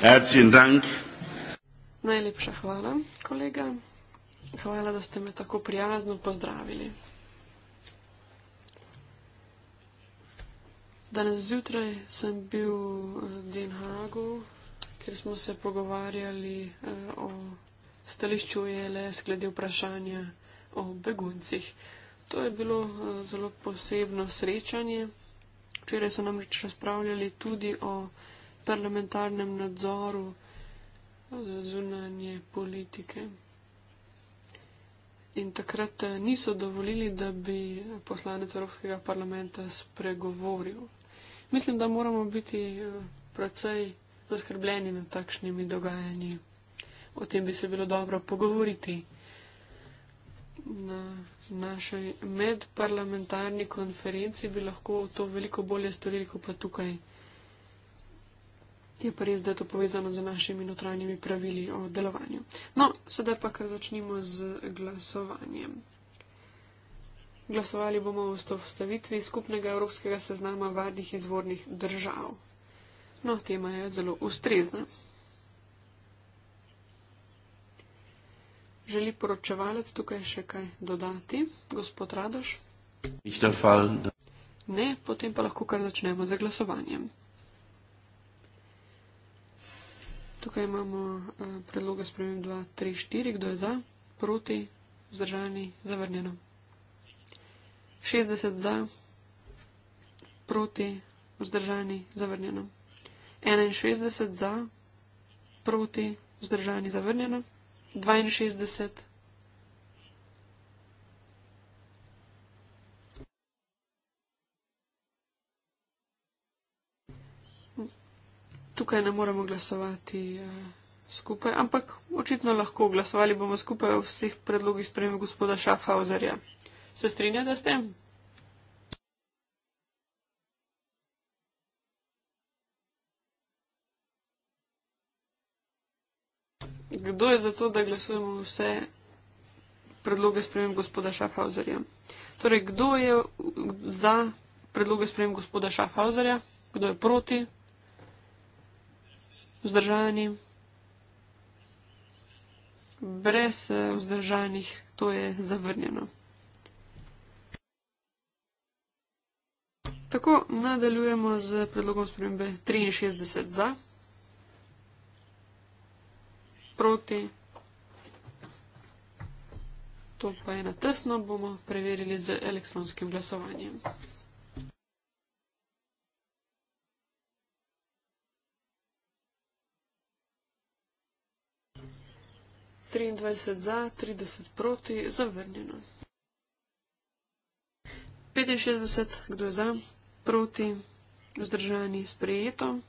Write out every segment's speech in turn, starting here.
Herzlichen Dank. Najlepša hvala, kolega. Hvala, da ste me tako prijazno pozdravili. Danes zjutraj sem bil v Den Haagu, kjer smo se pogovarjali eh, o stališču ELS glede vprašanja o beguncih. To je bilo eh, zelo posebno srečanje. Včeraj so namreč razpravljali tudi o parlamentarnem nadzoru za zunanje politike. In takrat eh, niso dovolili, da bi poslanec Evropskega parlamenta spregovoril. Mislim, da moramo biti eh, precej zaskrbljeni nad takšnimi dogajanji. O tem bi se bilo dobro pogovoriti. Na našoj medparlamentarni konferenci bi lahko to veliko bolje storili, kot pa tukaj. Je pa res, da je to povezano z našimi notranjimi pravili o delovanju. No, sedaj pa kar začnimo z glasovanjem. Glasovali bomo o vstavitvi skupnega evropskega seznama varnih izvornih držav. No, tema je zelo ustrezna. Želi poročevalec tukaj še kaj dodati? Gospod Radoš? Ne, potem pa lahko kar začnemo z glasovanjem. Tukaj imamo eh, predloge spremem 2, 3, 4. Kdo je za? Proti? Vzdržani? Zavrnjeno. 60 za? Proti? Vzdržani? Zavrnjeno. 61 za? Proti? Vzdržani? Zavrnjeno. 62. Tukaj ne moremo glasovati eh, skupaj, ampak očitno lahko glasovali bomo skupaj o vseh predlogih spremembe gospoda Schaffhauserja. Se strinjate s tem? kdo je za to, da glasujemo vse predloge sprememb gospoda Schaffhauserja. Torej, kdo je za predloge sprememb gospoda Schaffhauserja, kdo je proti vzdržani. Brez eh, vzdržanih to je zavrnjeno. Tako nadaljujemo z predlogom spremembe 63 za proti. To pa je na tesno, bomo preverili z elektronskim glasovanjem. Triindvajset za, trideset proti, zavrnjeno. Petinšestdeset, kdo je za, proti, vzdržani, sprejeto.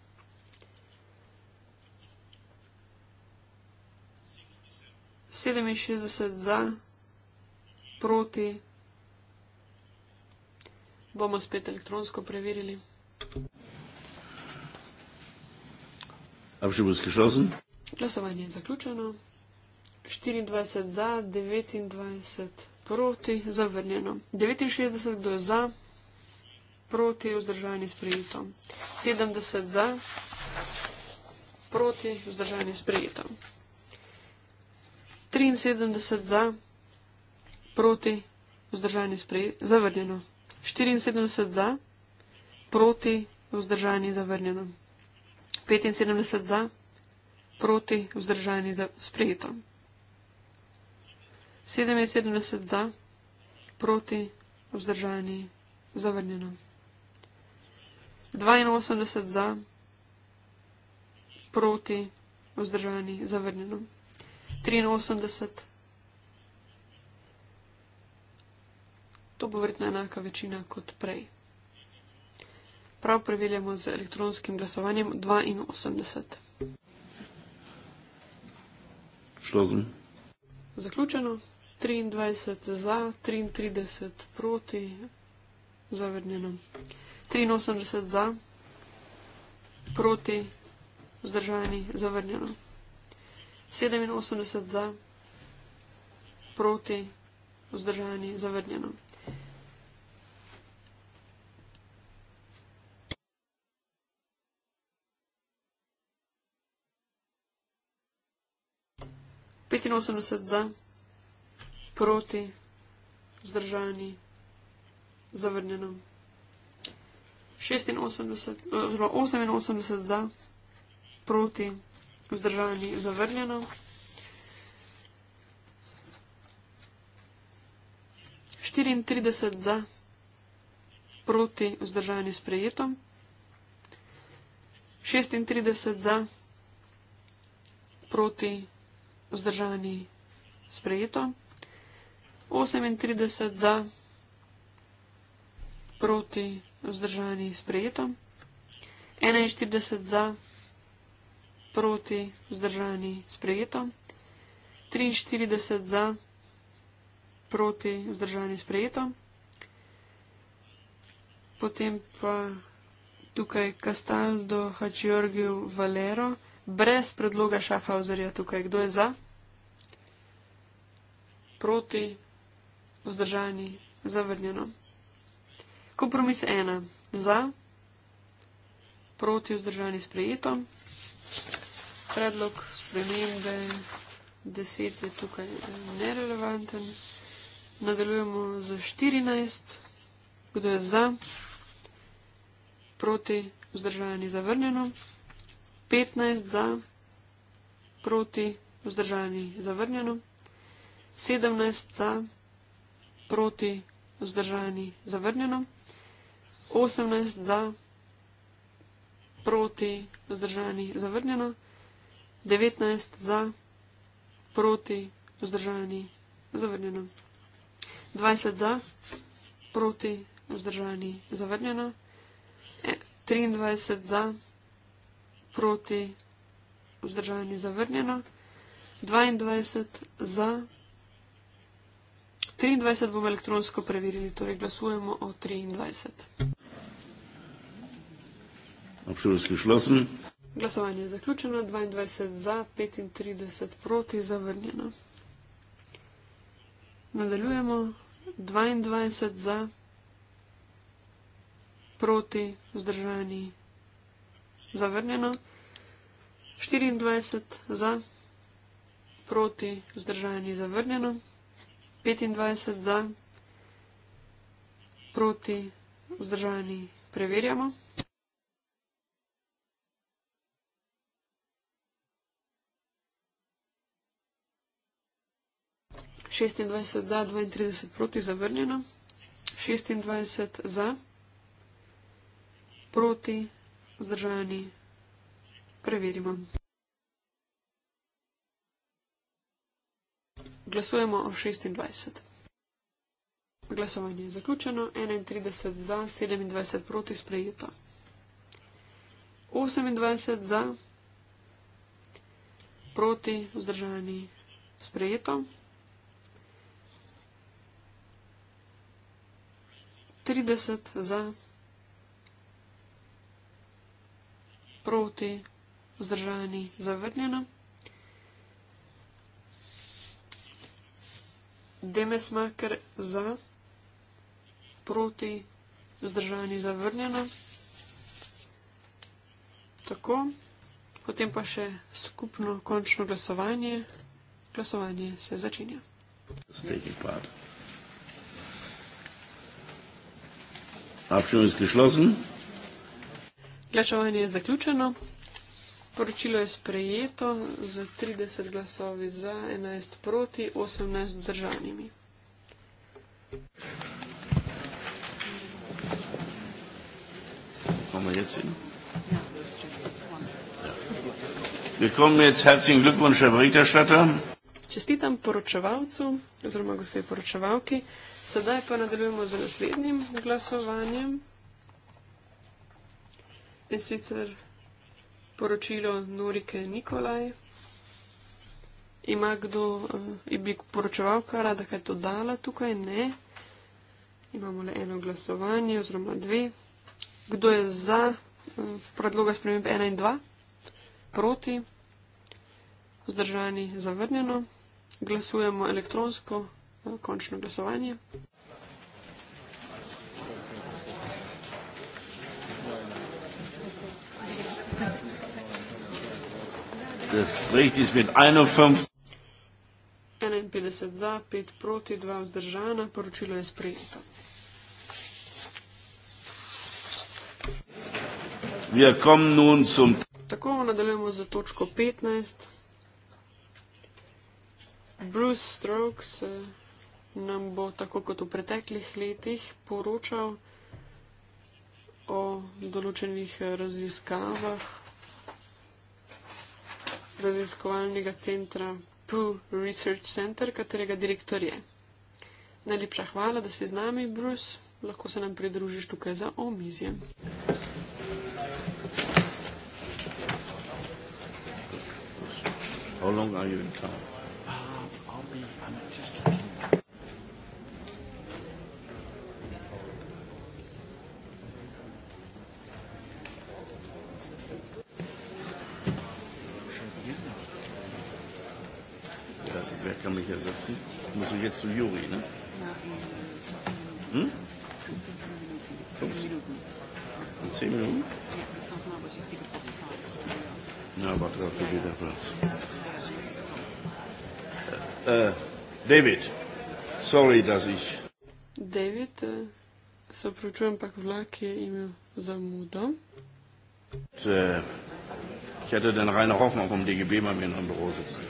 67 za, proti. Bomo spet elektronsko preverili. Avšibulski šosen. Glasovanje je zaključeno. 24 za, 29 proti, zavrnjeno. 69 kdo je za, proti, vzdržanje sprejeto. 70 za, proti, vzdržanje sprejeto. 73 za, proti, vzdržani sprejeti, zavrnjeno. 74 za, proti, vzdržani zavrnjeno. 75 za, proti, vzdržani sprejeto. 77 za, proti, vzdržani zavrnjeno. 82 za, proti, vzdržani zavrnjeno. 83. To bo verjetno enaka večina kot prej. Prav preverjamo z elektronskim glasovanjem 82. Šlozen. Zaključeno. 23 za, 33 proti, zavrnjeno. 83 za, proti, zdržani, zavrnjeno. 87 za, proti, vzdržani, zavrnjeno. Petinosemdeset za, proti, vzdržani, zavrnjeno. Šestinosemdeset, eh, oziroma oseminosemdeset za, proti, vzdržani. Vzdržani zavrnjeno. Štiriintrideset za proti vzdržani sprejeto. Šestintrideset za proti vzdržani sprejeto. Osemintrideset za proti vzdržani sprejeto. Enainštirideset za proti vzdržani sprejeto proti, vzdržani, sprejeto, 43 za, proti, vzdržani, sprejeto. Potem pa tukaj Castaldo, Hačiorgiju, Valero, brez predloga Šahauserja tukaj. Kdo je za? Proti, vzdržani, zavrnjeno. Kompromis ena. Za, proti, vzdržani, sprejeto predlog spremembe 10 je tukaj nerelevanten. Nadaljujemo z 14. Kdo je za? Proti, vzdržajanje zavrnjeno. 15 za, proti, vzdržajanje zavrnjeno. 17 za, proti, vzdržajanje zavrnjeno. 18 za, proti, vzdržajanje zavrnjeno. 19 za, proti, vzdržani, zavrnjeno. 20 za, proti, vzdržani, zavrnjeno. 23 e, za, proti, vzdržani, zavrnjeno. 22 za, 23 bomo elektronsko preverili, torej glasujemo o 23. Absolutno slišal sem. Glasovanje je zaključeno, 22 za, 35 proti, zavrnjeno. Nadaljujemo, 22 za, proti, vzdržani, zavrnjeno. 24 za, proti, vzdržani, zavrnjeno. 25 za, proti, vzdržani, preverjamo. 26 za, 32 proti, zavrnjeno. 26 za, proti, vzdržani, preverimo. Glasujemo o 26. Glasovanje je zaključeno, 31 za, 27 proti, sprejeto. 28 za, proti, vzdržani, sprejeto. 30 za, proti, vzdržani, zavrnjeno. Demesmaker za, proti, vzdržani, zavrnjeno. Tako. Potem pa še skupno končno glasovanje. Glasovanje se začenja. Stegi padu. Abstimmung ist geschlossen. Glasovanje je zaključeno. Poročilo je sprejeto z 30 glasovi za, 11 proti, 18 državnimi. Ja, ja. Čestitam poročevalcu oziroma gospe poročevalki. Sedaj pa nadaljujemo z naslednjim glasovanjem in sicer poročilo Norike Nikolaj. Ima kdo, uh, bi poročeval kar rada, kaj to dala tukaj? Ne. Imamo le eno glasovanje oziroma dve. Kdo je za uh, predloga spremembe 1 in 2? Proti? Zdržani zavrnjeno. Glasujemo elektronsko končno glasovanje. Enainpetdeset za, pet proti, dva vzdržana, poročilo je sprejeto. Tako nadaljujemo za točko petnajst. Bruce Strokes. Uh, nam bo tako kot v preteklih letih poročal o določenih raziskavah raziskovalnega centra Pew Research Center, katerega direktor je. Najlepša hvala, da si z nami, Bruce. Lahko se nam pridružiš tukaj za omizjem. How long are you in town? kann mich ersetzen. Muss ich jetzt zu Juri, ne? Hm? In 10 Minuten? Ja, aber ja. dafür geht der Platz. Äh, äh, David, sorry, dass ich. David, äh, so prüfen pak w laki imię zamudą. Äh, ich hätte den Rainer Hoffmann vom DGB bei mir in einem Büro sitzen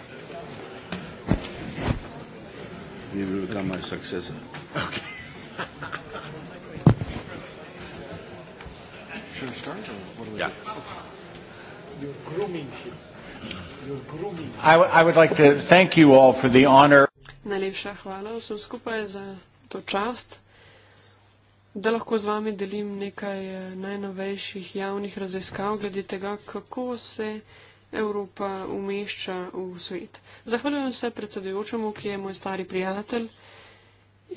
ni bil tam moj success. Okay. Najlepša hvala vsem skupaj za to čast, da lahko z vami delim nekaj eh, najnovejših javnih raziskav glede tega, kako se. Evropa umešča v svet. Zahvaljujem se predsedujočemu, ki je moj stari prijatelj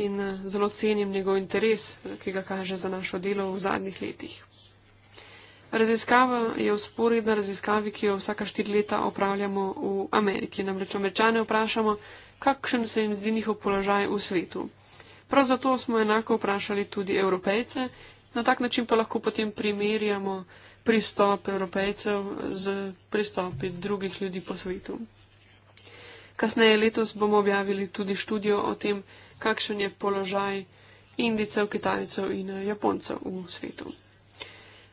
in eh, zelo cenim njegov interes, eh, ki ga kaže za našo delo v zadnjih letih. Raziskava je usporedna raziskavi, ki jo vsaka štiri leta opravljamo v Ameriki. Namreč američane vprašamo, kakšen se jim zdi njihov položaj v svetu. Prav zato smo enako vprašali tudi evropejce, na tak način pa lahko potem primerjamo, pristop evropejcev z pristopi drugih ljudi po svetu. Kasneje letos bomo objavili tudi študijo o tem, kakšen je položaj indicev, kitajcev in japoncev v svetu.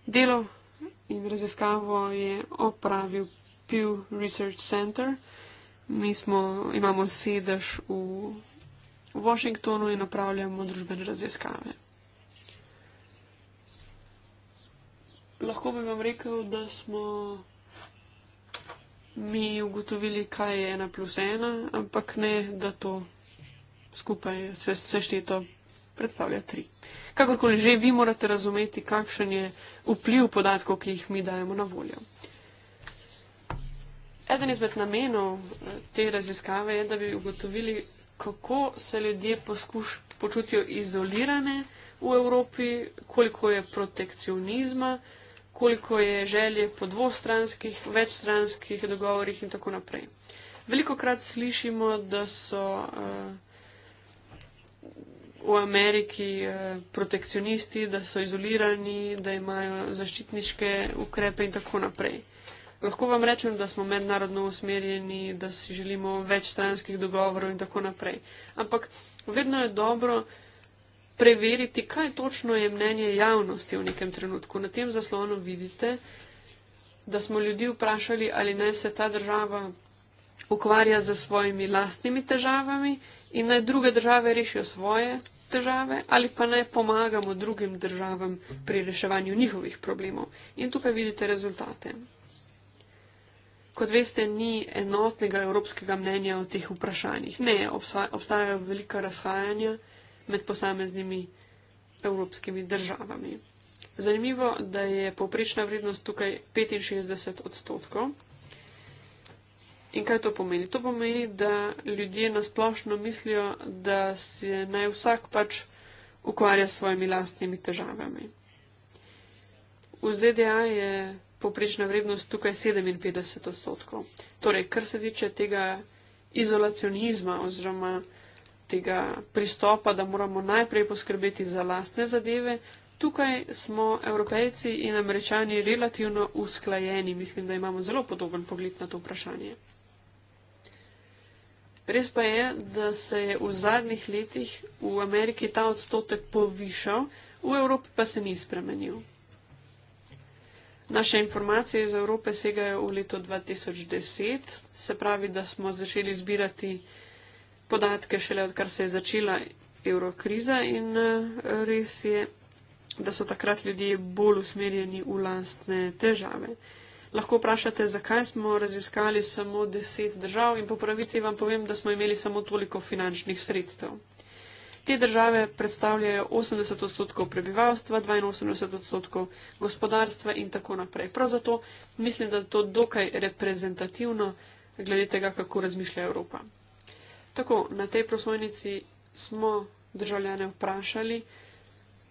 Delo in raziskavo je opravil Pew Research Center. Mi smo, imamo sedež v Washingtonu in opravljamo družbene raziskave. lahko bi vam rekel, da smo mi ugotovili, kaj je ena plus ena, ampak ne, da to skupaj se sešteto predstavlja tri. Kakorkoli že, vi morate razumeti, kakšen je vpliv podatkov, ki jih mi dajemo na voljo. Eden izmed namenov eh, te raziskave je, da bi ugotovili, kako se ljudje poskuš, počutijo izolirane v Evropi, koliko je protekcionizma koliko je želje po dvostranskih, večstranskih dogovorih in tako naprej. Veliko krat slišimo, da so uh, v Ameriki uh, protekcionisti, da so izolirani, da imajo zaščitniške ukrepe in tako naprej. Lahko vam rečem, da smo mednarodno usmerjeni, da si želimo večstranskih dogovorov in tako naprej. Ampak vedno je dobro, preveriti, kaj točno je mnenje javnosti v nekem trenutku. Na tem zaslonu vidite, da smo ljudi vprašali, ali naj se ta država ukvarja za svojimi lastnimi težavami in naj druge države rešijo svoje težave ali pa naj pomagamo drugim državam pri reševanju njihovih problemov. In tukaj vidite rezultate. Kot veste, ni enotnega evropskega mnenja o teh vprašanjih. Ne, obstajajo velika razhajanja med posameznimi evropskimi državami. Zanimivo, da je povprečna vrednost tukaj 65 odstotkov. In kaj to pomeni? To pomeni, da ljudje nasplošno mislijo, da se naj vsak pač ukvarja s svojimi lastnimi težavami. V ZDA je poprečna vrednost tukaj 57 odstotkov. Torej, kar se tiče tega izolacionizma oziroma tega pristopa, da moramo najprej poskrbeti za lastne zadeve. Tukaj smo evropejci in američani relativno usklajeni. Mislim, da imamo zelo podoben pogled na to vprašanje. Res pa je, da se je v zadnjih letih v Ameriki ta odstotek povišal, v Evropi pa se ni spremenil. Naše informacije iz Evrope segajo v leto 2010, se pravi, da smo začeli zbirati podatke šele odkar se je začela evrokriza in eh, res je, da so takrat ljudje bolj usmerjeni v lastne težave. Lahko vprašate, zakaj smo raziskali samo deset držav in po pravici vam povem, da smo imeli samo toliko finančnih sredstev. Te države predstavljajo 80 odstotkov prebivalstva, 82 odstotkov gospodarstva in tako naprej. Prav zato mislim, da je to dokaj reprezentativno glede tega, kako razmišlja Evropa. Tako, na tej prosojnici smo državljane vprašali,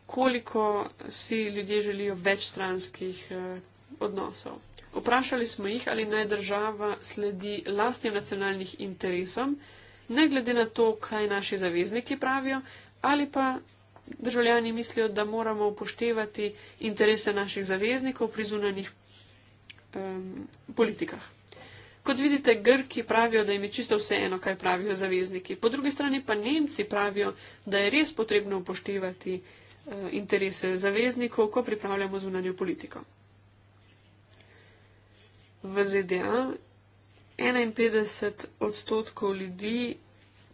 koliko si ljudje želijo večstranskih eh, odnosov. Vprašali smo jih, ali naj država sledi lastnim nacionalnih interesom, ne glede na to, kaj naši zavezniki pravijo, ali pa državljani mislijo, da moramo upoštevati interese naših zaveznikov pri zunanjih eh, politikah. Kot vidite, Grki pravijo, da jim je čisto vseeno, kaj pravijo zavezniki. Po drugi strani pa Nemci pravijo, da je res potrebno upoštevati eh, interese zaveznikov, ko pripravljamo zunanjo politiko. V ZDA 51 odstotkov ljudi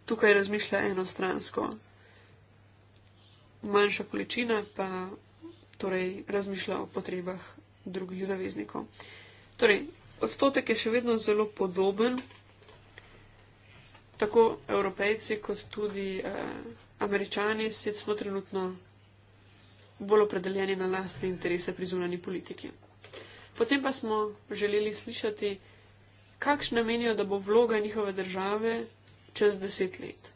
tukaj razmišlja enostransko, manjša količina pa torej razmišlja o potrebah drugih zaveznikov. Torej, odstotek je še vedno zelo podoben, tako evropejci kot tudi eh, američani smo trenutno bolj opredeljeni na lastne interese pri zunani politiki. Potem pa smo želeli slišati, kakšna menijo, da bo vloga njihove države čez deset let.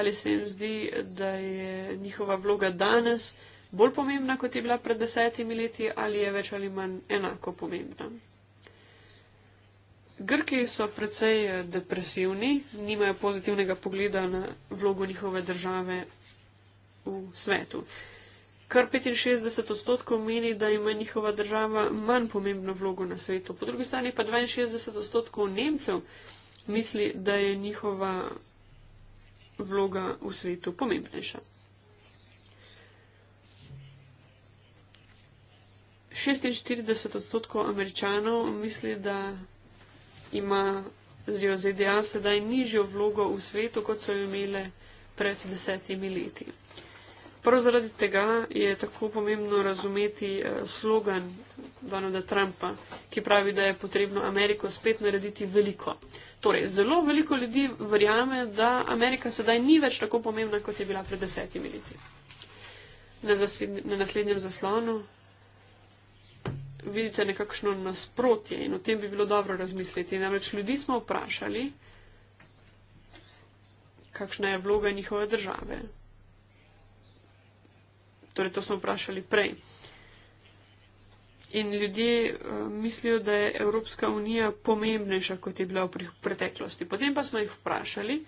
Ali se jim zdi, da je njihova vloga danes bolj pomembna, kot je bila pred desetimi leti, ali je več ali manj enako pomembna. Grki so precej eh, depresivni, nimajo pozitivnega pogleda na vlogo njihove države v svetu. Kar 65 odstotkov meni, da ima njihova država manj pomembno vlogo na svetu. Po drugi strani pa 62 odstotkov Nemcev misli, da je njihova vloga v svetu pomembnejša. 46 odstotkov američanov misli, da ima ZDA sedaj nižjo vlogo v svetu, kot so jo imele pred desetimi leti. Prav zaradi tega je tako pomembno razumeti eh, slogan Donalda Trumpa, ki pravi, da je potrebno Ameriko spet narediti veliko. Torej, zelo veliko ljudi verjame, da Amerika sedaj ni več tako pomembna, kot je bila pred desetimi leti. Na, na naslednjem zaslonu vidite nekakšno nasprotje in o tem bi bilo dobro razmisliti. Namreč ljudi smo vprašali, kakšna je vloga njihove države. Torej, to smo vprašali prej. In ljudje uh, mislijo, da je Evropska unija pomembnejša, kot je bila v preteklosti. Potem pa smo jih vprašali,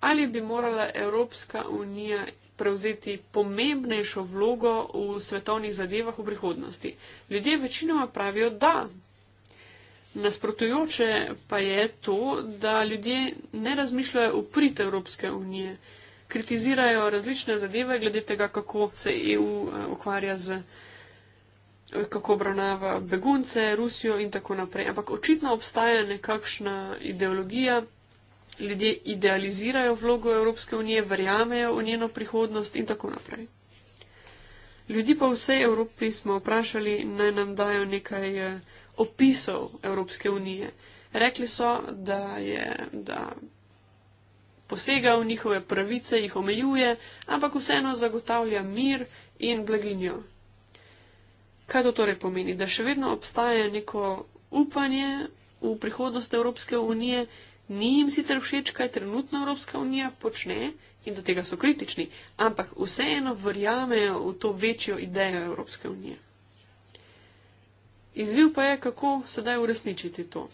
ali bi morala Evropska unija prevzeti pomembnejšo vlogo v svetovnih zadevah v prihodnosti? Ljudje večinoma pravijo da. Nasprotujoče pa je to, da ljudje ne razmišljajo v prid Evropske unije, kritizirajo različne zadeve glede tega, kako se EU eh, ukvarja z, eh, kako obravnava begunce, Rusijo in tako naprej. Ampak očitno obstaja nekakšna ideologija, ljudje idealizirajo vlogo Evropske unije, verjamejo v njeno prihodnost in tako naprej. Ljudi pa v vsej Evropi smo vprašali, naj nam dajo nekaj eh, opisov Evropske unije. Rekli so, da, je, da posega v njihove pravice, jih omejuje, ampak vseeno zagotavlja mir in blaginjo. Kaj to torej pomeni? Da še vedno obstaja neko upanje v prihodnost Evropske unije Ni jim sicer všeč, kaj trenutno Evropska unija počne in do tega so kritični, ampak vseeno verjamejo v to večjo idejo Evropske unije. Izziv pa je, kako sedaj uresničiti to.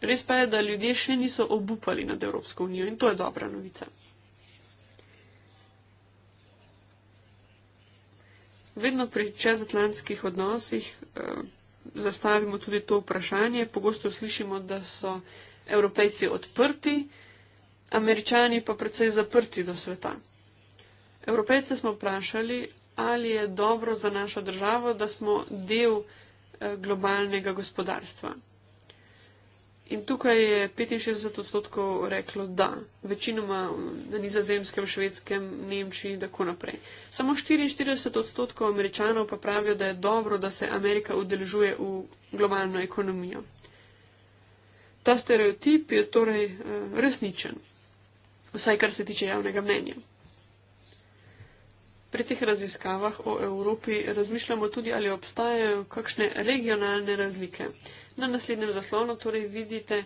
Res pa je, da ljudje še niso obupali nad Evropsko unijo in to je dobra novica. Vedno pri čezatlantskih odnosih eh, zastavimo tudi to vprašanje. Pogosto slišimo, da so. Evropejci odprti, američani pa precej zaprti do sveta. Evropejce smo vprašali, ali je dobro za našo državo, da smo del eh, globalnega gospodarstva. In tukaj je 65 odstotkov reklo da, večinoma na nizozemskem, švedskem, nemčiji in tako naprej. Samo 44 odstotkov američanov pa pravijo, da je dobro, da se Amerika udeležuje v globalno ekonomijo. Ta stereotip je torej eh, resničen, vsaj kar se tiče javnega mnenja. Pri teh raziskavah o Evropi razmišljamo tudi, ali obstajajo kakšne regionalne razlike. Na naslednjem zaslonu torej vidite,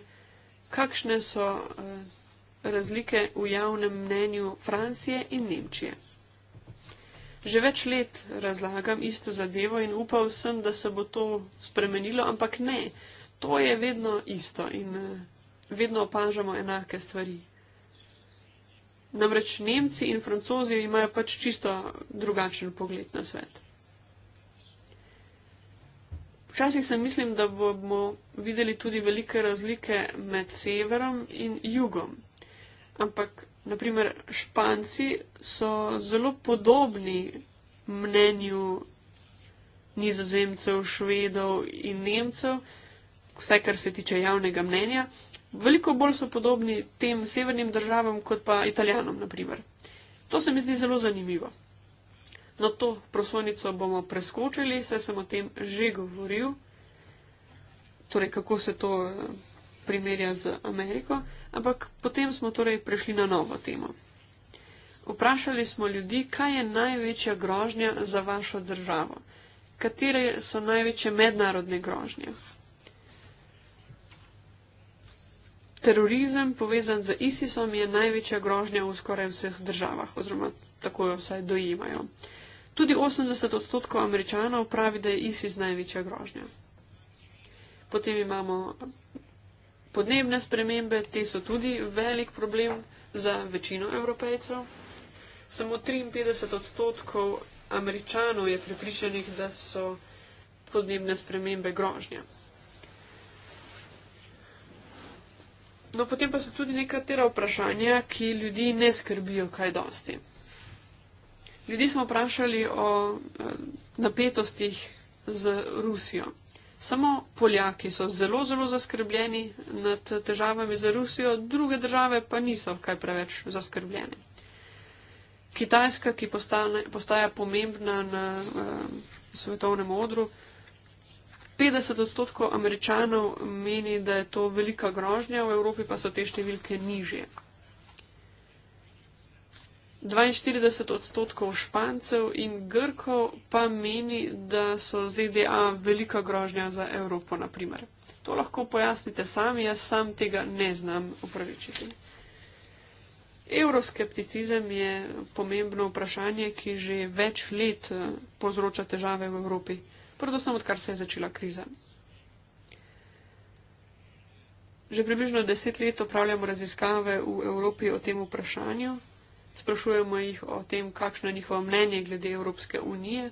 kakšne so eh, razlike v javnem mnenju Francije in Nemčije. Že več let razlagam isto zadevo in upal sem, da se bo to spremenilo, ampak ne to je vedno isto in eh, vedno opažamo enake stvari. Namreč Nemci in Francozi imajo pač čisto drugačen pogled na svet. Včasih se mislim, da bomo videli tudi velike razlike med severom in jugom. Ampak, naprimer, Španci so zelo podobni mnenju nizozemcev, švedov in nemcev, vse, kar se tiče javnega mnenja, veliko bolj so podobni tem severnim državam kot pa Italijanom, naprimer. To se mi zdi zelo zanimivo. Na to prosonico bomo preskočili, saj sem o tem že govoril, torej kako se to eh, primerja z Ameriko, ampak potem smo torej prešli na novo temo. Vprašali smo ljudi, kaj je največja grožnja za vašo državo, katere so največje mednarodne grožnje. terorizem povezan z ISIS-om je največja grožnja v skoraj vseh državah, oziroma tako jo vsaj dojemajo. Tudi 80 odstotkov američanov pravi, da je ISIS največja grožnja. Potem imamo podnebne spremembe, te so tudi velik problem za večino evropejcev. Samo 53 odstotkov američanov je pripričanih, da so podnebne spremembe grožnja. No, potem pa so tudi nekatera vprašanja, ki ljudi ne skrbijo kaj dosti. Ljudi smo vprašali o eh, napetostih z Rusijo. Samo Poljaki so zelo, zelo zaskrbljeni nad težavami z Rusijo, druge države pa niso kaj preveč zaskrbljene. Kitajska, ki postane, postaja pomembna na uh, svetovnem odru, uh, 50 odstotkov američanov meni, da je to velika grožnja, v Evropi pa so te številke nižje. 42 odstotkov špancev in grkov pa meni, da so ZDA velika grožnja za Evropo, naprimer. To lahko pojasnite sami, jaz sam tega ne znam upravičiti. Euroskepticizem je pomembno vprašanje, ki že več let povzroča težave v Evropi predvsem odkar se je začela kriza. Že približno deset let opravljamo raziskave v Evropi o tem vprašanju. Sprašujemo jih o tem, kakšno je njihovo mnenje glede Evropske unije.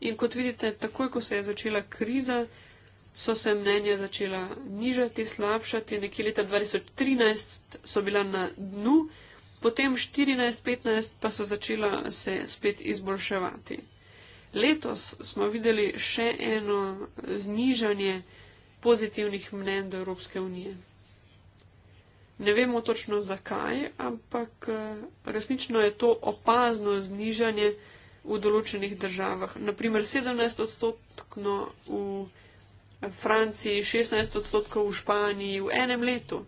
In kot vidite, takoj, ko se je začela kriza, so se mnenja začela nižati, slabšati. Nekje leta 2013 so bila na dnu, potem 2014-2015 pa so začela se spet izboljševati. Letos smo videli še eno znižanje pozitivnih mnen do Evropske unije. Ne vemo točno zakaj, ampak eh, resnično je to opazno znižanje v določenih državah. Naprimer 17 odstotkno v Franciji, 16 odstotkov v Španiji v enem letu.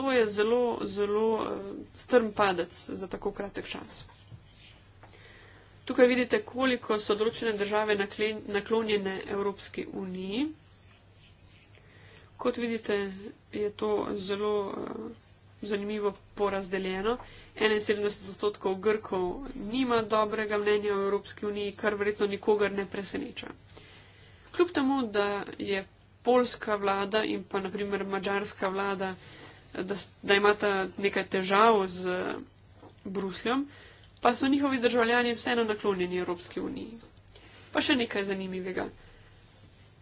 To je zelo, zelo eh, strm padec za tako kratek čas. Tukaj vidite, koliko so določene države naklonjene Evropski uniji. Kot vidite, je to zelo eh, zanimivo porazdeljeno. 71 odstotkov Grkov nima dobrega mnenja o Evropski uniji, kar verjetno nikogar ne preseneča. Kljub temu, da je polska vlada in pa naprimer mačarska vlada, eh, da, da imata nekaj težav z eh, Brusljem, uh, pa so njihovi državljani vseeno naklonjeni Evropski uniji. Pa še nekaj zanimivega.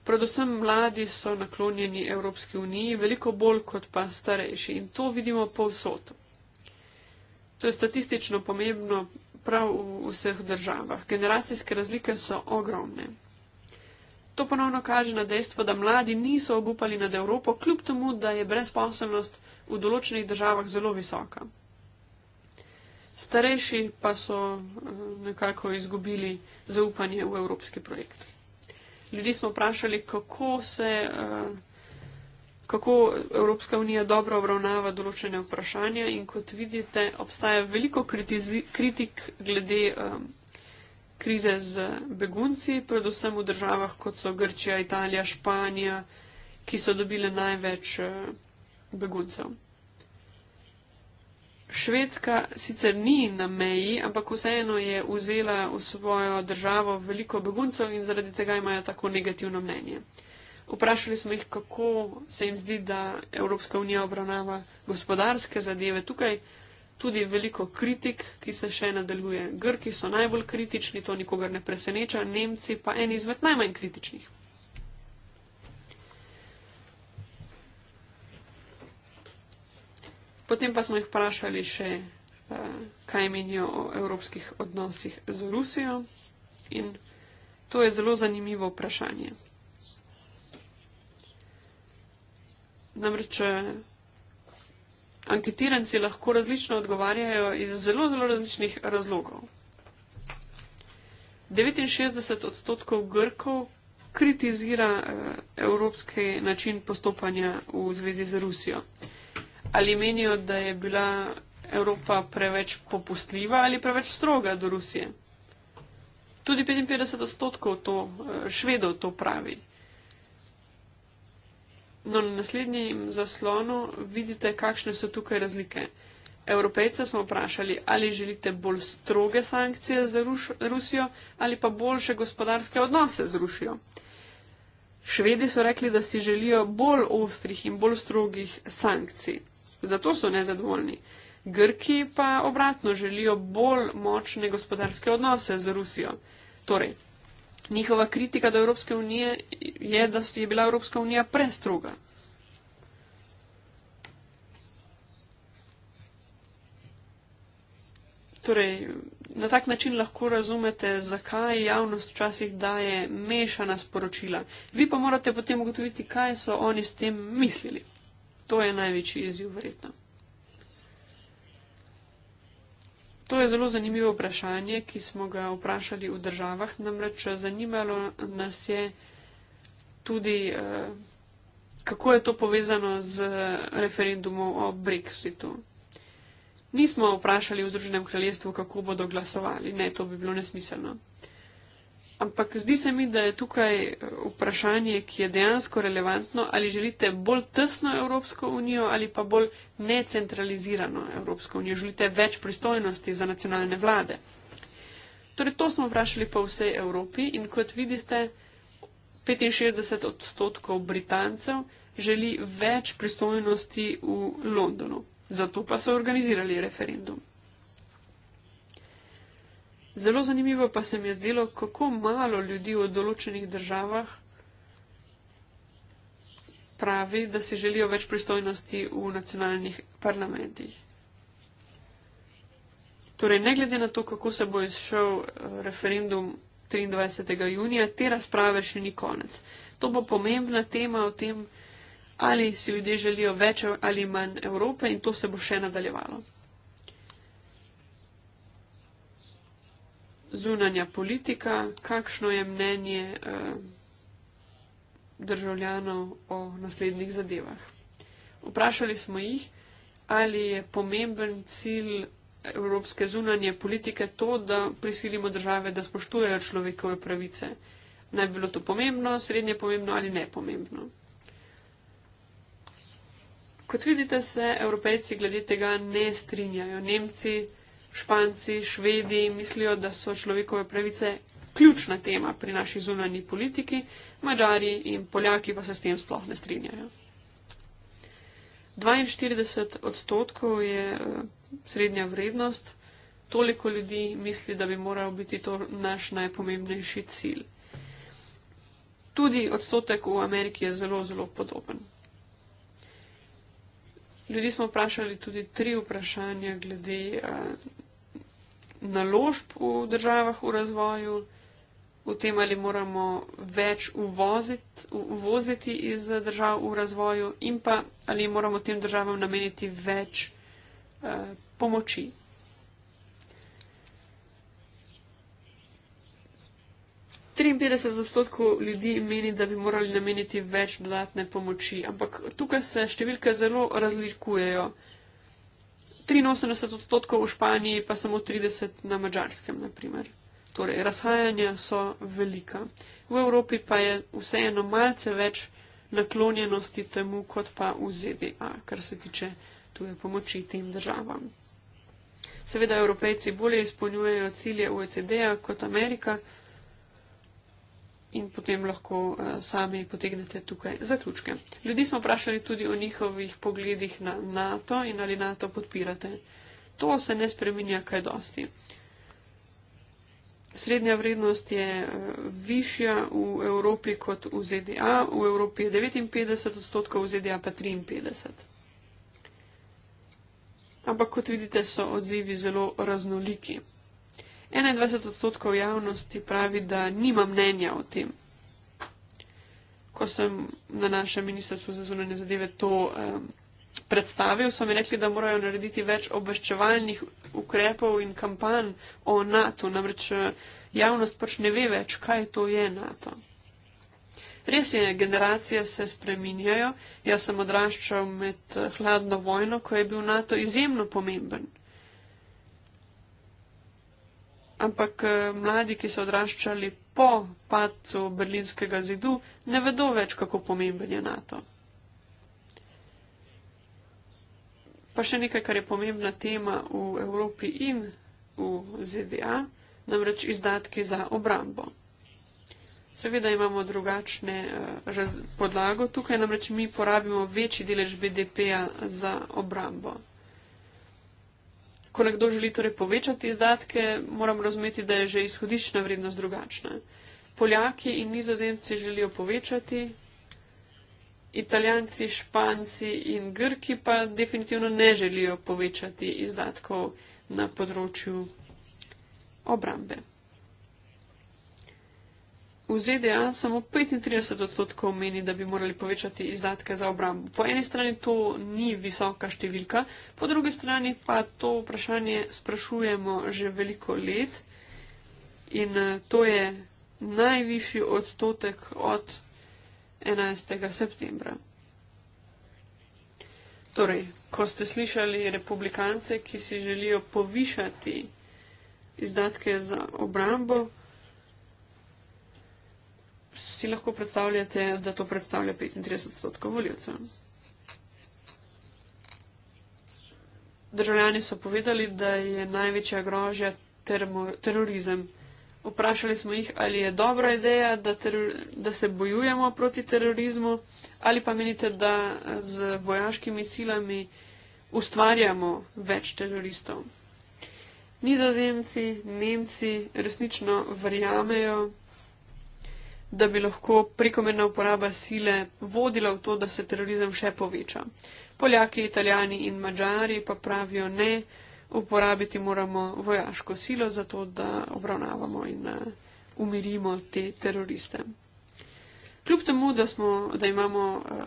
Predvsem mladi so naklonjeni Evropski uniji, veliko bolj kot pa starejši in to vidimo povsod. To je statistično pomembno prav v vseh državah. Generacijske razlike so ogromne. To ponovno kaže na dejstvo, da mladi niso obupali nad Evropo, kljub temu, da je brezposobnost v določenih državah zelo visoka starejši pa so eh, nekako izgubili zaupanje v evropski projekt. Ljudje smo vprašali, kako se, eh, kako Evropska unija dobro obravnava določene vprašanja in kot vidite, obstaja veliko kritik glede eh, krize z begunci, predvsem v državah, kot so Grčija, Italija, Španija, ki so dobile največ beguncev. Švedska sicer ni na meji, ampak vseeno je vzela v svojo državo veliko beguncev in zaradi tega imajo tako negativno mnenje. Vprašali smo jih, kako se jim zdi, da Evropska unija obravnava gospodarske zadeve tukaj. Tudi veliko kritik, ki se še nadaljuje. Grki so najbolj kritični, to nikogar ne preseneča, Nemci pa en izmed najmanj kritičnih. Potem pa smo jih vprašali še, eh, kaj menijo o evropskih odnosih z Rusijo in to je zelo zanimivo vprašanje. Namreč eh, anketiranci lahko različno odgovarjajo iz zelo, zelo različnih razlogov. 69 odstotkov Grkov kritizira eh, evropski način postopanja v zvezi z Rusijo ali menijo, da je bila Evropa preveč popustljiva ali preveč stroga do Rusije. Tudi 55 odstotkov to, eh, švedov to pravi. No, na naslednjem zaslonu vidite, kakšne so tukaj razlike. Evropejce smo vprašali, ali želite bolj stroge sankcije za Ruš Rusijo ali pa boljše gospodarske odnose z Rusijo. Švedi so rekli, da si želijo bolj ostrih in bolj strogih sankcij. Zato so nezadovoljni. Grki pa obratno želijo bolj močne gospodarske odnose z Rusijo. Torej, njihova kritika do Evropske unije je, da je bila Evropska unija prestroga. Torej, na tak način lahko razumete, zakaj javnost včasih daje mešana sporočila. Vi pa morate potem ugotoviti, kaj so oni s tem mislili. To je največji izziv, verjetno. To je zelo zanimivo vprašanje, ki smo ga vprašali v državah. Namreč zanimalo nas je tudi, eh, kako je to povezano z referendumom o Brexitu. Nismo vprašali v Združenem kraljestvu, kako bodo glasovali. Ne, to bi bilo nesmiselno. Ampak zdi se mi, da je tukaj eh, vprašanje, ki je dejansko relevantno, ali želite bolj tesno Evropsko unijo ali pa bolj necentralizirano Evropsko unijo. Želite več pristojnosti za nacionalne vlade. Torej, to smo vprašali po vsej Evropi in kot vidite, 65 odstotkov Britancev želi več pristojnosti v Londonu. Zato pa so organizirali referendum. Zelo zanimivo pa se mi je zdelo, kako malo ljudi v določenih državah pravi, da si želijo več pristojnosti v nacionalnih parlamentih. Torej, ne glede na to, kako se bo izšel eh, referendum 23. junija, te razprave še ni konec. To bo pomembna tema o tem, ali si ljudje želijo več ali manj Evrope in to se bo še nadaljevalo. zunanja politika, kakšno je mnenje eh, državljanov o naslednjih zadevah. Vprašali smo jih, ali je pomemben cilj evropske zunanje politike to, da prisilimo države, da spoštujejo človekove pravice. Naj bilo to pomembno, srednje pomembno ali ne pomembno. Kot vidite, se evropejci glede tega ne strinjajo. Nemci Španci, Švedi mislijo, da so človekove pravice ključna tema pri naši zunanji politiki, Mačari in Poljaki pa se s tem sploh ne strinjajo. 42 odstotkov je eh, srednja vrednost, toliko ljudi misli, da bi moral biti to naš najpomembnejši cilj. Tudi odstotek v Ameriki je zelo, zelo podoben. Ljudje smo vprašali tudi tri vprašanja glede eh, naložb v državah v razvoju, o tem, ali moramo več uvoziti, uvoziti iz držav v razvoju in pa ali moramo tem državam nameniti več eh, pomoči, 53 odstotkov ljudi meni, da bi morali nameniti več dodatne pomoči, ampak tukaj se številke zelo razlikujejo. 83 odstotkov v Španiji, pa samo 30 na Mačarskem, naprimer. Torej, razhajanja so velika. V Evropi pa je vseeno malce več naklonjenosti temu, kot pa v ZDA, kar se tiče tuje pomoči tem državam. Seveda, evropejci bolje izpolnjujejo cilje OECD-a kot Amerika in potem lahko uh, sami potegnete tukaj zaključke. Ljudi smo vprašali tudi o njihovih pogledih na NATO in ali NATO podpirate. To se ne spreminja kaj dosti. Srednja vrednost je uh, višja v Evropi kot v ZDA, v Evropi je 59 odstotkov, v ZDA pa 53. Ampak kot vidite, so odzivi zelo raznoliki. 21 odstotkov javnosti pravi, da nima mnenja o tem. Ko sem na našem ministrstvu za zunanje zadeve to um, predstavil, so mi rekli, da morajo narediti več obveščevalnih ukrepov in kampanj o NATO. Namreč eh, javnost pač ne ve več, kaj to je NATO. Res je, generacije se spreminjajo. Jaz sem odraščal med eh, hladno vojno, ko je bil NATO izjemno pomemben ampak eh, mladi, ki so odraščali po padcu berlinskega zidu, ne vedo več, kako pomemben je NATO. Pa še nekaj, kar je pomembna tema v Evropi in v ZDA, namreč izdatki za obrambo. Seveda imamo drugačne eh, podlago, tukaj namreč mi porabimo večji delež BDP-ja za obrambo ko nekdo želi torej povečati izdatke, moramo razumeti, da je že izhodiščna vrednost drugačna. Poljaki in nizozemci želijo povečati, italijanci, španci in grki pa definitivno ne želijo povečati izdatkov na področju obrambe. V ZDA samo 35 odstotkov meni, da bi morali povečati izdatke za obrambo. Po eni strani to ni visoka številka, po drugi strani pa to vprašanje sprašujemo že veliko let in eh, to je najvišji odstotek od 11. septembra. Torej, ko ste slišali republikance, ki si želijo povišati izdatke za obrambo, si lahko predstavljate, da to predstavlja 35 odstotkov voljivcev. Državljani so povedali, da je največja grožja termo, terorizem. Vprašali smo jih, ali je dobra ideja, da, teror, da se bojujemo proti terorizmu, ali pa menite, da z vojaškimi silami ustvarjamo več teroristov. Nizozemci, Nemci resnično verjamejo, da bi lahko prekomerna uporaba sile vodila v to, da se terorizem še poveča. Poljaki, italijani in mačari pa pravijo ne, uporabiti moramo vojaško silo za to, da obravnavamo in eh, umirimo te teroriste. Kljub temu, da, smo, da imamo eh,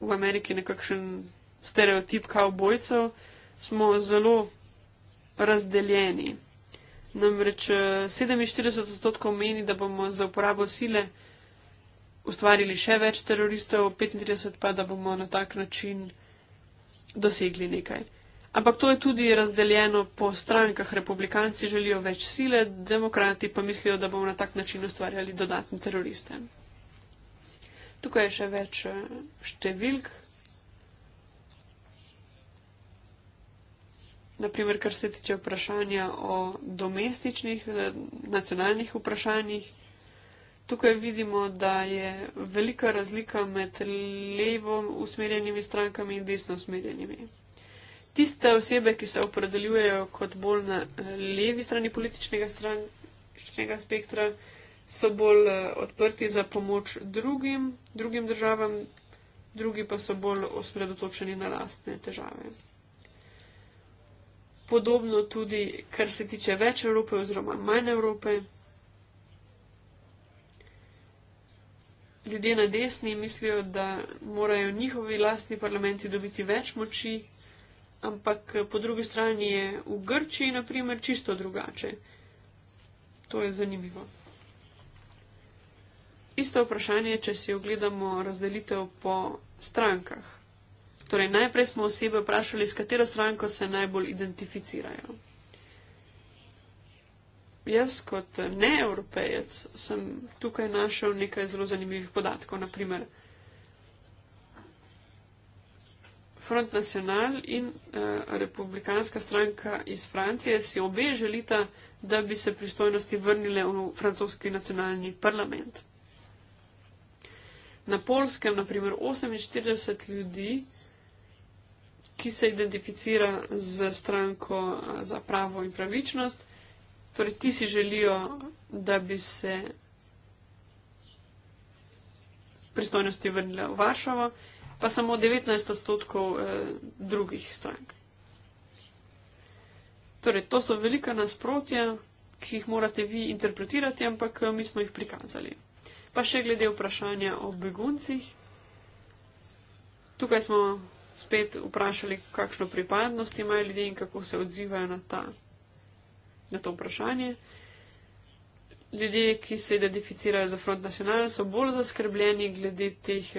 v Ameriki nekakšen stereotip kavbojcev, smo zelo razdeljeni. Namreč 47 eh, odstotkov meni, da bomo za uporabo sile ustvarili še več teroristov, 35 pa, da bomo na tak način dosegli nekaj. Ampak to je tudi razdeljeno po strankah. Republikanci želijo več sile, demokrati pa mislijo, da bomo na tak način ustvarjali dodatne teroriste. Tukaj je še več eh, številk. Naprimer, kar se tiče vprašanja o domestičnih, eh, nacionalnih vprašanjih. Tukaj vidimo, da je velika razlika med levo usmerjenimi strankami in desno usmerjenimi. Tiste osebe, ki se opredeljujejo kot bolj na eh, levi strani političnega, stran, političnega spektra, so bolj eh, odprti za pomoč drugim, drugim državam, drugi pa so bolj osredotočeni na lastne težave. Podobno tudi, kar se tiče več Evrope oziroma manj Evrope. ljudje na desni mislijo, da morajo njihovi lastni parlamenti dobiti več moči, ampak po drugi strani je v Grčiji, na primer, čisto drugače. To je zanimivo. Isto vprašanje, če si ogledamo razdelitev po strankah. Torej, najprej smo osebe vprašali, s katero stranko se najbolj identificirajo jaz kot neevropejec sem tukaj našel nekaj zelo zanimivih podatkov. Naprimer, Front National in uh, Republikanska stranka iz Francije si obe želita, da bi se pristojnosti vrnile v francoski nacionalni parlament. Na polskem, naprimer, 48 ljudi, ki se identificira z stranko eh, za pravo in pravičnost, uh, Torej, ti si želijo, da bi se pristojnosti vrnile v Varšavo, pa samo 19 odstotkov eh, drugih strank. Torej, to so velika nasprotja, ki jih morate vi interpretirati, ampak eh, mi smo jih prikazali. Pa še glede vprašanja o beguncih. Tukaj smo spet vprašali, kakšno pripadnost imajo ljudje in kako se odzivajo na ta na to vprašanje. Ljudje, ki se identificirajo za Front National, so bolj zaskrbljeni glede teh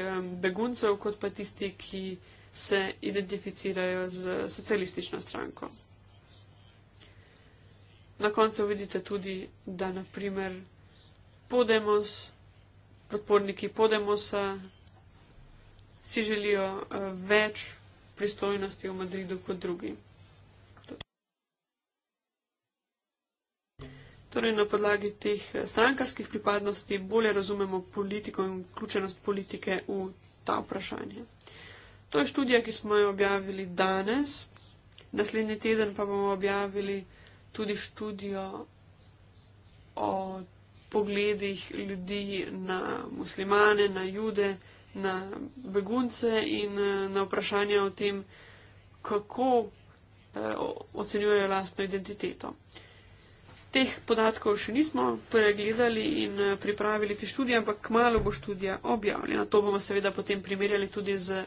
beguncev, kot pa tisti, ki se identificirajo z socialistično stranko. Na koncu vidite tudi, da naprimer Podemos, podporniki Podemosa si želijo eh, več pristojnosti v Madridu kot drugi. Torej, na podlagi teh eh, strankarskih pripadnosti bolje razumemo politiko in vključenost politike v ta vprašanje. To je študija, ki smo jo objavili danes. Naslednji teden pa bomo objavili tudi študijo o pogledih ljudi na muslimane, na jude, na begunce in eh, na vprašanje o tem, kako eh, ocenjujejo lastno identiteto teh podatkov še nismo pregledali in eh, pripravili te študije, ampak kmalo bo študija objavljena. To bomo seveda potem primerjali tudi z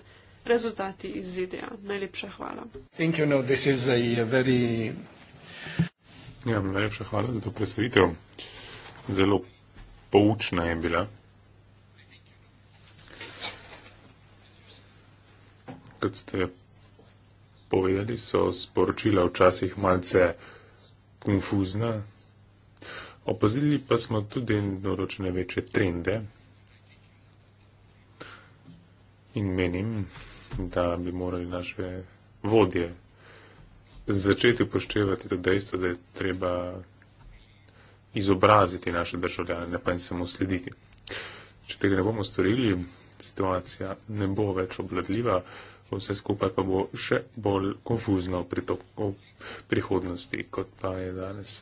rezultati iz ZDA. Najlepša hvala. No, ja, najlepša hvala za to predstavitev. Zelo poučna je bila. Kot ste povedali, so sporočila včasih malce konfuzna. Opazili pa smo tudi določene večje trende in menim, da bi morali naše vodje začeti upoštevati to dejstvo, da je treba izobraziti naše državljane, ne pa jim samo slediti. Če tega ne bomo storili, situacija ne bo več obladljiva vse skupaj pa bo še bolj konfuzno pri to prihodnosti, kot pa je danes.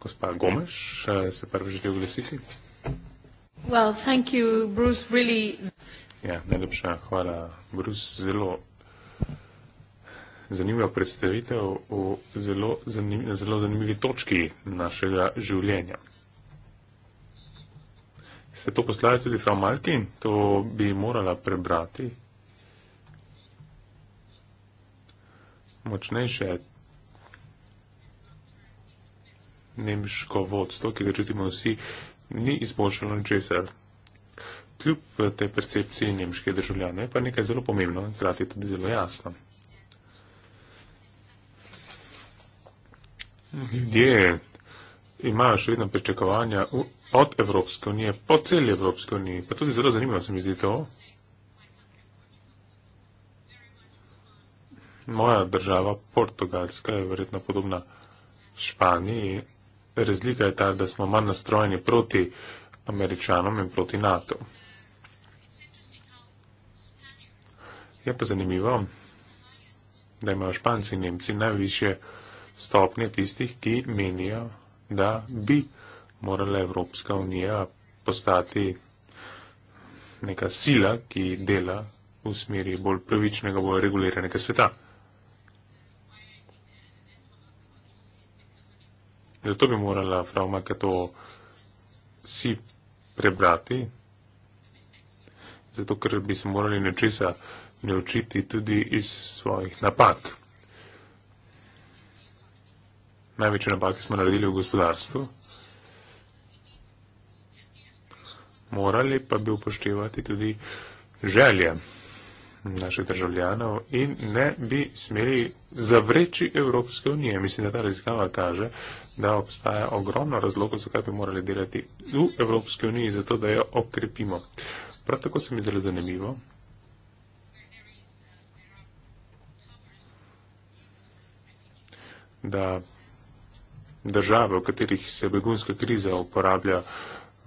Gospa Gomeš, se prvi želi oglasiti. Well, thank you, Bruce, really. Ja, najlepša hvala, Bruce. Zelo zanimiva predstavitev o zelo, zanim, zelo zanimivi točki našega življenja. Ste to poslali tudi Frau Malkin? To bi morala prebrati. močnejše nemško vodstvo, ki ga čutimo vsi, ni izboljšalo ničesar. Kljub tej percepciji nemške državljane je pa nekaj zelo pomembno in hkrati tudi zelo jasno. Ljudje imajo še vedno pričakovanja od Evropske unije po celi Evropske uniji. Pa tudi zelo zanimivo se mi zdi to, moja država, Portugalska, je verjetno podobna Španiji. Razlika je ta, da smo manj nastrojeni proti američanom in proti NATO. Je pa zanimivo, da imajo španci in nemci najviše stopnje tistih, ki menijo, da bi morala Evropska unija postati neka sila, ki dela v smeri bolj pravičnega, bolj reguliranega sveta. Zato bi morala prav makar to si prebrati, zato ker bi se morali nečesa ne učiti tudi iz svojih napak. Največje napake smo naredili v gospodarstvu, morali pa bi upoštevati tudi želje naših državljanov in ne bi smeli zavreči Evropske unije. Mislim, da ta raziskava kaže, da obstaja ogromno razlogov, zakaj bi morali delati v Evropske uniji, zato da jo okrepimo. Prav tako se mi zelo zanimivo. da države, v katerih se begunska kriza uporablja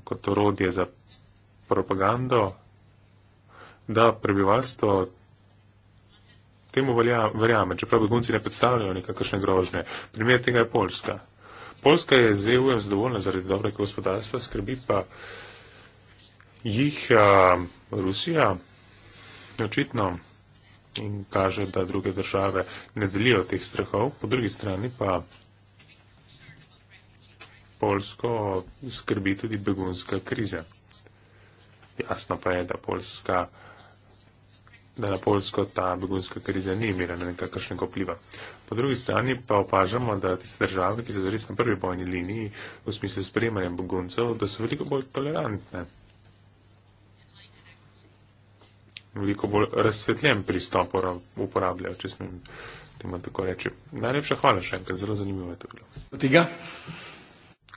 kot orodje za propagando, da prebivalstvo temu velja, verjame, čeprav begunci ne predstavljajo nekakšne grožne. Primer tega je Poljska. Poljska je z EU zadovoljna zaradi dobrega gospodarstva, skrbi pa jih a, Rusija očitno in kaže, da druge države ne delijo teh strahov. Po drugi strani pa Poljsko skrbi tudi begunska kriza. Jasno pa je, da Poljska da na Polsko ta begunska kriza ni imela nekakršnega vpliva. Po drugi strani pa opažamo, da tiste države, ki so res na prvi bojni liniji v smislu sprejemanja beguncev, da so veliko bolj tolerantne. Veliko bolj razsvetljen pristop uporabljajo, če smem temu tako reči. Najlepša hvala še enkrat, zelo zanimivo je to bilo. Otiga.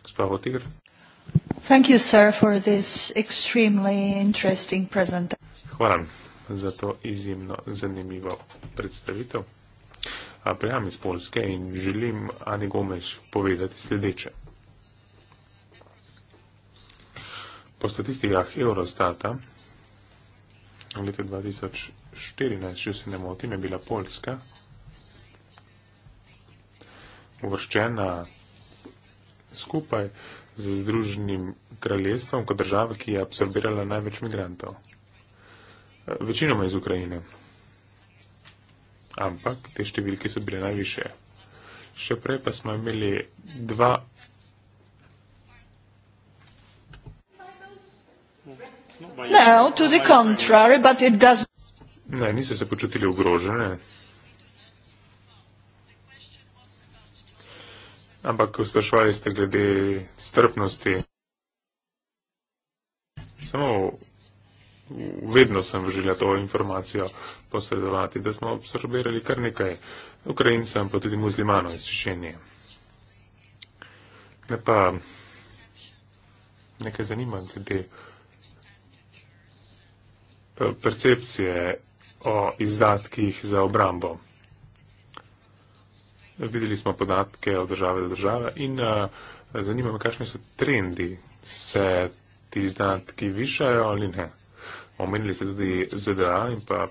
Gospod Otigr. Thank you, sir, for this extremely interesting presentation. Hvala za to izjemno zanimivo predstavitev. Prijam iz Polske in želim Ani Gomeš povedati sledeče. Po statistikah Eurostata v letu 2014, če se ne motim, je bila Polska uvrščena skupaj z Združenim kraljestvom kot država, ki je absorbirala največ migrantov večinoma iz Ukrajine. Ampak te številke so bile najviše. Še prej pa smo imeli dva. No, to the contrary, but it does. Ne, niso se počutili ogrožene. Ampak sprašvali ste glede strpnosti. Samo vedno sem želela to informacijo posredovati, da smo absorbirali kar nekaj Ukrajincem, pa tudi muzlimanov iz Čečenije. Ne pa nekaj zanimam tudi eh, percepcije o izdatkih za obrambo. Videli smo podatke od države do države in eh, zanimam, kakšni so trendi, se ti izdatki višajo ali ne omenili ste tudi ZDA in pa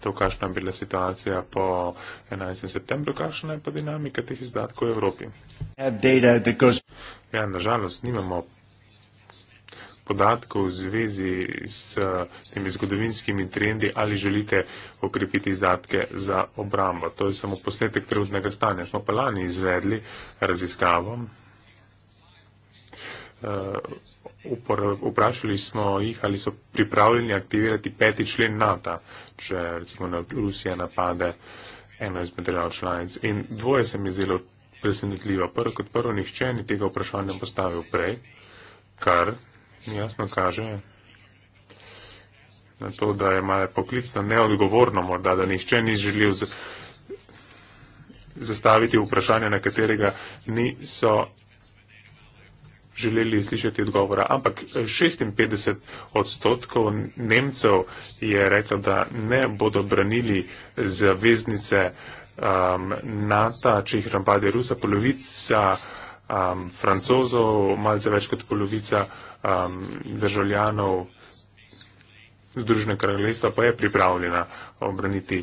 to, kakšna je bila situacija po 11. septembru, kakšna je pa dinamika teh izdatkov v Evropi. Goes... Ja, nažalost, nimamo podatkov v zvezi s eh, temi zgodovinskimi trendi, ali želite okrepiti izdatke za obrambo. To je samo posnetek trenutnega stanja. Smo pa lani izvedli raziskavo. Uh, upor, vprašali smo jih, ali so pripravljeni aktivirati peti člen NATO, če recimo na Rusija napade eno izmed držav članic. In dvoje se mi je zelo presenetljivo. Prvo kot prvo, nihče ni tega vprašanja postavil prej, kar jasno kaže na to, da je malo poklicno neodgovorno morda, da nihče ni želel z, zastaviti vprašanja, na katerega niso želeli slišati odgovora. Ampak 56 odstotkov Nemcev je reklo, da ne bodo branili zaveznice um, NATO, če jih rampade Rusa, polovica um, francozov, malce več kot polovica um, državljanov Združene kraljestva pa je pripravljena obraniti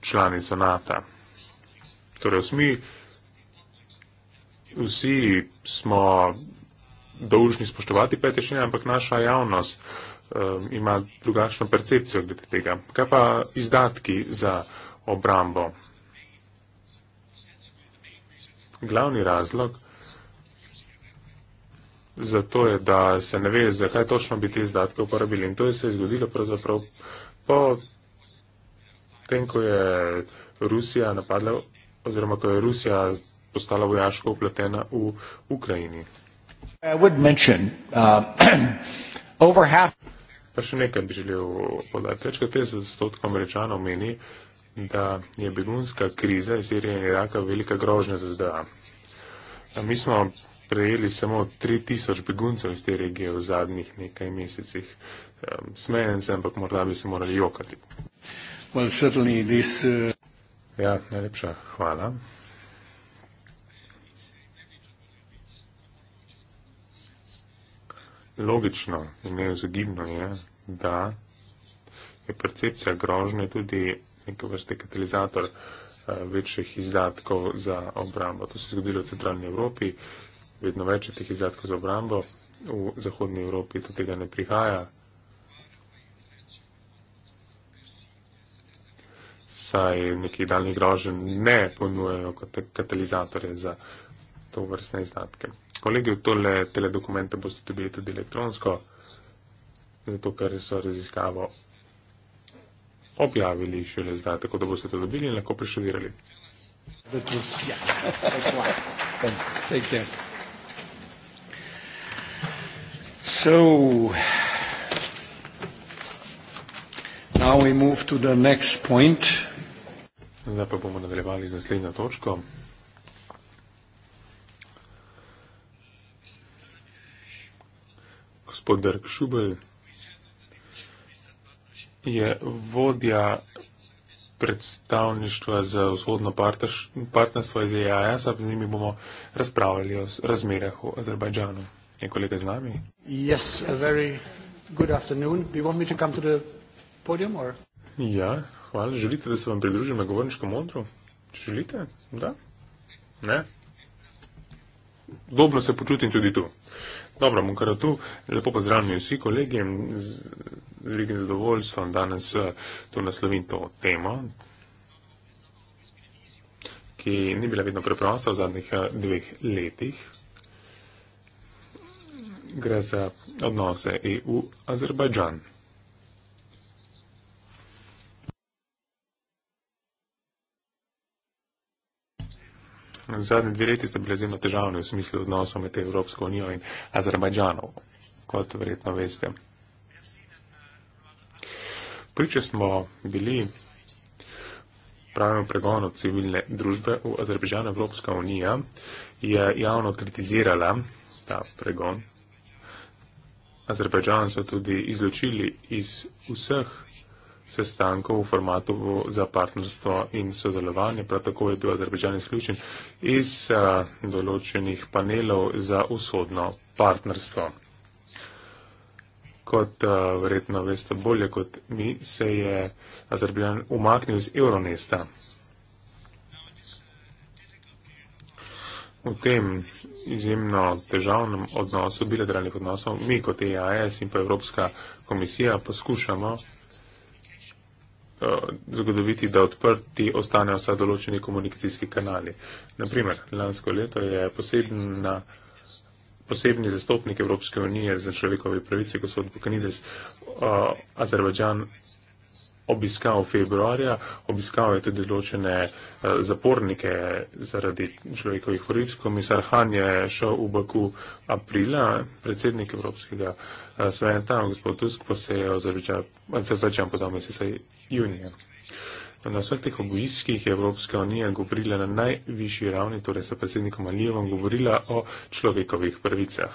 članico NATO. Torej, v smislu vsi smo dolžni spoštovati pete šine, ampak naša javnost um, ima drugačno percepcijo glede tega. Kaj pa izdatki za obrambo? Glavni razlog za to je, da se ne ve, zakaj točno bi te izdatke uporabili. In to je se zgodilo pravzaprav po tem, ko je Rusija napadla oziroma ko je Rusija postala vojaško upletena v Ukrajini. Uh, pa še nekaj bi želel podati. Več kot 50 odstotkov američanov meni, da je begunska kriza iz Sirije in Iraka velika grožnja za ZDA. Mi smo prejeli samo 3000 beguncev iz te regije v zadnjih nekaj mesecih. Smejen sem, ampak morda bi se morali jokati. Well, this, uh... Ja, najlepša hvala. logično in neizogibno je, da je percepcija grožnje tudi neke vrste katalizator eh, večjih izdatkov za obrambo. To se je zgodilo v centralni Evropi, vedno več je teh izdatkov za obrambo, v zahodni Evropi do tega ne prihaja. Saj nekih daljnih grožen ne ponujejo kot katalizatorje za obrambo to vrstne izdatke. Kolegi, tole teledokumente boste dobili tudi elektronsko, zato ker so raziskavo objavili šele zdaj, tako da boste to dobili in lahko preštudirali. So, zdaj pa bomo nadaljevali z naslednjo točko. gospod Dirk Šubel je vodja predstavništva za vzhodno partnerstvo iz EAS-a, ja, z njimi bomo razpravljali o razmerah v Azerbajdžanu. Je kolega z nami? Yes, ja, hvala. Želite, da se vam pridružim na govorniškem modru? Želite? Da? Ne? Dobro se počutim tudi tu. Dobro, bom kar tu. Lepo pozdravljeni vsi kolegi. Z velikim zadovoljstvom danes eh, tu naslovim to temo, ki ni bila vedno preprosta v zadnjih eh, dveh letih. Gre za odnose EU-Azerbajdžan. zadnji dve leti sta bili zelo težavni v smislu odnosov med Evropsko unijo in Azerbajdžanov, kot verjetno veste. Priče smo bili pravemu pregonu civilne družbe v Azerbajdžanu. Evropska unija je javno kritizirala ta pregon. Azerbajdžan so tudi izločili iz vseh sestankov v formatu za partnerstvo in sodelovanje. Prav tako je bil Azerbejdžan izključen iz eh, določenih panelov za usodno partnerstvo. Kot eh, verjetno veste bolje kot mi, se je Azerbejdžan umaknil iz Euronesta. V tem izjemno težavnem odnosu, bilateralnih odnosov, mi kot EAS in pa Evropska komisija poskušamo Eh, zagotoviti, da odprti ostanejo vsa določeni komunikacijski kanali. Naprimer, lansko leto je posebna, posebni zastopnik Evropske unije za človekove pravice, gospod Bukanides, eh, Azerbajdžan obiskal februarja, obiskal je tudi določene eh, zapornike zaradi človekovih pravic. Komisar Han je šel v Baku aprila, predsednik Evropskega unije. Svet, tam gospod Tusk posejal z Azerbajdžan, podal mesec junija. Na vseh teh obiskih je Evropska unija govorila na najvišji ravni, torej sa predsednikom Alijevom govorila o človekovih pravicah.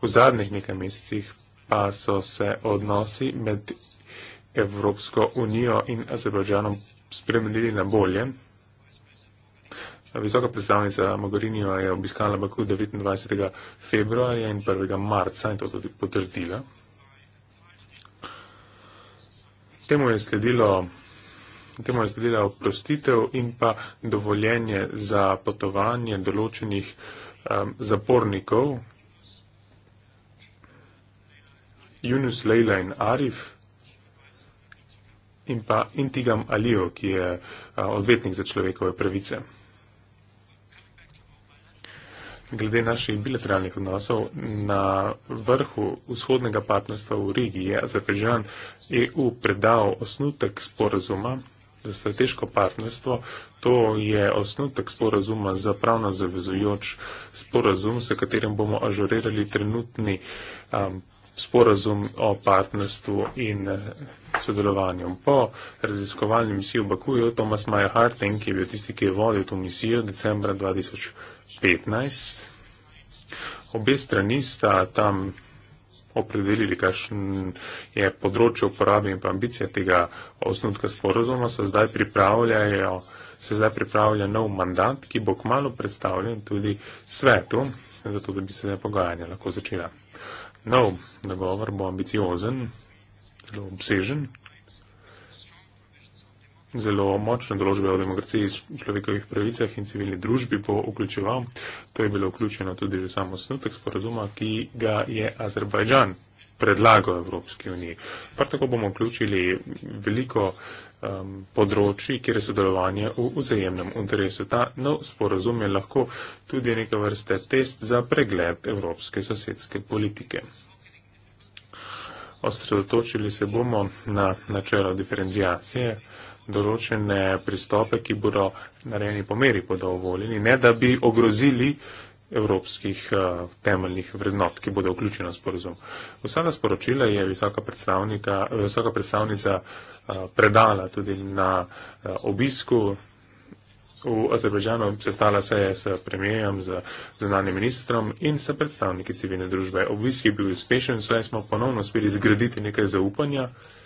V zadnjih nekaj mesecih pa so se odnosi med Evropsko unijo in Azerbajdžanom spremenili na bolje. Visoka predstavnica Mogorini je obiskala Baku 29. februarja in 1. marca in to tudi potrdila. Temu je sledilo. Temu je sledila oprostitev in pa dovoljenje za potovanje določenih um, zapornikov. Junus Leila in Arif in pa Intigam Alijo, ki je uh, odvetnik za človekove pravice glede naših bilateralnih odnosov na vrhu vzhodnega partnerstva v Rigi je Azerbejdžan EU predal osnutek sporazuma za strateško partnerstvo. To je osnutek sporazuma za pravno zavezujoč sporazum, s katerim bomo ažurirali trenutni um, sporazum o partnerstvu in eh, sodelovanju. Po raziskovalni misiji v Bakuju, Thomas Meyer Harting, ki je bil tisti, ki je vodil to misijo decembra 2020, 15. Obe strani sta tam opredelili, kakšen je področje uporabe in pa ambicija tega osnutka sporozuma, se zdaj pripravljajo, se zdaj pripravlja nov mandat, ki bo kmalo predstavljen tudi svetu, zato da bi se pogajanja lahko začela. Nov dogovor bo ambiciozen, zelo obsežen zelo močne določbe o demokraciji, človekovih pravicah in civilni družbi bo vključeval. To je bilo vključeno tudi že samo snutek sporazuma, ki ga je Azerbajdžan predlagal Evropski uniji. Prav tako bomo vključili veliko um, področji, kjer je sodelovanje v vzajemnem interesu. Ta nov sporazum je lahko tudi neka vrste test za pregled evropske sosedske politike. Osredotočili se bomo na načelo diferencijacije, določene pristope, ki bodo narejeni po meri podovoljeni, ne da bi ogrozili evropskih uh, temeljnih vrednot, ki bodo vključene v sporozum. Vsa ta sporočila je visoka, visoka predstavnica uh, predala tudi na uh, obisku v Azerbajdžanu, sestala se je s premijem, z zunanim ministrom in s predstavniki civilne družbe. Obisk je bil uspešen, saj smo ponovno uspeli zgraditi nekaj zaupanja. Uh,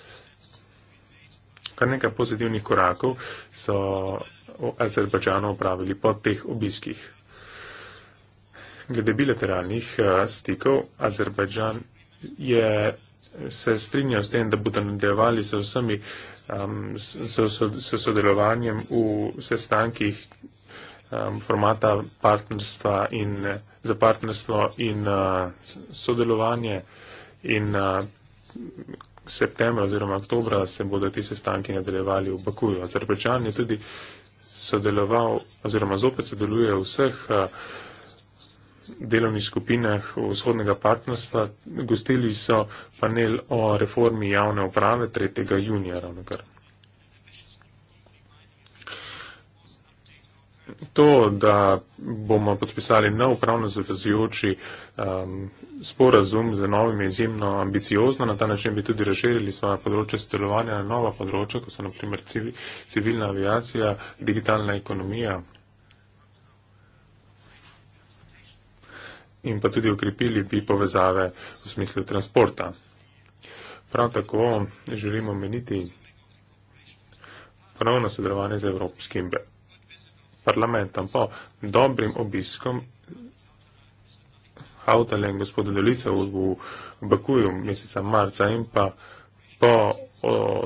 kar nekaj pozitivnih korakov so v Azerbajdžanu opravili po teh obiskih. Glede bilateralnih eh, stikov, Azerbajdžan je se strinjal s tem, da bodo nadaljevali s vsemi um, s, s, s, s sodelovanjem v sestankih um, formata partnerstva in, za partnerstvo in uh, sodelovanje in uh, septembra oziroma oktobra se bodo ti sestanki nadaljevali v Bakuju. Azerbajdžan je tudi sodeloval oziroma zopet sodeluje v vseh eh, delovnih skupinah vzhodnega partnerstva. Gostili so panel o reformi javne uprave 3. junija ravno kar. To, da bomo podpisali nov pravno zavezujoči um, sporazum z novim, je izjemno ambiciozno. Na ta način bi tudi razširili svoje področje sodelovanja na nova področja, kot so naprimer civil, civilna aviacija, digitalna ekonomija in pa tudi ukrepili bi povezave v smislu transporta. Prav tako želimo meniti pravno sodelovanje z Evropskim parlamenta, un po' dobrim obiskom avtale in gospoda Delica v, v Bakuju meseca marca in pa po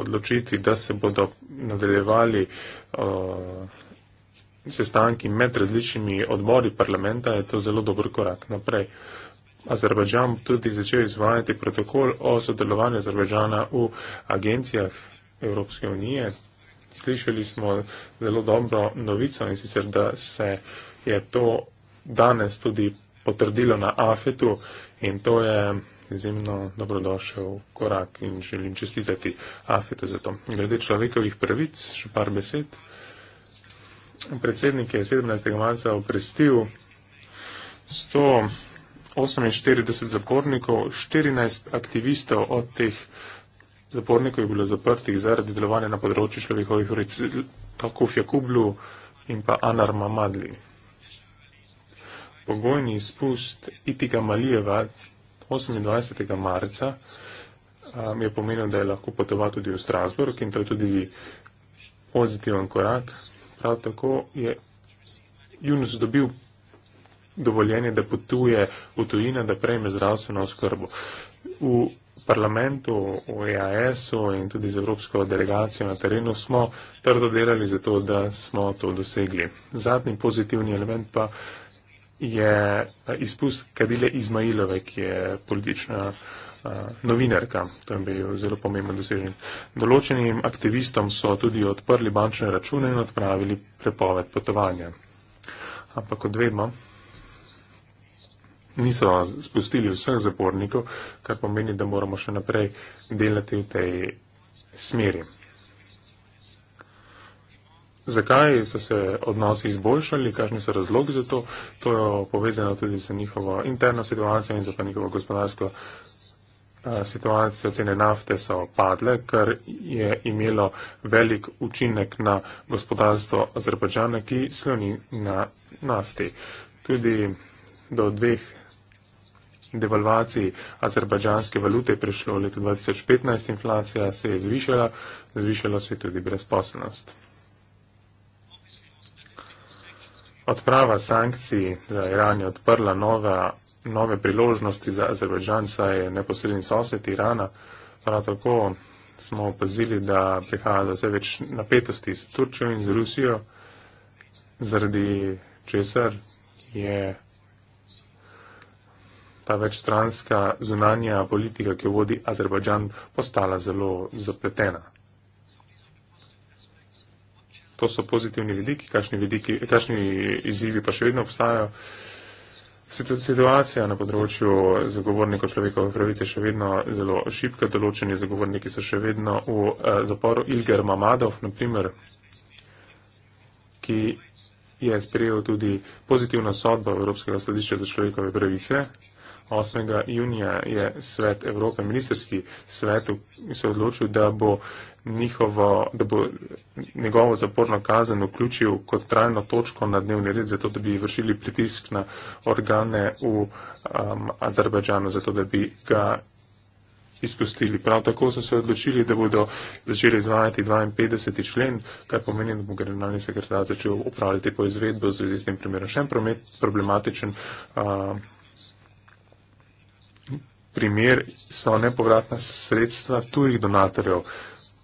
odločitvi, da se bodo nadaljevali o, uh, sestanki med različnimi odbori parlamenta, je to zelo dober korak naprej. Azerbajdžan tudi začel izvajati protokol o sodelovanju Azerbajdžana v agencijah Evropske unije, Slišali smo zelo dobro novico in sicer, da se je to danes tudi potrdilo na AFET-u in to je izjemno dobrodošel korak in želim čestitati AFET-u za to. Glede človekovih pravic, še par besed. Predsednik je 17. marca oprestil 148 zapornikov, 14 aktivistov od teh zapornikov je bilo zaprtih zaradi delovanja na področju človekovih vrednic, tako v Jakublu in pa Anar Mamadli. Pogojni izpust Itika Malijeva 28. marca mi um, je pomenil, da je lahko potoval tudi v Strasburg in to je tudi pozitiven korak. Prav tako je Junus dobil dovoljenje, da potuje v tujina, da prejme zdravstveno oskrbo. V parlamentu, v EAS-u in tudi z Evropsko delegacijo na terenu smo trdo delali za to, da smo to dosegli. Zadnji pozitivni element pa je izpust Kadile Izmailove, ki je politična novinarka. To je bil zelo pomemben dosežen. Določenim aktivistom so tudi odprli bančne račune in odpravili prepoved potovanja. Ampak odvedmo niso spustili vseh zapornikov, kar pomeni, da moramo še naprej delati v tej smeri. Zakaj so se odnosi izboljšali, kakšni so razlogi za to, to je povezano tudi z njihovo interno situacijo in za pa njihovo gospodarsko eh, situacijo. Cene nafte so padle, kar je imelo velik učinek na gospodarstvo Azerbajdžana, ki sloni na nafti. Tudi do dveh devalvaciji azerbajdžanske valute prišlo v letu 2015, inflacija se je zvišala, zvišala se je tudi brezposobnost. Odprava sankcij za Iran je odprla nove, nove priložnosti za Azerbajdžan, saj je neposredni sosed Irana. Prav tako smo opazili, da prihaja do vse več napetosti z Turčjo in z Rusijo, zaradi česar je ta večstranska zunanja politika, ki jo vodi Azerbajdžan, postala zelo zapletena. To so pozitivni vidiki, kakšni, vidiki, kakšni izzivi pa še vedno obstajajo. Situacija na področju zagovornikov človekovih pravic je še vedno zelo šipka, določeni zagovorniki so še vedno v eh, zaporu. Ilger Mamadov, na primer, ki je sprejel tudi pozitivno sodbo Evropskega sodišča za človekove pravice, 8. junija je svet Evrope, ministerski svet se odločil, da bo, njihovo, da bo njegovo zaporno kazen vključil kot trajno točko na dnevni red, zato da bi vršili pritisk na organe v um, Azerbajdžanu, zato da bi ga izpustili. Prav tako so se odločili, da bodo začeli izvajati 52. člen, kar pomeni, da bo generalni sekretar začel upravljati po izvedbo v zvezi s tem primerom. Še en problematičen uh, primer so nepovratna sredstva tujih donatorjev.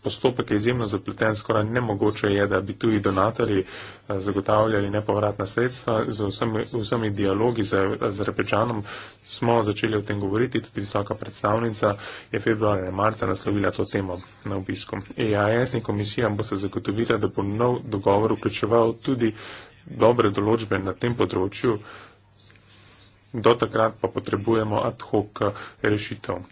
Postopek je izjemno zapleten, skoraj nemogoče je, da bi tuji donatori eh, zagotavljali nepovratna sredstva. Z vsemi, vsemi dialogi z Azerbejdžanom smo začeli o tem govoriti, tudi visoka predstavnica je februarja in marca naslovila to temo na obisku. EAS in komisija bo se zagotovila, da bo nov dogovor vključeval tudi dobre določbe na tem področju, Do takrat pa potrebujemo ad hoc eh, rešitev.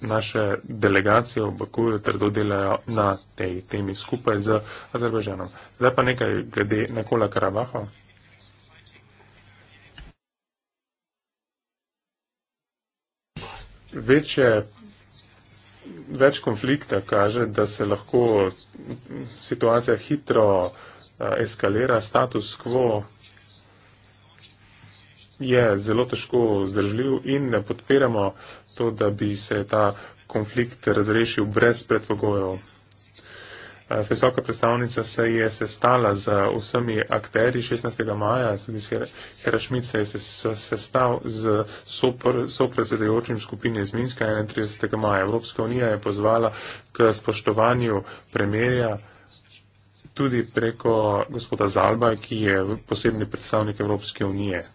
Naše delegacije v Bakuju trdo delajo na tej temi skupaj z Azerbajžanom. Zdaj pa nekaj glede Nikola Karabaha. Večje, več konflikta kaže, da se lahko situacija hitro eh, eskalira, status quo je zelo težko zdržljiv in ne podpiramo to, da bi se ta konflikt razrešil brez predpogojev. Eh, visoka predstavnica se je sestala z vsemi akteri 16. maja, tudi Herašmit se je sestal z sopresedajočim skupinjem iz Minska 31. maja. Evropska unija je pozvala k spoštovanju premjerja tudi preko gospoda Zalba, ki je posebni predstavnik Evropske unije.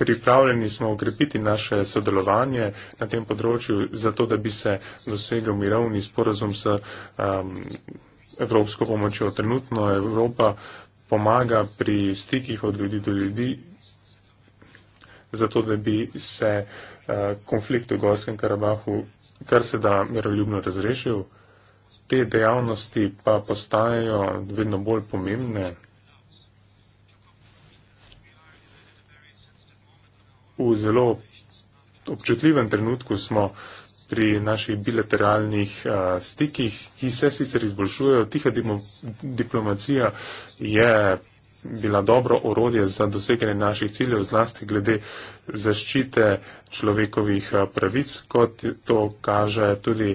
Pripravljeni smo okrepiti naše sodelovanje na tem področju, zato da bi se dosegel mirovni sporazum s um, Evropsko pomočjo. Trenutno Evropa pomaga pri stikih od ljudi do ljudi, zato da bi se uh, konflikt v Gorskem Karabahu kar se da miroljubno razrešil. Te dejavnosti pa postajajo vedno bolj pomembne. v zelo občutljivem trenutku smo pri naših bilateralnih uh, stikih, ki se sicer izboljšujejo. Tiha diplomacija je bila dobro orodje za doseganje naših ciljev, zlasti glede zaščite človekovih eh, pravic, kot to kaže tudi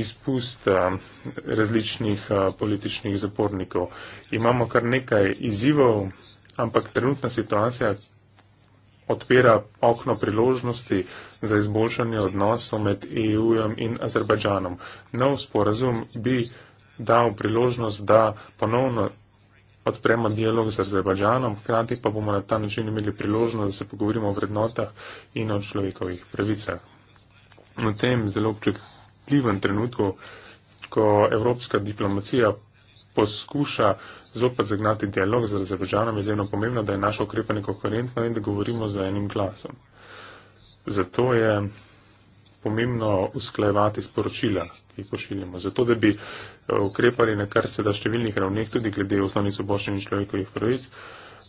izpust eh, različnih političnih zapornikov. Imamo kar nekaj izzivov, ampak trenutna situacija, odpira okno priložnosti za izboljšanje odnosov med EU-jem in Azerbajdžanom. Nov sporazum bi dal priložnost, da ponovno odpremo dialog z Azerbajdžanom, hkrati pa bomo na ta način imeli priložnost, da se pogovorimo o vrednotah in o človekovih pravicah. V tem zelo občutljivem trenutku, ko evropska diplomacija poskuša zopet zagnati dialog z Azerbajdžanom, je izjemno pomembno, da je naše ukrepanje koherentno in da govorimo z enim glasom. Zato je pomembno usklajevati sporočila, ki jih pošiljamo. Zato, da bi eh, ukrepali na kar se da številnih ravneh, tudi glede osnovnih soboščin in človekovih pravic,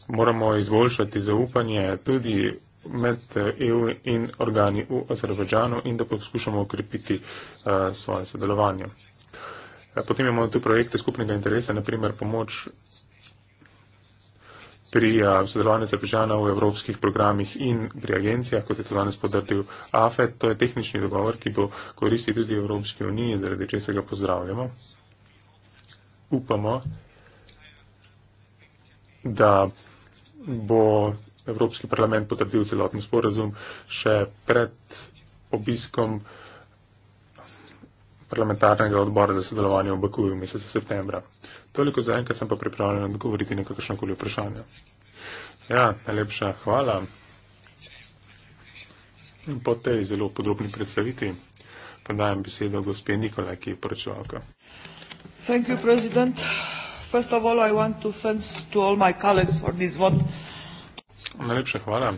moramo izboljšati zaupanje tudi med eh, EU in organi v Azerbajdžanu in da poskušamo ukrepiti uh, eh, svoje sodelovanje. Eh, potem imamo tudi projekte skupnega interesa, naprimer pomoč pri eh, sodelovanju zapežana v evropskih programih in pri agencijah, kot je to danes podrtil AFET. To je tehnični dogovor, ki bo koristil tudi Evropski uniji, zaradi če se ga pozdravljamo. Upamo, da bo Evropski parlament potrdil celotni sporazum še pred obiskom Evropske unije parlamentarnega odbora za sodelovanje v Bakuju v mesecu septembra. Toliko za enkrat sem pa pripravljen odgovoriti na kakršno koli vprašanje. Ja, najlepša hvala. In po tej zelo podrobni predstaviti podajam besedo gospe Nikola, ki je poročevalka. Thank you, President. First of all, I want to thanks to all my colleagues for this vote. Najlepša hvala.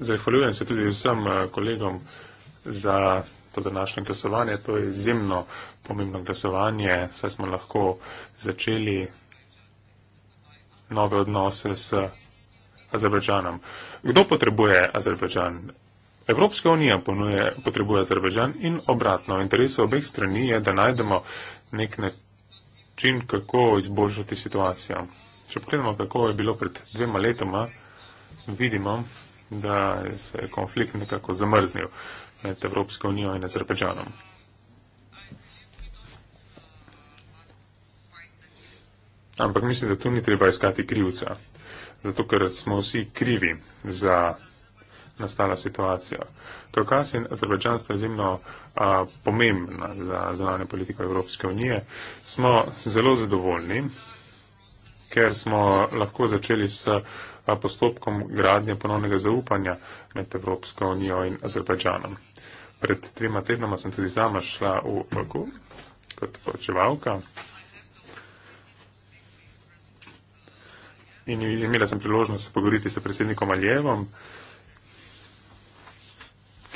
Zahvaljujem se tudi vsem eh, kolegom za to današnje glasovanje. To je izjemno pomembno glasovanje, saj smo lahko začeli nove odnose s Azerbajdžanom. Kdo potrebuje Azerbajdžan? Evropska unija ponuje, potrebuje Azerbajdžan in obratno. V interesu obeh strani je, da najdemo nek način, kako izboljšati situacijo. Če pogledamo, kako je bilo pred dvema letoma, vidimo, da se je konflikt nekako zamrznil med Evropsko unijo in Azerbejdžanom. Ampak mislim, da tu ni treba iskati krivca, zato ker smo vsi krivi za nastala situacija. Kaukas in Azerbejdžan sta izjemno pomembna za zunanje politiko Evropske unije. Smo zelo zadovoljni, ker smo lahko začeli s postopkom gradnje ponovnega zaupanja med Evropsko unijo in Azerbajdžanom. Pred trima tednoma sem tudi sama šla v Baku kot poročevalka in imela sem priložnost se pogovoriti s predsednikom Aljevom,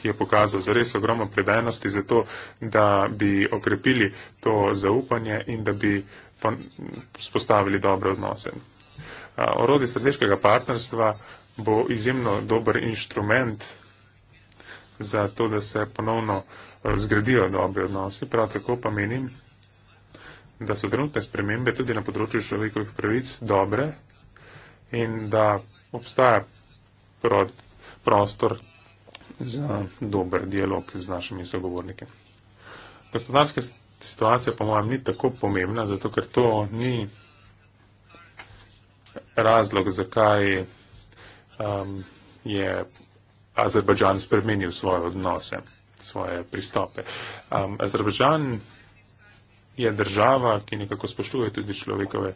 ki je pokazal zares ogromno predajnosti za to, da bi okrepili to zaupanje in da bi spostavili dobre odnose. Orodje strateškega partnerstva bo izjemno dober inštrument za to, da se ponovno e, zgradijo dobre odnosi. Prav tako pa menim, da so trenutne spremembe tudi na področju človekovih pravic dobre in da obstaja prostor za dober dialog z našimi sogovorniki. Gospodarska situacija, po mojem, ni tako pomembna, zato ker to ni razlog, zakaj um, je Azerbajdžan spremenil svoje odnose, svoje pristope. Um, Azerbajdžan je država, ki nekako spoštuje tudi človekove,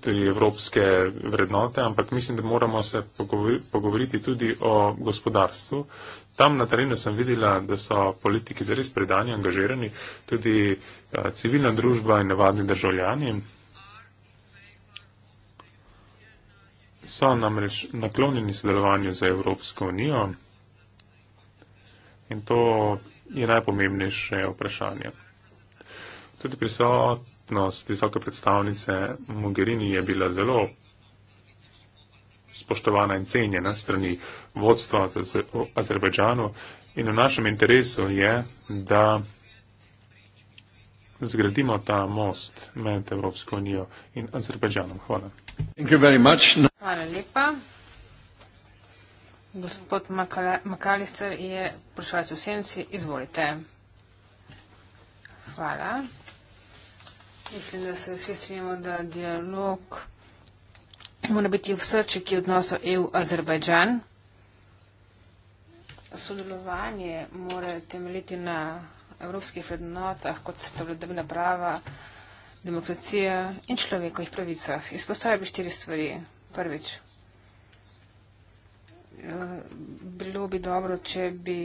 tudi evropske vrednote, ampak mislim, da moramo se pogovori, pogovoriti tudi o gospodarstvu. Tam na terenu sem videla, da so politiki zares predani, angažirani, tudi a, uh, civilna družba in navadni državljani. so namreč naklonjeni sodelovanju za Evropsko unijo in to je najpomembnejše vprašanje. Tudi prisotnost visoke predstavnice Mogherini je bila zelo spoštovana in cenjena strani vodstva v Azerbajdžanu in v našem interesu je, da zgradimo ta most med Evropsko unijo in Azerbajdžanom. Hvala. Hvala lepa. Gospod Makalister je vprašalec v senci. Izvolite. Hvala. Mislim, da se vsi strinjamo, da dialog mora biti v srči, ki je odnosil EU-Azerbajdžan. Sodelovanje mora temeljiti na evropskih vrednotah, kot sta vladavina prava, demokracija in človekovih pravicah. Izpostavljajo bi štiri stvari. Prvič, eh, bilo bi dobro, če bi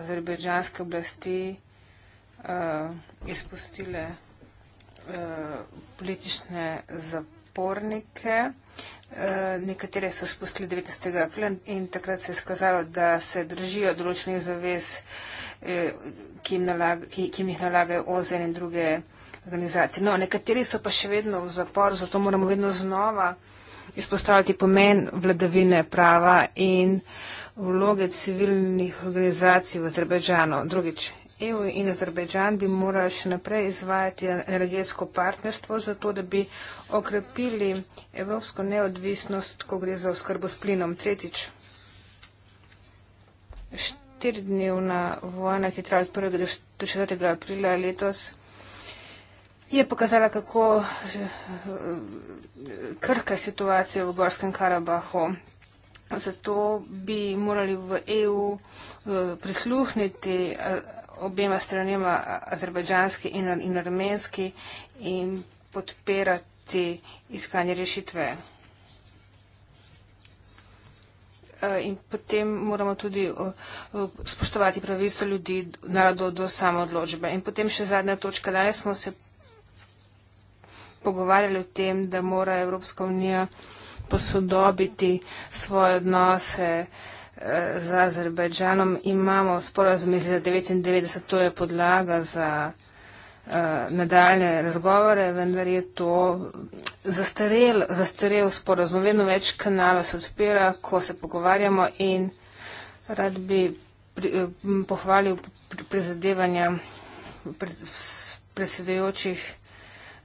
azerbejdžanske oblasti eh, izpustile eh, politične zapornike. Nekatere so spustili 19. aprila in takrat se je skazalo, da se držijo določenih zavez, ki jim, nalaga, ki, ki jim jih nalagajo OZN in druge organizacije. No, nekateri so pa še vedno v zaporu, zato moramo vedno znova izpostavljati pomen vladavine prava in vloge civilnih organizacij v Azerbejdžanu. Drugič, EU in Azerbejdžan bi morali še naprej izvajati energetsko partnerstvo, zato da bi okrepili evropsko neodvisnost, ko gre za oskrbo s plinom. Tretjič, štiridnevna vojna, ki je trajala 1. do 4. aprila letos, je pokazala, kako eh, krhka je situacija v Gorskem Karabahu. Zato bi morali v EU eh, prisluhniti eh, obema stranima, azerbajdžanski in, in armenski, in podpirati iskanje rešitve. In potem moramo tudi spoštovati pravico ljudi narodov do samoodločbe. In potem še zadnja točka. Danes smo se pogovarjali o tem, da mora Evropska unija posodobiti svoje odnose eh, z Azerbajdžanom. Imamo sporazum iz 99, to je podlaga za eh, nadaljne razgovore, vendar je to zastarel, zastarel sporazum. Vedno več kanala se odpira, ko se pogovarjamo in rad bi pri, eh, pohvalil prizadevanja predsedujočih pri, pri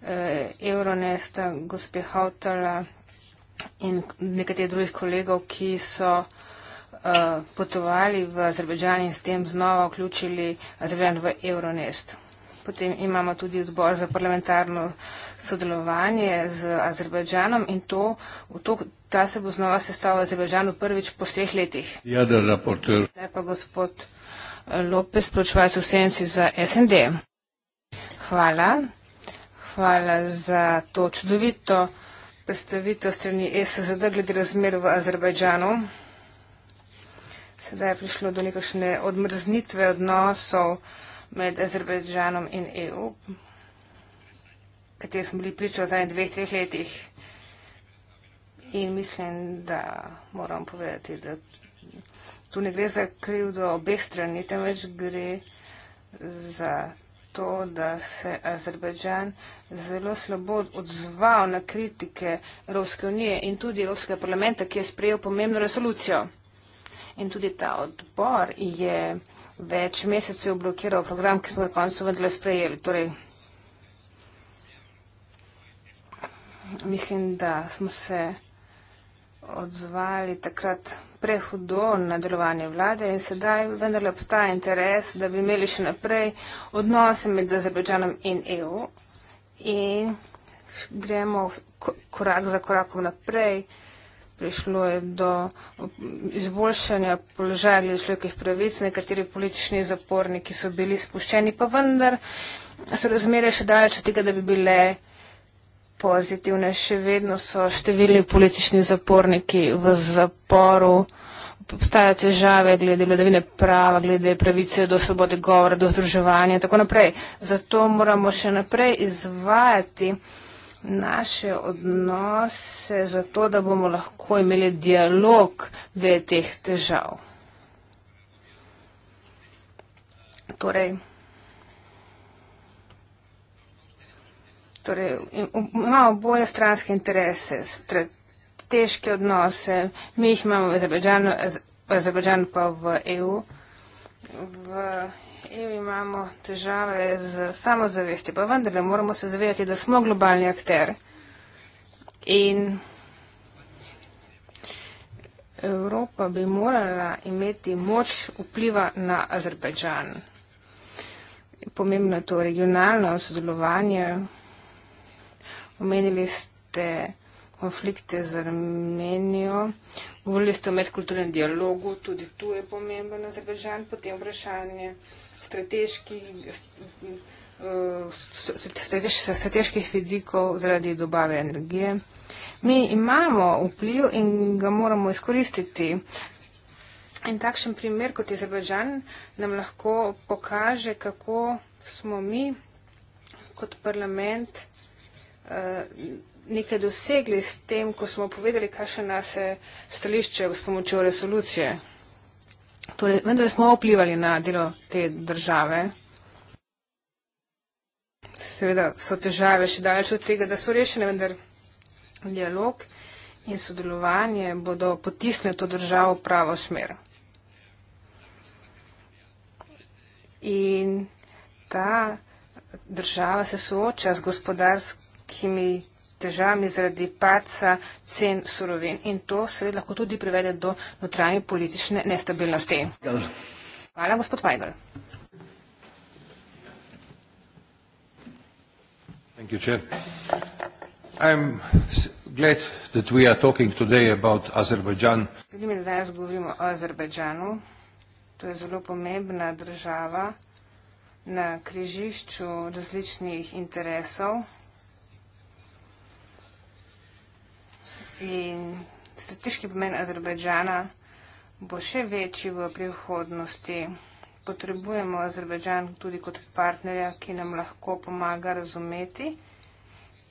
Eh, Euronest, gospe Hautala in nekateri drugih kolegov, ki so eh, potovali v Azerbejdžan in s tem znova vključili Azerbejdžan v Euronest. Potem imamo tudi odbor za parlamentarno sodelovanje z Azerbejdžanom in to, to, ta se bo znova sestavil v Azerbejdžanu prvič po treh letih. Jadr raporter. Lepa gospod eh, Lopes, pročevalc v senci za SND. Hvala hvala za to čudovito predstavitev strani SSD glede razmer v Azerbajdžanu. Sedaj je prišlo do nekakšne odmrznitve odnosov med Azerbajdžanom in EU, kateri smo bili priča v zadnjih dveh, treh letih. In mislim, da moram povedati, da tu ne gre za krivdo obeh strani, temveč gre za to, da se Azerbajdžan zelo slabo odzval na kritike Evropske unije in tudi Evropskega parlamenta, ki je sprejel pomembno resolucijo. In tudi ta odbor je več mesecev blokiral program, ki smo na koncu vendarle sprejeli. Torej, mislim, da smo se odzvali takrat prehudo na delovanje vlade in sedaj vendarle obstaja interes, da bi imeli še naprej odnose med Azerbajdžanom in EU in gremo korak za korakom naprej. Prišlo je do izboljšanja položaja ljudi človekovih pravic, nekateri politični zaporniki so bili spuščeni, pa vendar so razmere še daleč od tega, da bi bile pozitivne. Še vedno so številni politični zaporniki v zaporu. Obstajajo težave glede vladavine prava, glede pravice do svobode govora, do združevanja in tako naprej. Zato moramo še naprej izvajati naše odnose, zato da bomo lahko imeli dialog glede teh težav. Torej, Torej, um, imamo oboje stranske interese, strateške odnose, mi jih imamo v Azerbajdžanu, Azerbajdžan pa v EU. V EU imamo težave z samozavestjo, pa vendarle moramo se zavedati, da smo globalni akter. In Evropa bi morala imeti moč vpliva na Azerbajdžan. Pomembno je to regionalno sodelovanje. Omenili ste konflikte z Armenijo, govorili ste o medkulturnem dialogu, tudi tu je pomemben Azerbajdžan, potem vprašanje strateških, strateških, strateških vidikov zaradi dobave energije. Mi imamo vpliv in ga moramo izkoristiti. In takšen primer kot je Azerbajdžan nam lahko pokaže, kako smo mi kot parlament Eh, nekaj dosegli s tem, ko smo povedali, kakšne nas je stališče s pomočjo resolucije. Torej, vendar smo vplivali na delo te države. Seveda so težave še daleč od tega, da so rešene, vendar dialog in sodelovanje bodo potisnili to državo v pravo smer. In ta država se sooča z gospodarskim velikimi težavami zaradi paca cen surovin in to seveda lahko tudi privede do notranje politične nestabilnosti. Hvala, gospod Weigl. Thank you, Chair. I'm glad that we are talking today about Azerbaijan. Želim, da danes govorimo o Azerbajdžanu. To je zelo pomembna država na križišču različnih interesov. in strateški pomen Azerbajdžana bo še večji v prihodnosti. Potrebujemo Azerbajdžan tudi kot partnerja, ki nam lahko pomaga razumeti,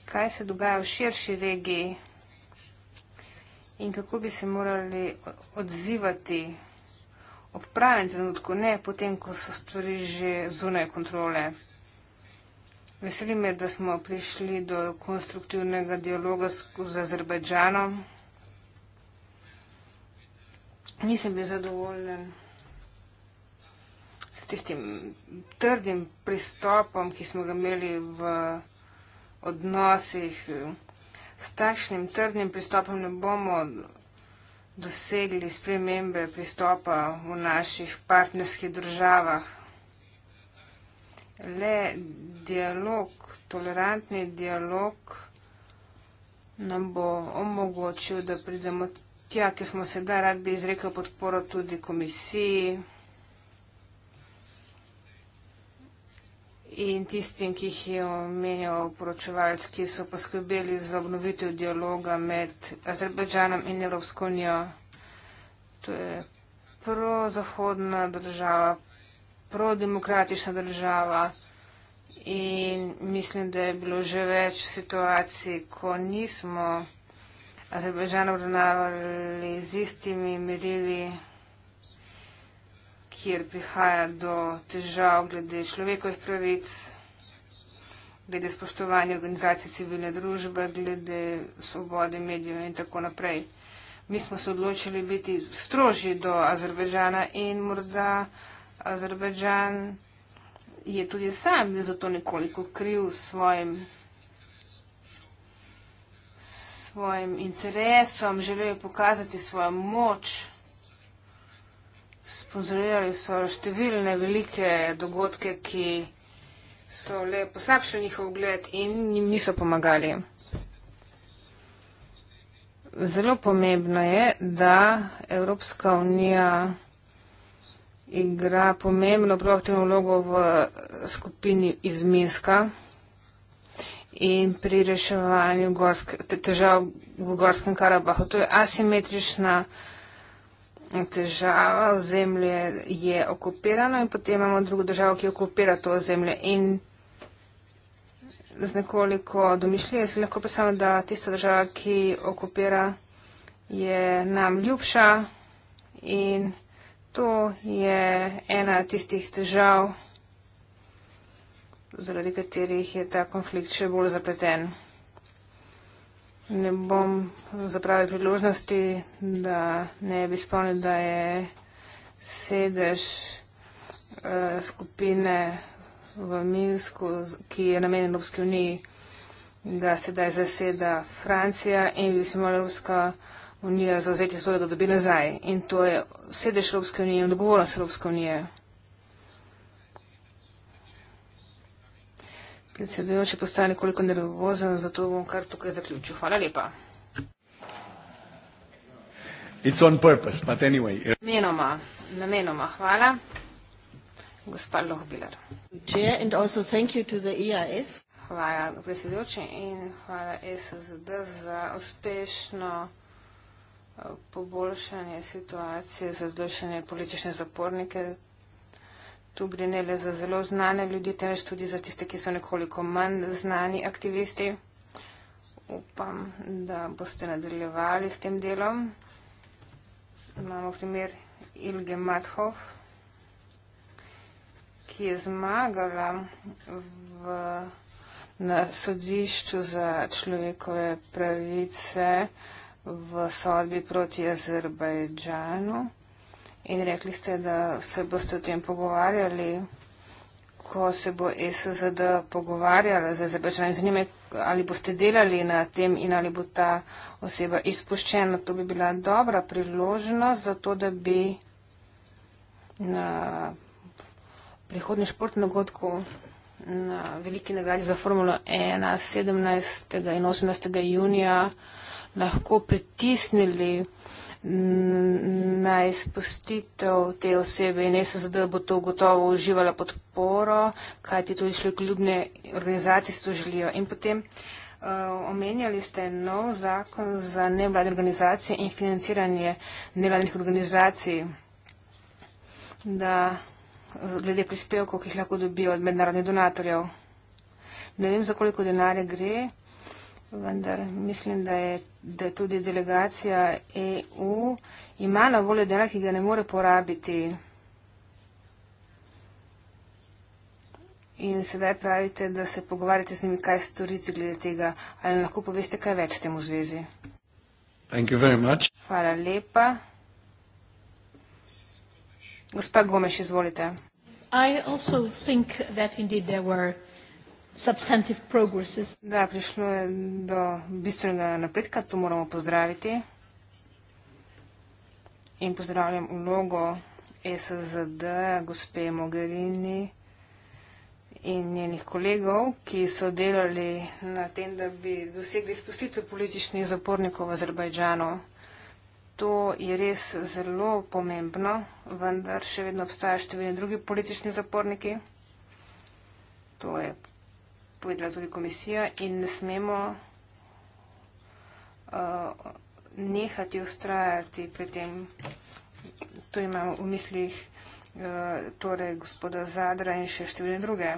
kaj se dogaja v širši regiji in kako bi se morali odzivati ob pravem trenutku, ne potem, ko so stvari že zunaj kontrole. Veseli me, da smo prišli do konstruktivnega dialoga z Azerbajdžanom. Nisem bil zadovoljen s tistim trdim pristopom, ki smo ga imeli v odnosih. S takšnim trdnim pristopom ne bomo dosegli spremembe pristopa v naših partnerskih državah le dialog, tolerantni dialog nam bo omogočil, da pridemo tja, ki smo sedaj rad bi izrekel podporo tudi komisiji in tistim, ki jih je omenjal poročevalc, ki so poskrbeli za obnovitev dialoga med Azerbajdžanom in Evropsko unijo. To je prvo zahodna država, prodemokratična država in mislim, da je bilo že več situacij, ko nismo Azerbajžan obravnavali z istimi merili, kjer prihaja do težav glede človekovih pravic, glede spoštovanja organizacij civilne družbe, glede svobode medijev in tako naprej. Mi smo se odločili biti strožji do Azerbajžana in morda Azerbajdžan je tudi sam bil zato nekoliko kriv svojim, svojim interesom, želel je pokazati svojo moč. Sponzorirali so številne velike dogodke, ki so le poslabšali njihov ugled in jim niso pomagali. Zelo pomembno je, da Evropska unija igra pomembno proaktivno vlogo v skupini izmeska in pri reševanju gorske, težav v Gorskem Karabahu. To je asimetrična težava, ozemlje je okupirano in potem imamo drugo državo, ki okupira to ozemlje. In z nekoliko domišljije si lahko predstavljam, da tista država, ki okupira, je nam ljubša in to je ena tistih težav, zaradi katerih je ta konflikt še bolj zapleten. Ne bom zapravil priložnosti, da ne bi spomnil, da je sedež uh, skupine v Minsku, ki je namenjen Evropski uniji, da sedaj zaseda Francija in bi se morala Evropska unija unija zauzeti svojo, da dobi nazaj. In to je sedež Evropske unije in odgovornost Evropske unije. Predsedujoči postane koliko nervozen, zato bom kar tukaj zaključil. Hvala lepa. It's on purpose, but anyway. Eh. Namenoma, namenoma. Hvala. Gospa Lohbiler. Chair and also thank you to the EIS. Hvala, predsedujoči, in hvala SSD za uspešno poboljšanje situacije za zdošanje politične zapornike. Tu gre ne le za zelo znane ljudi, temveč tudi za tiste, ki so nekoliko manj znani aktivisti. Upam, da boste nadaljevali s tem delom. Imamo primer Ilge Mathoff, ki je zmagala v, na sodišču za človekove pravice v sodbi proti Azerbajdžanu in rekli ste, da se boste o tem pogovarjali, ko se bo SZD pogovarjala z Azerbajdžanom. Zanima me, ali boste delali na tem in ali bo ta oseba izpuščena. To bi bila dobra priložnost za to, da bi na prihodnji športni dogodku na veliki nagradi za Formulo 1 17. in 18. junija lahko pritisnili na izpustitev te osebe in jaz se zdaj bo to gotovo uživala podporo, kaj ti tudi šli kljubne organizacije to želijo. In potem uh, omenjali ste nov zakon za nevladne organizacije in financiranje nevladnih organizacij, da glede prispevkov, ki jih lahko dobijo od mednarodnih donatorjev. Ne vem, za koliko denarja gre vendar mislim, da je, da je tudi delegacija EU ima na voljo dela, ki ga ne more porabiti. In sedaj pravite, da se pogovarjate z njimi, kaj storiti glede tega. Ali lahko poveste kaj več temu zvezi? Thank you very much. Hvala lepa. Gospa Gomeš, izvolite. I also think that indeed there were Da, prišlo je do bistvenega napredka, to moramo pozdraviti. In pozdravljam vlogo SZD, gospe Mogherini in njenih kolegov, ki so delali na tem, da bi dosegli spustitev političnih zapornikov v Azerbajdžanu. To je res zelo pomembno, vendar še vedno obstajajo številni drugi politični zaporniki. To je povedala tudi komisija in ne smemo uh, nehati ustrajati pri tem. To imam v mislih uh, torej gospoda Zadra in še številne druge.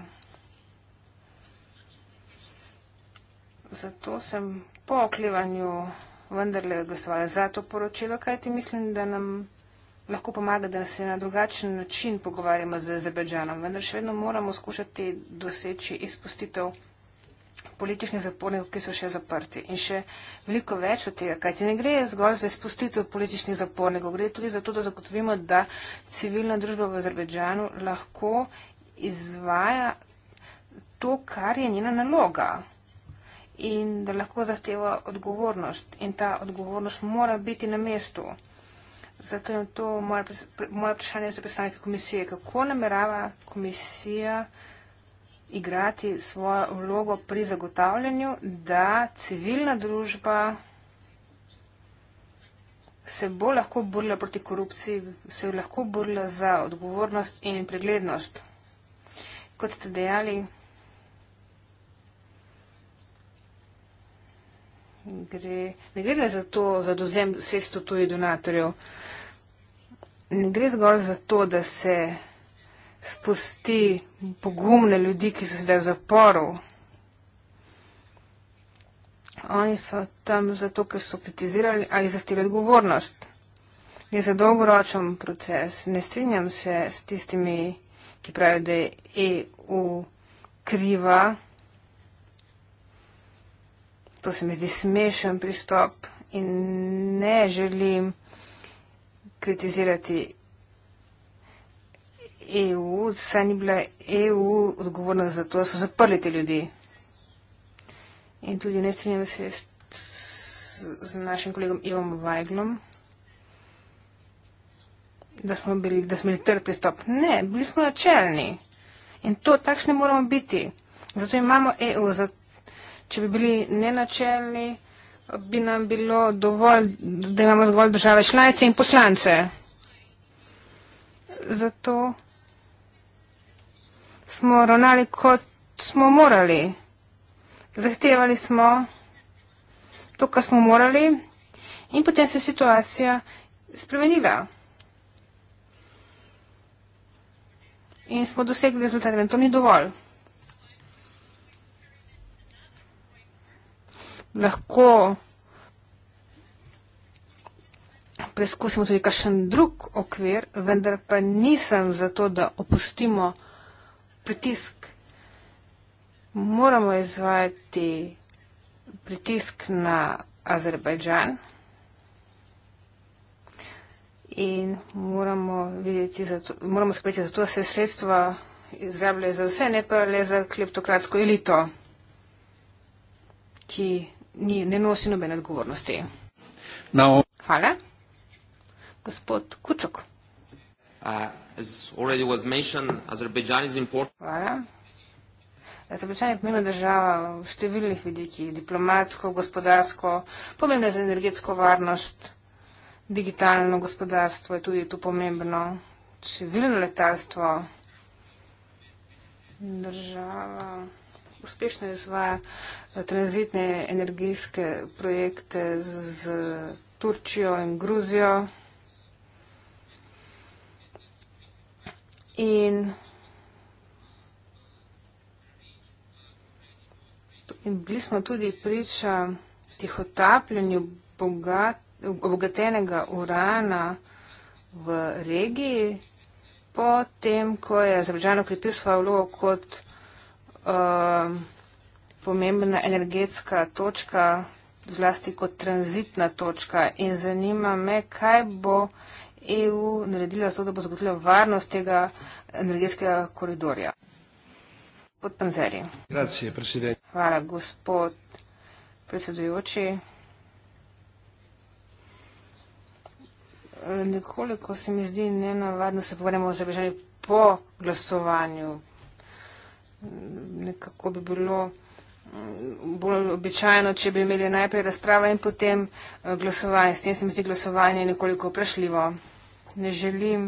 Zato sem po oklevanju vendarle glasovala za to poročilo, kajti mislim, da nam lahko pomaga, da se na drugačen način pogovarjamo z Azerbajdžanom, vendar še vedno moramo skušati doseči izpustitev političnih zapornikov, ki so še zaprti. In še veliko več od tega, kajti ne gre zgolj za izpustitev političnih zapornikov, gre tudi za to, da zagotovimo, da civilna družba v Azerbajdžanu lahko izvaja to, kar je njena naloga in da lahko zahteva odgovornost. In ta odgovornost mora biti na mestu. Zato je to moje vprašanje za predstavnike komisije. Kako namerava komisija igrati svojo vlogo pri zagotavljanju, da civilna družba se bo lahko borila proti korupciji, se bo lahko borila za odgovornost in preglednost? Kot ste dejali, gre, ne gre za to, za dozem sredstvo tuji donatorjev ne gre zgolj za to, da se spusti pogumne ljudi, ki so zdaj v zaporu. Oni so tam zato, ker so petizirali ali zahtevali odgovornost. Je za dolgoročen proces. Ne strinjam se s tistimi, ki pravijo, da je EU kriva. To se mi zdi smešen pristop in ne želim kritizirati EU, saj ni bila EU odgovorna za to, da so zaprli te ljudi. In tudi ne strinjam se s, z našim kolegom Ivom Vajglom, da smo bili, da smo imeli trd pristop. Ne, bili smo načelni. In to takšne moramo biti. Zato imamo EU. Zato, če bi bili nenačelni, bi nam bilo dovolj, da imamo zgolj države članice in poslance. Zato smo ravnali, kot smo morali. Zahtevali smo to, kar smo morali in potem se je situacija spremenila. In smo dosegli rezultate, da to ni dovolj. lahko preskusimo tudi kakšen drug okvir, vendar pa nisem za to, da opustimo pritisk. Moramo izvajati pritisk na Azerbajdžan in moramo, videti zato, moramo skrbeti za to, da se sredstva izrabljajo za vse, ne pa le za kleptokratsko elito, ki ni, ne nosi nobene odgovornosti. No. Hvala. Gospod Kučuk. Uh, Hvala. Azerbajdžan je pomembna država v številnih vidikih, diplomatsko, gospodarsko, pomembna za energetsko varnost, digitalno gospodarstvo je tudi tu pomembno, civilno letalstvo. Država uspešno izvaja eh, tranzitne energijske projekte z Turčijo in Gruzijo. In In bili smo tudi priča tihotapljenju obogatenega urana v regiji, potem, ko je Zabržan okrepil svojo vlogo kot Um, pomembna energetska točka, zlasti kot tranzitna točka. In zanima me, kaj bo EU naredila za to, da bo zagotovila varnost tega energetskega koridorja. Gospod Panzeri. Grazie, Hvala, gospod predsedujoči. Nekoliko se mi zdi nenavadno, se pogovarjamo o zabežanju po glasovanju, nekako bi bilo mm, bolj običajno, če bi imeli najprej razprave in potem eh, glasovanje. S tem se mi zdi glasovanje nekoliko vprašljivo. Ne želim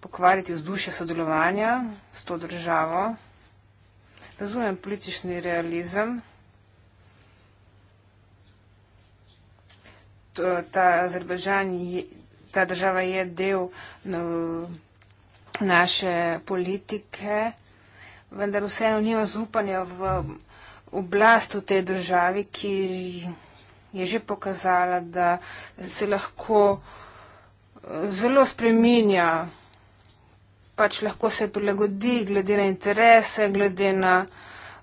pokvariti vzdušja sodelovanja s to državo. Razumem politični realizem. Ta, Azerbajžan je, ta država je del eh, naše politike vendar vseeno nima zaupanja v oblast v tej državi, ki je že pokazala, da se lahko eh, zelo spreminja, pač lahko se prilagodi glede na interese, glede na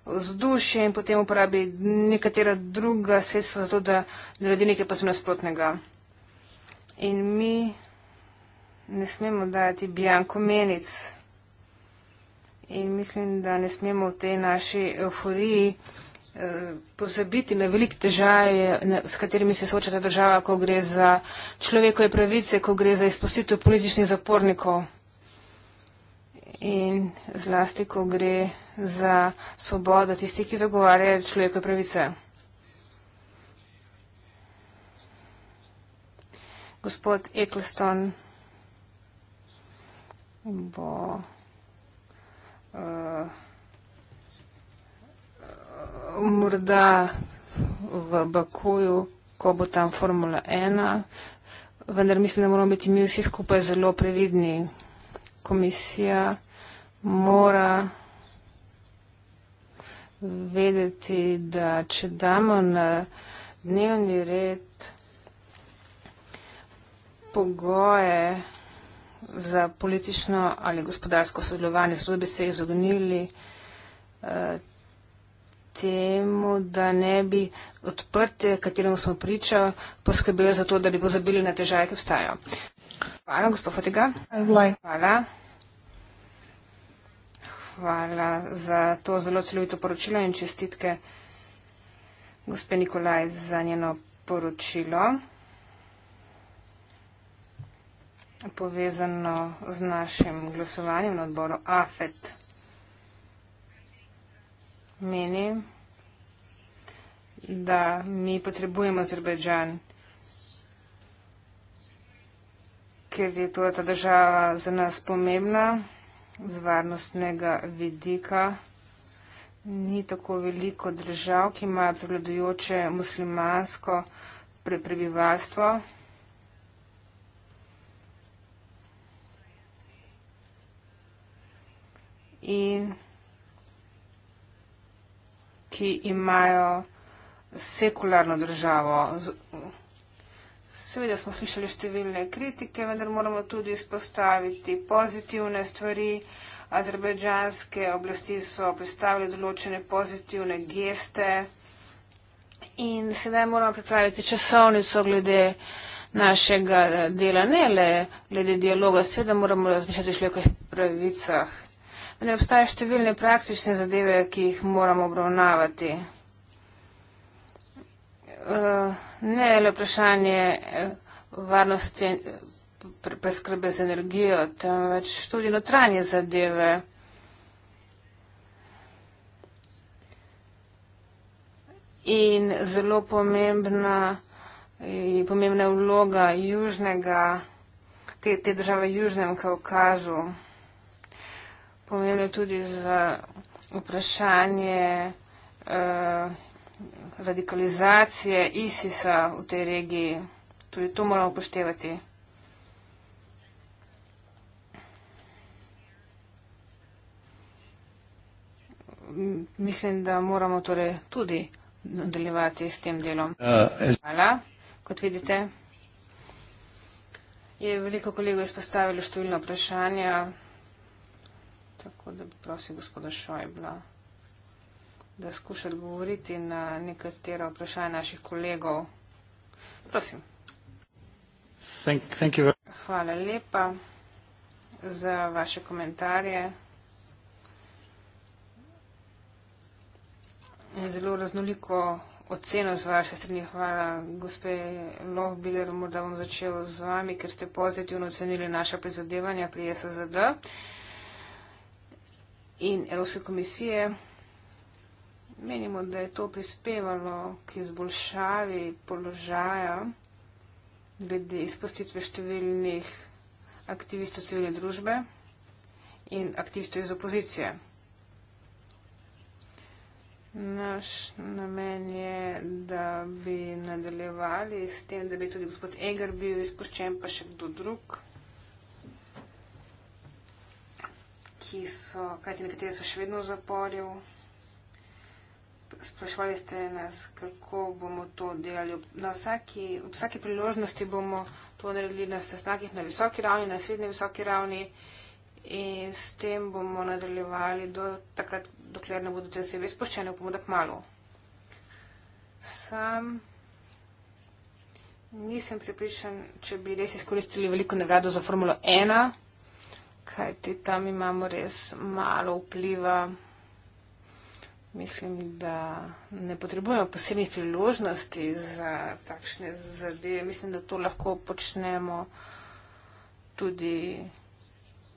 vzdušje in potem uporabi nekatera druga sredstva za to, da naredi nekaj pa se nasprotnega. In mi ne smemo dajati bjankomenic. In mislim, da ne smemo v tej naši euforiji eh, pozabiti na velike težave, s katerimi se soča ta država, ko gre za človekove pravice, ko gre za izpustitev političnih zapornikov in zlasti, ko gre za svobodo tistih, ki zagovarjajo človekove pravice. Gospod Eccleston bo. Eh, morda v Bakuju, ko bo tam Formula 1, vendar mislim, da moramo biti mi vsi skupaj zelo previdni. Komisija mora vedeti, da če damo na dnevni red pogoje, za politično ali gospodarsko sodelovanje. Zato bi se izognili eh, temu, da ne bi odprte, katerim smo pričali, poskrbeli za to, da bi pozabili na težave, ki obstajajo. Hvala, gospod Fotega. Hvala. Hvala za to zelo celovito poročilo in čestitke gospe Nikolaj za njeno poročilo povezano z našim glasovanjem na odboru AFET. Meni, da mi potrebujemo Azerbejdžan, ker je torej ta država za nas pomembna z varnostnega vidika. Ni tako veliko držav, ki imajo prevladujoče muslimansko prebivalstvo. Pre in ki imajo sekularno državo. Seveda smo slišali številne kritike, vendar moramo tudi izpostaviti pozitivne stvari. Azerbejdžanske oblasti so predstavili določene pozitivne geste in sedaj moramo pripraviti časovnico glede našega dela, ne le glede dialoga, seveda moramo razmišljati še o pravicah vendar obstajajo številne praktične zadeve, ki jih moramo obravnavati. Eh, ne le vprašanje eh, varnosti preskrbe z energijo, temveč tudi notranje zadeve. In zelo pomembna je eh, pomembna vloga južnega, te, te države južnem Kaukazu pomembno tudi za vprašanje eh, radikalizacije ISIS-a v tej regiji. Tudi to moramo upoštevati. Mislim, da moramo torej tudi nadaljevati s tem delom. Eh, Hvala. Kot vidite, je veliko kolegov izpostavilo številno vprašanje. Tako da bi prosil gospoda Šojbla, da skuša odgovoriti na nekatera vprašanja naših kolegov. Prosim. Thank, thank you very... Hvala lepa za vaše komentarje. Zelo raznoliko oceno z vaše strani. Hvala, gospe Lohbiler, morda bom začel z vami, ker ste pozitivno ocenili naša prizadevanja pri SZD in Evropske komisije. Menimo, da je to prispevalo k izboljšavi položaja glede izpustitve številnih aktivistov civilne družbe in aktivistov iz opozicije. Naš namen je, da bi nadaljevali s tem, da bi tudi gospod Eger bil izpuščen, pa še kdo drug. ki so, kajti nekateri so še vedno v zaporju. Sprašvali ste nas, kako bomo to delali. Na vsaki, vsaki priložnosti bomo to naredili na sestankih na visoki ravni, na srednji visoki ravni in s tem bomo nadaljevali do takrat, dokler ne bodo te osebe izpuščene, upamo, da kmalo. Sam nisem pripričan, če bi res izkoristili veliko nagrado za Formulo 1 kaj ti tam imamo res malo vpliva. Mislim, da ne potrebujemo posebnih priložnosti za takšne zadeve. Mislim, da to lahko počnemo tudi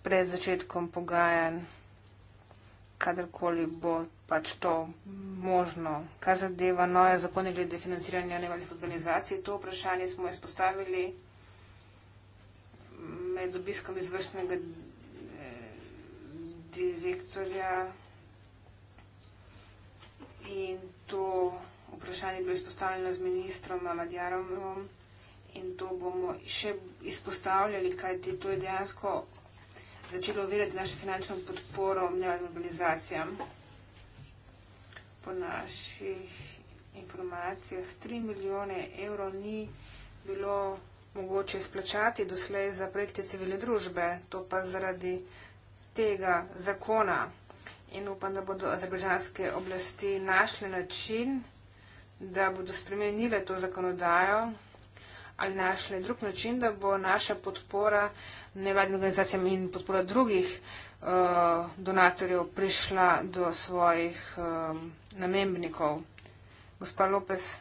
pred začetkom pogajanj, kadarkoli bo pač to možno. Kar zadeva nove zakone glede financiranja nevaljnih organizacij, to vprašanje smo izpostavili med obiskom izvršnega direktorja in to vprašanje bo izpostavljeno z ministrom Madjarom in to bomo še izpostavljali, kajti to je dejansko začelo uvedati našo finančno podporo mnevnim organizacijam. Po naših informacijah 3 milijone evrov ni bilo mogoče izplačati doslej za projekte civilne družbe, to pa zaradi vsega, tega zakona in upam, da bodo azerbajdžanske oblasti našle način, da bodo spremenile to zakonodajo ali našle drug način, da bo naša podpora nevladnim organizacijam in podpora drugih uh, donatorjev prišla do svojih um, namembnikov. Gospod Lopez,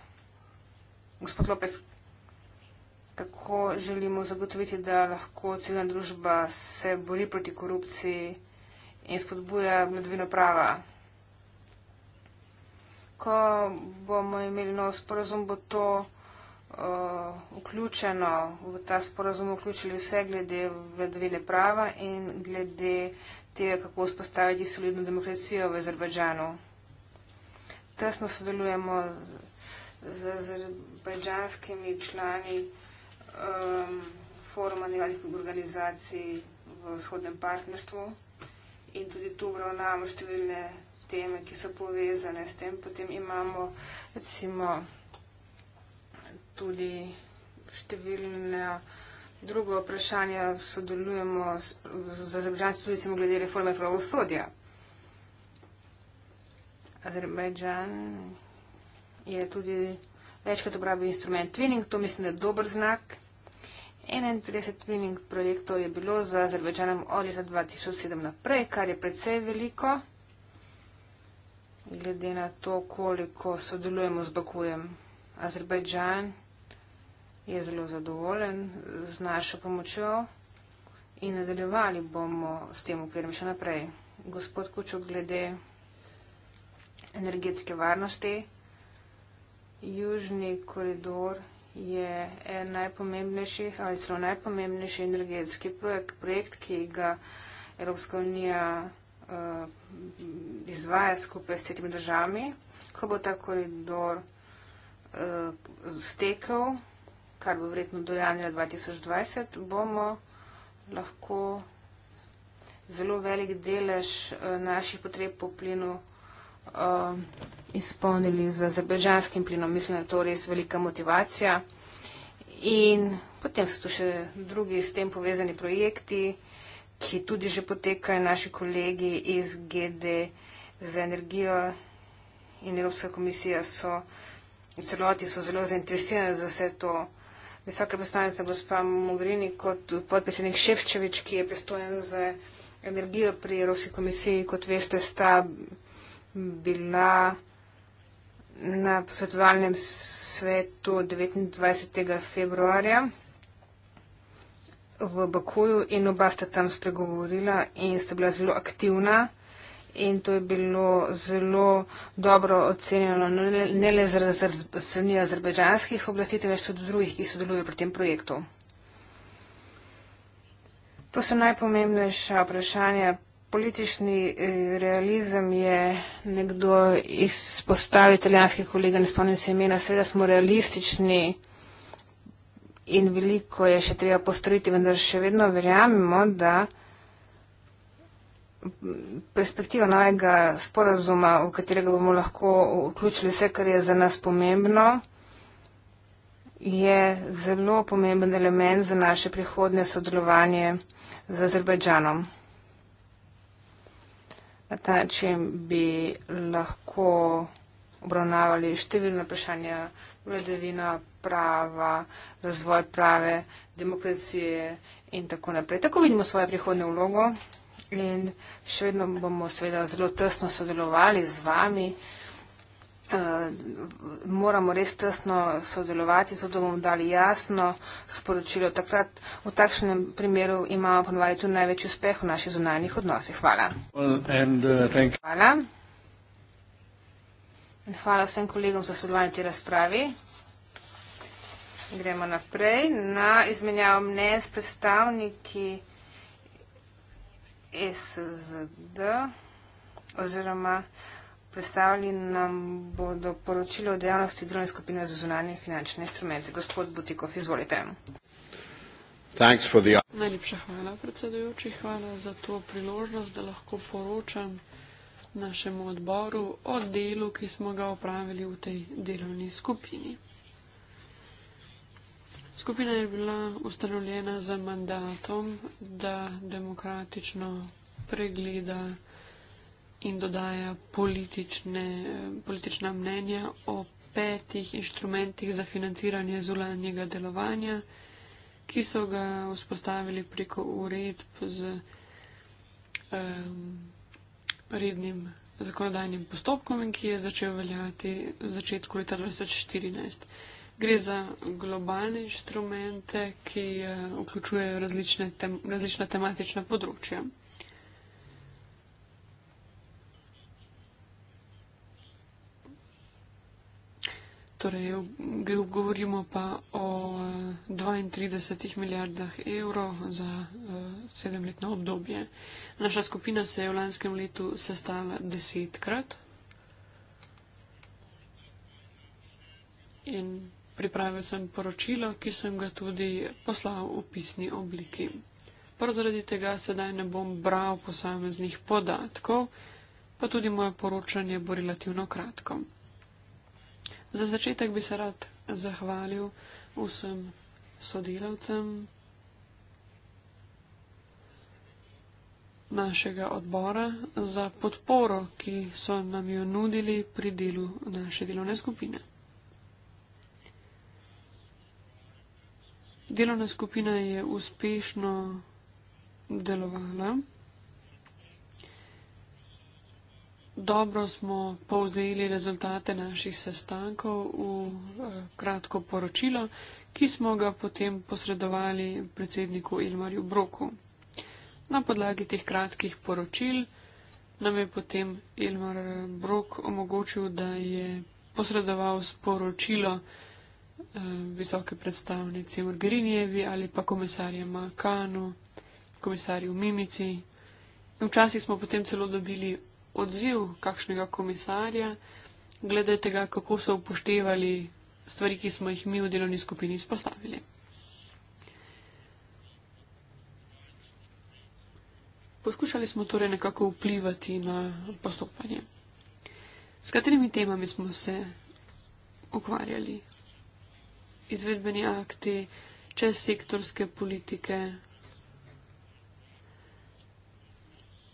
kako želimo zagotoviti, da lahko celna družba se bori proti korupciji in spodbuja vladavino prava. Ko bomo imeli nov sporazum, bo to uh, vključeno, v ta sporazum vključili vse glede vladavine prava in glede tega, kako vzpostaviti solidno demokracijo v Azerbajdžanu. Tesno sodelujemo z azerbajdžanskimi člani um, foruma nevladnih organizacij v vzhodnem partnerstvu in tudi tu obravnavamo številne teme, ki so povezane s tem. Potem imamo recimo tudi številne druge vprašanja, sodelujemo z Azerbajdžanci tudi recimo glede reforme pravosodja. Azerbajdžan je tudi večkrat uporabil instrument twinning, to mislim, da je dober znak. 31 twinning projektov je bilo za Azerbejdžanom od leta 2007 naprej, kar je precej veliko, glede na to, koliko sodelujemo z Bakujem. Azerbejdžan je zelo zadovoljen z našo pomočjo in nadaljevali bomo s tem okvirom še naprej. Gospod Kučuk, glede energetske varnosti, južni koridor je en najpomembnejših ali celo najpomembnejši energetski projekt, projekt ki ga Evropska unija uh, izvaja skupaj s tretjimi državami. Ko bo ta koridor uh, stekel, kar bo verjetno do januarja 2020, bomo lahko zelo velik delež uh, naših potreb po plinu Um, izpolnili z azerbejdžanskim plinom. Mislim, da je to res velika motivacija. In potem so tu še drugi s tem povezani projekti, ki tudi že potekajo naši kolegi iz GD za energijo in Evropska komisija so v celoti so zelo zainteresirani za vse to. Visoka predstavnica gospa Mogrini kot podpredsednik Ševčevič, ki je pristojen za energijo pri Evropski komisiji, kot veste, sta bila na posvetovalnem svetu 29. februarja v Bakuju in oba sta tam spregovorila in sta bila zelo aktivna in to je bilo zelo dobro ocenjeno no, ne le z strani azerbajdžanskih oblasti, temveč tudi drugih, ki sodelujejo pri tem projektu. To so najpomembnejša vprašanja politični eh, realizem je nekdo izpostavil italijanski kolega, ne spomnim se imena, seveda smo realistični in veliko je še treba postoriti, vendar še vedno verjamemo, da perspektiva novega sporazuma, v katerega bomo lahko vključili vse, kar je za nas pomembno, je zelo pomemben element za naše prihodne sodelovanje z Azerbajdžanom. Na ta način bi lahko obravnavali številne vprašanja vladavina prava, razvoj prave, demokracije in tako naprej. Tako vidimo svojo prihodno vlogo in še vedno bomo seveda zelo tesno sodelovali z vami. Eh, moramo res tesno sodelovati, zato bomo dali jasno sporočilo. Takrat v takšnem primeru imamo ponovaj tudi največ uspeh v naših zunanjih odnosih. Hvala. Uh, hvala. Hvala vsem kolegom za sodelovanje te razpravi. Gremo naprej na izmenjavo mnen s predstavniki SZD oziroma predstavili nam bodo poročilo o dejavnosti drugne skupine za zunanje finančne instrumente. Gospod Butikov, izvolite. The... Najlepša hvala, predsedujoči. Hvala za to priložnost, da lahko poročam našemu odboru o delu, ki smo ga opravili v tej delovni skupini. Skupina je bila ustanovljena za mandatom, da demokratično pregleda in dodaja politična mnenja o petih inštrumentih za financiranje zulanjega delovanja, ki so ga vzpostavili preko uredb z um, rednim zakonodajnim postopkom in ki je začel veljati v začetku leta 2014. Gre za globalne inštrumente, ki uh, vključujejo tem, različna tematična področja. Torej, govorimo pa o 32 eh, milijardah evrov za eh, sedemletno obdobje. Naša skupina se je v lanskem letu sestala desetkrat in pripravil sem poročilo, ki sem ga tudi poslal v pisni obliki. Prav zaradi tega sedaj ne bom bral posameznih podatkov, pa tudi moje poročanje bo relativno kratko. Za začetek bi se rad zahvalil vsem sodelavcem našega odbora za podporo, ki so nam jo nudili pri delu naše delovne skupine. Delovna skupina je uspešno delovala. Dobro smo povzeli rezultate naših sestankov v eh, kratko poročilo, ki smo ga potem posredovali predsedniku Ilmarju Broku. Na podlagi teh kratkih poročil nam je potem Ilmar eh, Brok omogočil, da je posredoval sporočilo eh, visoke predstavnice Morgerinjevi ali pa komisarja Makanu, komisarju Mimici. In včasih smo potem celo dobili odziv kakšnega komisarja, glede tega, kako so upoštevali stvari, ki smo jih mi v delovni skupini izpostavili. Poskušali smo torej nekako vplivati na postopanje. S katerimi temami smo se ukvarjali? Izvedbeni akti, čez sektorske politike,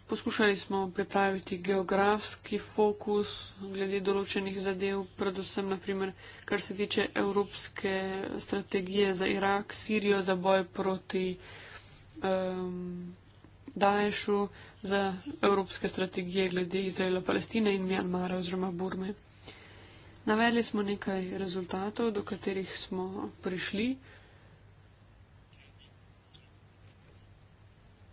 Poskušali smo pripraviti geografski fokus glede določenih zadev, predvsem naprimer, kar se tiče evropske strategije za Irak, Sirijo, za boj proti um, Daješu, za evropske strategije glede Izraela, Palestine in Mjanmara oziroma Burme. Navedli smo nekaj rezultatov, do katerih smo prišli.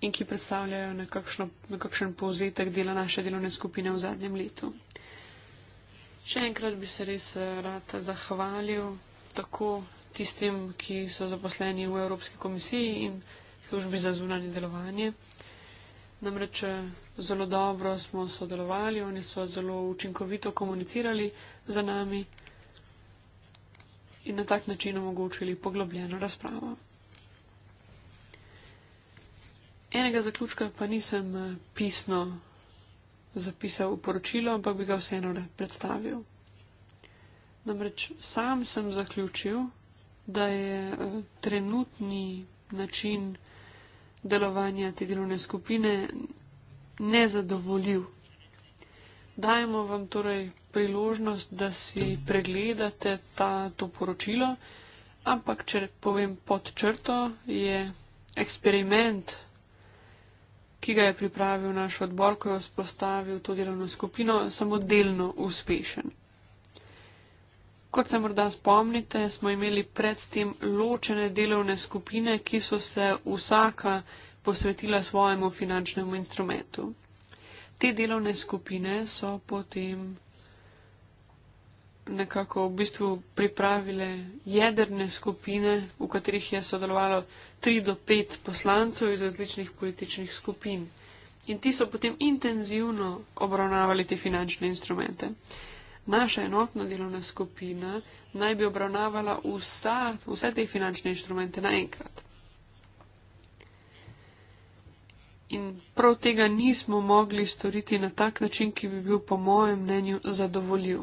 in ki predstavljajo nekakšno, nekakšen povzetek dela naše delovne skupine v zadnjem letu. Še enkrat bi se res eh, rad zahvalil tako tistim, ki so zaposleni v Evropski komisiji in službi za zunanje delovanje. Namreč eh, zelo dobro smo sodelovali, oni so zelo učinkovito komunicirali za nami in na tak način omogočili poglobljeno razpravo. enega zaključka pa nisem eh, pisno zapisal v poročilo, ampak bi ga vseeno rad predstavil. Namreč sam sem zaključil, da je eh, trenutni način delovanja te delovne skupine nezadovoljiv. Dajemo vam torej priložnost, da si pregledate ta, to poročilo, ampak če povem pod črto, je eksperiment ki ga je pripravil naš odbor, ko je vzpostavil to delovno skupino, samo delno uspešen. Kot se morda spomnite, smo imeli predtem ločene delovne skupine, ki so se vsaka posvetila svojemu finančnemu instrumentu. Te delovne skupine so potem nekako v bistvu pripravile jedrne skupine, v katerih je sodelovalo tri do pet poslancev iz različnih političnih skupin. In ti so potem intenzivno obravnavali te finančne instrumente. Naša enotna delovna skupina naj bi obravnavala vsa, vse te finančne instrumente naenkrat. In prav tega nismo mogli storiti na tak način, ki bi bil po mojem mnenju zadovoljiv.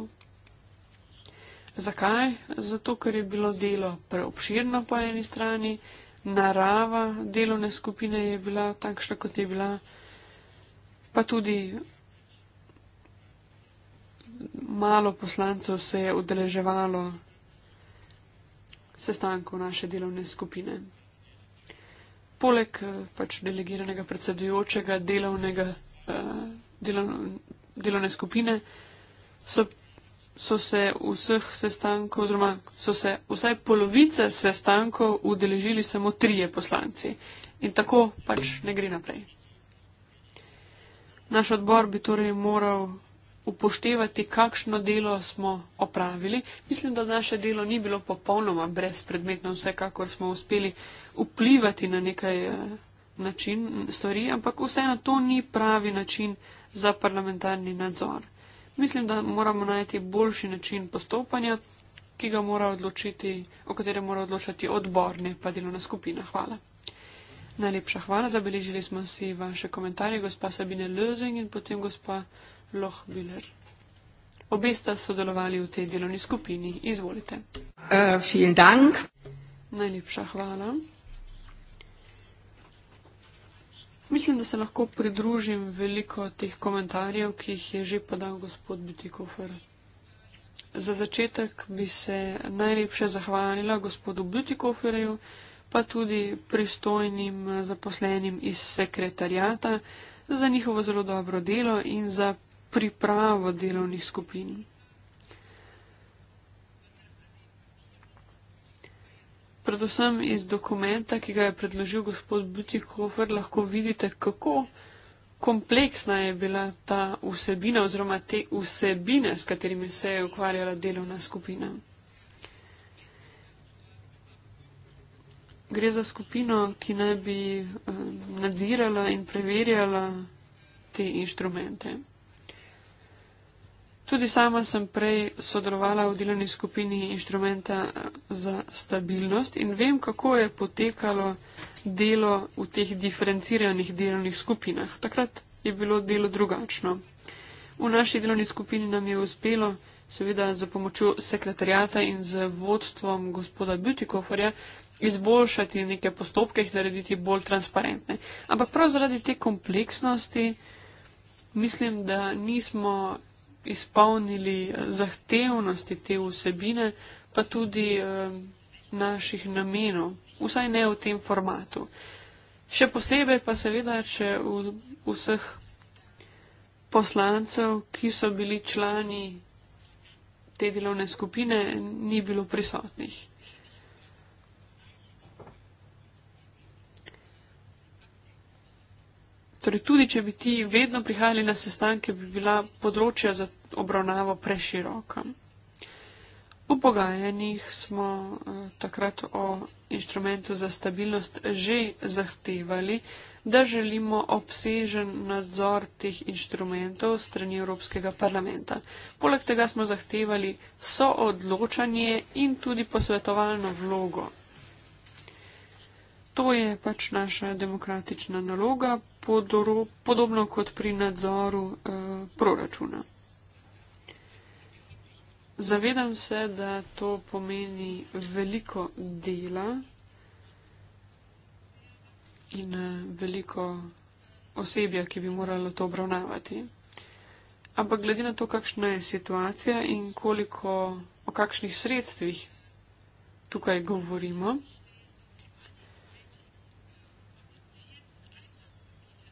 Zakaj? Zato, ker je bilo delo preobširno po eni strani, narava delovne skupine je bila takšna, kot je bila, pa tudi malo poslancev se je udeleževalo sestankov naše delovne skupine. Poleg eh, pač delegiranega predsedujočega delovnega, eh, delovne skupine so so se vseh sestankov, oziroma so se vsaj polovice sestankov udeležili samo trije poslanci. In tako pač ne gre naprej. Naš odbor bi torej moral upoštevati, kakšno delo smo opravili. Mislim, da naše delo ni bilo popolnoma brezpredmetno, vsekakor smo uspeli vplivati na nekaj eh, način stvari, ampak vseeno to ni pravi način za parlamentarni nadzor. Mislim, da moramo najti boljši način postopanja, ki ga mora odločiti, o katerem mora odločati odbor, ne pa delovna skupina. Hvala. Najlepša hvala. Zabeležili smo si vaše komentarje, gospa Sabine Lözing in potem gospa Lohbiller. Obe sta sodelovali v tej delovni skupini. Izvolite. Uh, Najlepša hvala. Mislim, da se lahko pridružim veliko teh komentarjev, ki jih je že podal gospod Butikofer. Za začetek bi se najlepše zahvalila gospodu Butikoferju, pa tudi pristojnim zaposlenim iz sekretarjata za njihovo zelo dobro delo in za pripravo delovnih skupin. Predvsem iz dokumenta, ki ga je predložil gospod Butikofer, lahko vidite, kako kompleksna je bila ta vsebina oziroma te vsebine, s katerimi se je ukvarjala delovna skupina. Gre za skupino, ki naj bi eh, nadzirala in preverjala te inštrumente. Tudi sama sem prej sodelovala v delovni skupini inštrumenta eh, za stabilnost in vem, kako je potekalo delo v teh diferenciranih delovnih skupinah. Takrat je bilo delo drugačno. V naši delovni skupini nam je uspelo, seveda za pomočjo sekretarjata in z vodstvom gospoda Butikofarja, izboljšati neke postopke, jih narediti bolj transparentne. Ampak prav zaradi te kompleksnosti mislim, da nismo izpolnili eh, zahtevnosti te vsebine, pa tudi eh, naših namenov, vsaj ne v tem formatu. Še posebej pa seveda, če vseh poslancev, ki so bili člani te delovne skupine, ni bilo prisotnih. Torej, tudi če bi ti vedno prihajali na sestanke, bi bila področja za obravnavo preširoka. V pogajanjih smo eh, takrat o inštrumentu za stabilnost že zahtevali, da želimo obsežen nadzor teh inštrumentov strani Evropskega parlamenta. Poleg tega smo zahtevali soodločanje in tudi posvetovalno vlogo To je pač naša demokratična naloga, podoro, podobno kot pri nadzoru eh, proračuna. Zavedam se, da to pomeni veliko dela in eh, veliko osebja, ki bi moralo to obravnavati. Ampak glede na to, kakšna je situacija in koliko, o kakšnih sredstvih tukaj govorimo,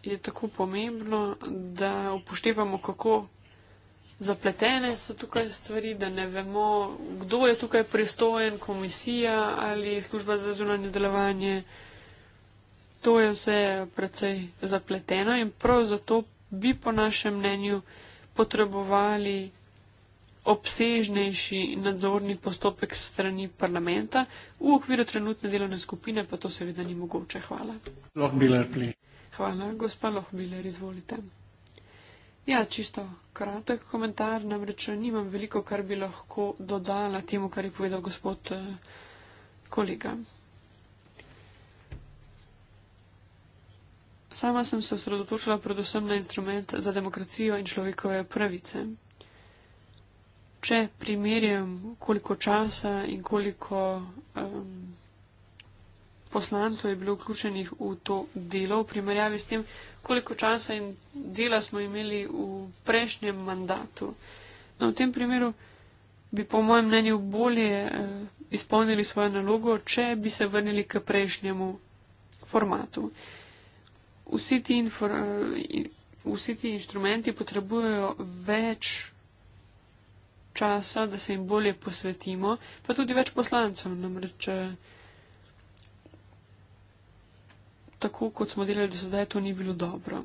je tako pomembno, da upoštevamo, kako zapletene so tukaj stvari, da ne vemo, kdo je tukaj pristojen, komisija ali služba za zunanje delovanje. To je vse precej zapleteno in prav zato bi po našem mnenju potrebovali obsežnejši nadzorni postopek strani parlamenta. V okviru trenutne delovne skupine pa to seveda ni mogoče. Hvala. Lahko bi lepli hvala. Gospa Lohmiller, izvolite. Ja, čisto kratek komentar, namreč nimam veliko, kar bi lahko dodala temu, kar je povedal gospod eh, kolega. Sama sem se osredotočila predvsem na instrument za demokracijo in človekove pravice. Če primerjam, koliko časa in koliko um, poslancev je bilo vključenih v to delo v primerjavi s tem, koliko časa in dela smo imeli v prejšnjem mandatu. No, v tem primeru bi po mojem mnenju bolje eh, izpolnili svojo nalogo, če bi se vrnili k prejšnjemu formatu. Vsi ti, infor, eh, vsi ti inštrumenti potrebujejo več časa, da se jim bolje posvetimo, pa tudi več poslancev. Namreč, eh, tako, kot smo delali do sedaj, to ni bilo dobro.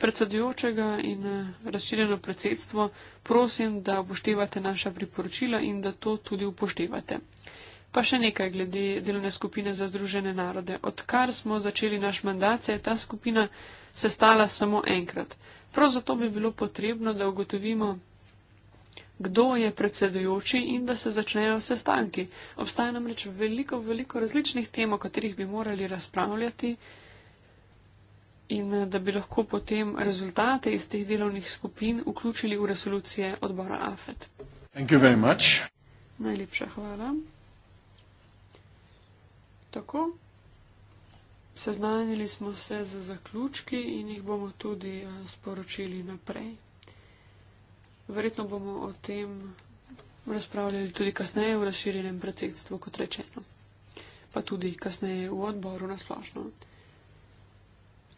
Predsedujočega in eh, razširjeno predsedstvo prosim, da upoštevate naša priporočila in da to tudi upoštevate. Pa še nekaj glede delovne skupine za Združene narode. Odkar smo začeli naš mandat, se je ta skupina sestala samo enkrat. Prav zato bi bilo potrebno, da ugotovimo, kdo je predsedujoči in da se začnejo sestanki. Obstaja namreč veliko, veliko različnih tem, o katerih bi morali razpravljati, in eh, da bi lahko potem rezultate iz teh delovnih skupin vključili v resolucije odbora AFED. Najlepša hvala. Tako, seznanili smo se z zaključki in jih bomo tudi eh, sporočili naprej. Verjetno bomo o tem razpravljali tudi kasneje v razširjenem predsedstvu, kot rečeno, pa tudi kasneje v odboru nasplošno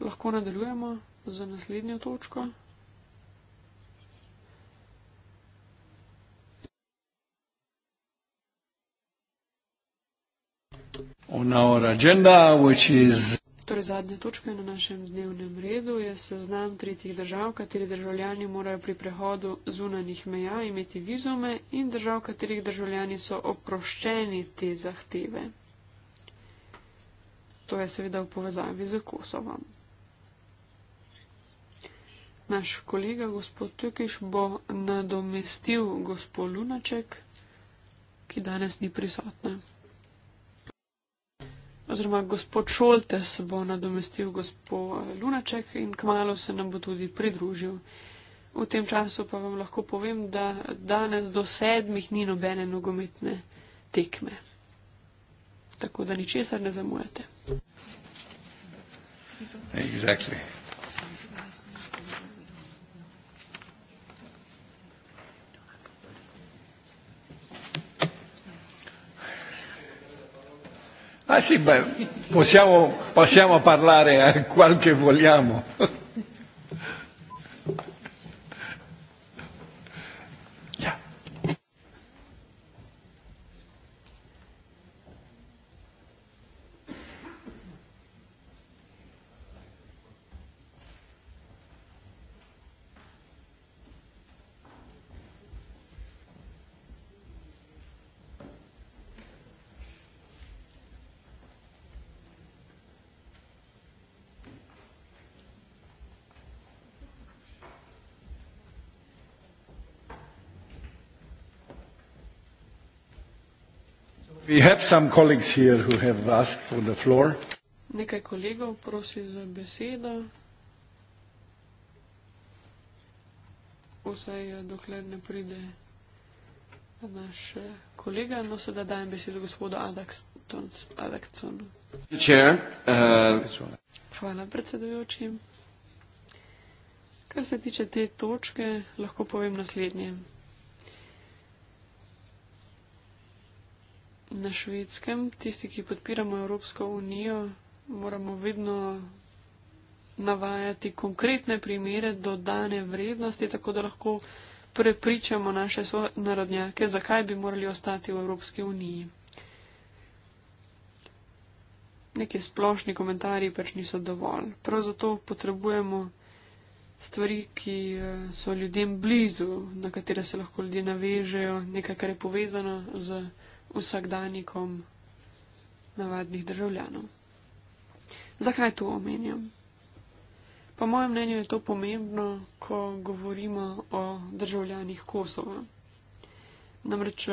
lahko nadaljujemo z naslednjo točko. Torej, zadnja točka na našem dnevnem redu je seznam tretjih držav, kateri državljani morajo pri prehodu zunanih meja imeti vizume in držav, katerih državljani so oproščeni te zahteve. To je seveda v povezavi z Kosovom. Naš kolega gospod Tukiš bo nadomestil gospod Lunaček, ki danes ni prisotna. Oziroma, gospod Šoltes bo nadomestil gospod Lunaček in kmalo se nam bo tudi pridružil. V tem času pa vam lahko povem, da danes do sedmih ni nobene nogometne tekme. Tako da ničesar ne zamujate. Exactly. Ah sì, beh, possiamo, possiamo parlare a qualche vogliamo. We have some colleagues here who have asked for the floor. Nekaj kolegov prosi za besedo. Vsaj dokler ne pride naš eh, kolega, no sedaj dajem besedo gospodu Adaktonu. Chair, uh... Hvala predsedujočim. Kar se tiče te točke, lahko povem naslednje. na švedskem, tisti, ki podpiramo Evropsko unijo, moramo vedno navajati konkretne primere dodane vrednosti, tako da lahko prepričamo naše narodnjake, zakaj bi morali ostati v Evropski uniji. Neki splošni komentarji pač niso dovolj. Prav zato potrebujemo stvari, ki eh, so ljudem blizu, na katere se lahko ljudje navežejo, nekaj, kar je povezano z vsakdanjikom navadnih državljanov. Zakaj to omenjam? Po mojem mnenju je to pomembno, ko govorimo o državljanih Kosova. Namreč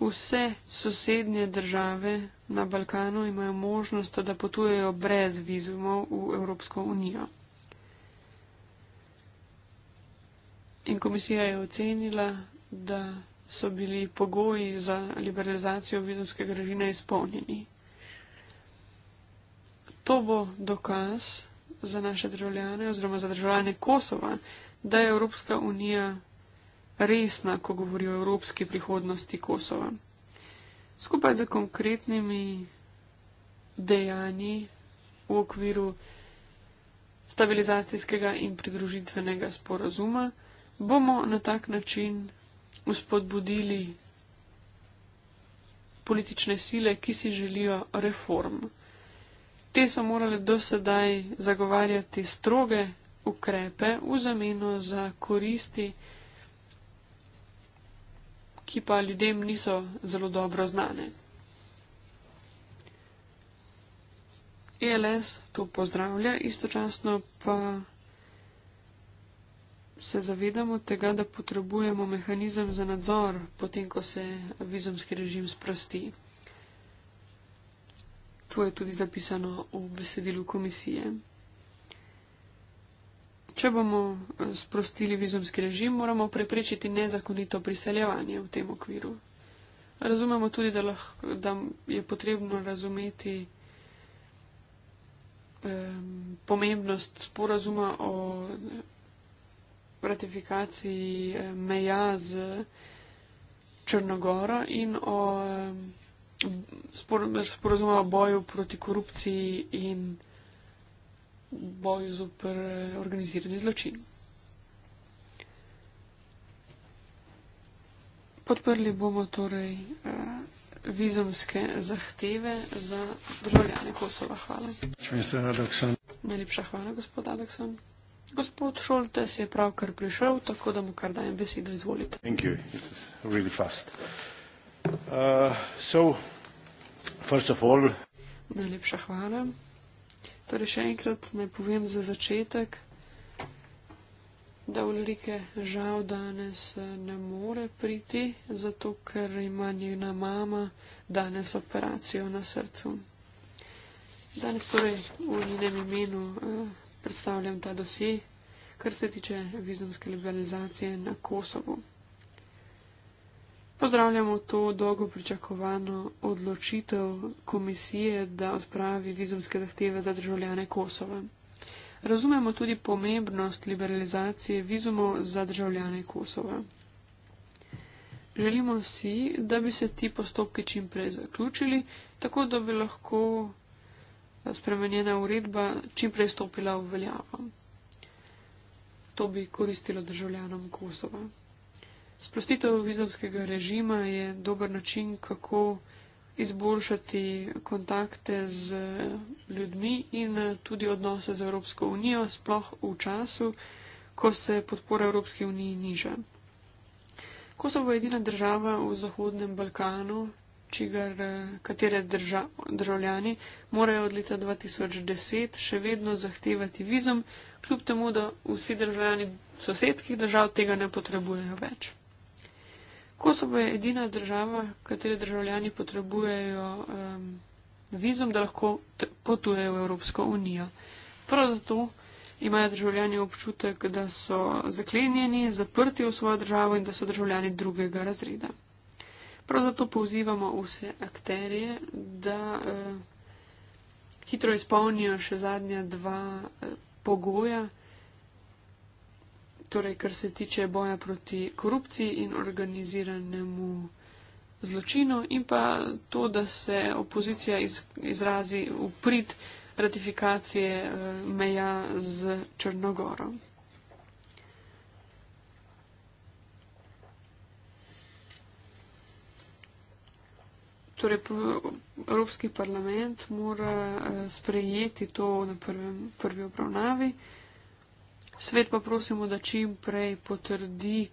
vse sosednje države na Balkanu imajo možnost, da potujejo brez vizumov v Evropsko unijo. In komisija je ocenila, da so bili pogoji za liberalizacijo vizumskega režima izpolnjeni. To bo dokaz za naše državljane oziroma za državljane Kosova, da je Evropska unija resna, ko govori o evropski prihodnosti Kosova. Skupaj z konkretnimi dejanji v okviru stabilizacijskega in pridružitvenega sporazuma bomo na tak način vzpodbudili politične sile, ki si želijo reform. Te so morale do sedaj zagovarjati stroge ukrepe v zameno za koristi, ki pa ljudem niso zelo dobro znane. ELS to pozdravlja, istočasno pa se zavedamo tega, da potrebujemo mehanizem za nadzor, potem ko se vizumski režim sprosti. To je tudi zapisano v besedilu komisije. Če bomo eh, sprostili vizumski režim, moramo preprečiti nezakonito priseljevanje v tem okviru. Razumemo tudi, da, lahko, da je potrebno razumeti um, pomembnost sporazuma o ratifikaciji eh, meja z Črnogoro in o eh, sporozumu o boju proti korupciji in boju zoper eh, organizirani zločin. Podprli bomo torej vizumske zahteve za državljane Kosova. Hvala. Najlepša hvala, gospod Adekson. Gospod Šoltes je pravkar prišel, tako da mu kar dajem besedo, izvolite. Thank you. This is really fast. Uh, so, first of all... Najlepša hvala. Torej še enkrat ne povem za začetek, da Ulrike žal danes eh, ne more priti, zato ker ima njena mama danes operacijo na srcu. Danes torej v njenem imenu uh, predstavljam ta dosje, kar se tiče vizumske liberalizacije na Kosovo. Pozdravljamo to dolgo pričakovano odločitev komisije, da odpravi vizumske zahteve za državljane Kosova. Razumemo tudi pomembnost liberalizacije vizumov za državljane Kosova. Želimo si, da bi se ti postopki čim prej zaključili, tako da bi lahko spremenjena uredba čim prej stopila v veljavo. To bi koristilo državljanom Kosova. Sprostitev vizovskega režima je dober način, kako izboljšati kontakte z ljudmi in tudi odnose z Evropsko unijo, sploh v času, ko se podpora Evropske unije niža. Kosovo je edina država v Zahodnem Balkanu, čigar, eh, katere državljani morajo od leta 2010 še vedno zahtevati vizum, kljub temu, da vsi državljani sosedskih držav tega ne potrebujejo več. Kosovo je edina država, katere državljani potrebujejo um, vizum, da lahko potujejo v Evropsko unijo. Prav zato imajo državljani občutek, da so zaklenjeni, zaprti v svojo državo in da so državljani drugega razreda. Prav zato pozivamo vse akterje, da eh, hitro izpolnijo še zadnja dva eh, pogoja, torej kar se tiče boja proti korupciji in organiziranemu zločinu in pa to, da se opozicija izrazi v prid ratifikacije eh, meja z Črnogorom. torej, Evropski parlament mora eh, sprejeti to na prvem, prvi obravnavi. Svet pa prosimo, da čim prej potrdi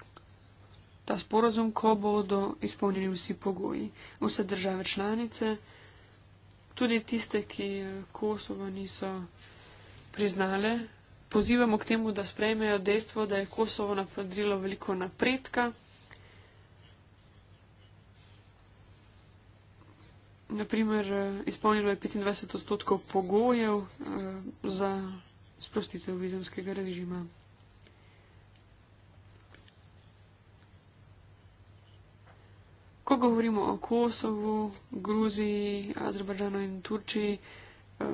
ta sporazum, ko bodo izpolnjeni vsi pogoji. Vse države članice, tudi tiste, ki eh, Kosovo niso priznale, pozivamo k temu, da sprejmejo dejstvo, da je Kosovo napredilo veliko napredka. naprimer, eh, izpolnilo je 25 odstotkov pogojev eh, za sprostitev vizemskega režima. Ko govorimo o Kosovu, Gruziji, Azerbajdžanu in Turčiji, eh,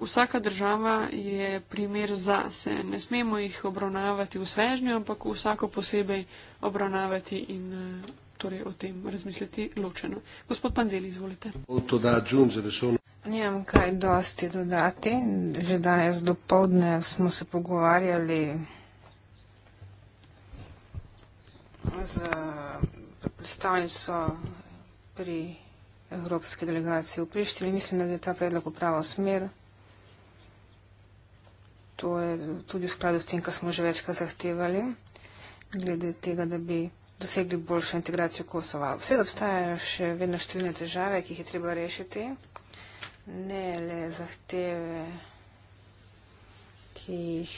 vsaka država je primer za se. Ne smemo jih obravnavati v svežnju, ampak vsako posebej obravnavati in torej o tem razmisliti ločeno. Gospod Panzeli, izvolite. Nimam kaj dosti dodati. Že danes do povdne smo se pogovarjali z predstavnico pri Evropske delegacije v Prištini. Mislim, da je ta predlog v pravo smer. To je tudi v skladu s tem, kar smo že večkrat zahtevali, glede tega, da bi dosegli boljšo integracijo Kosova. Vse obstajajo še vedno številne težave, ki jih je treba rešiti, ne le zahteve, ki jih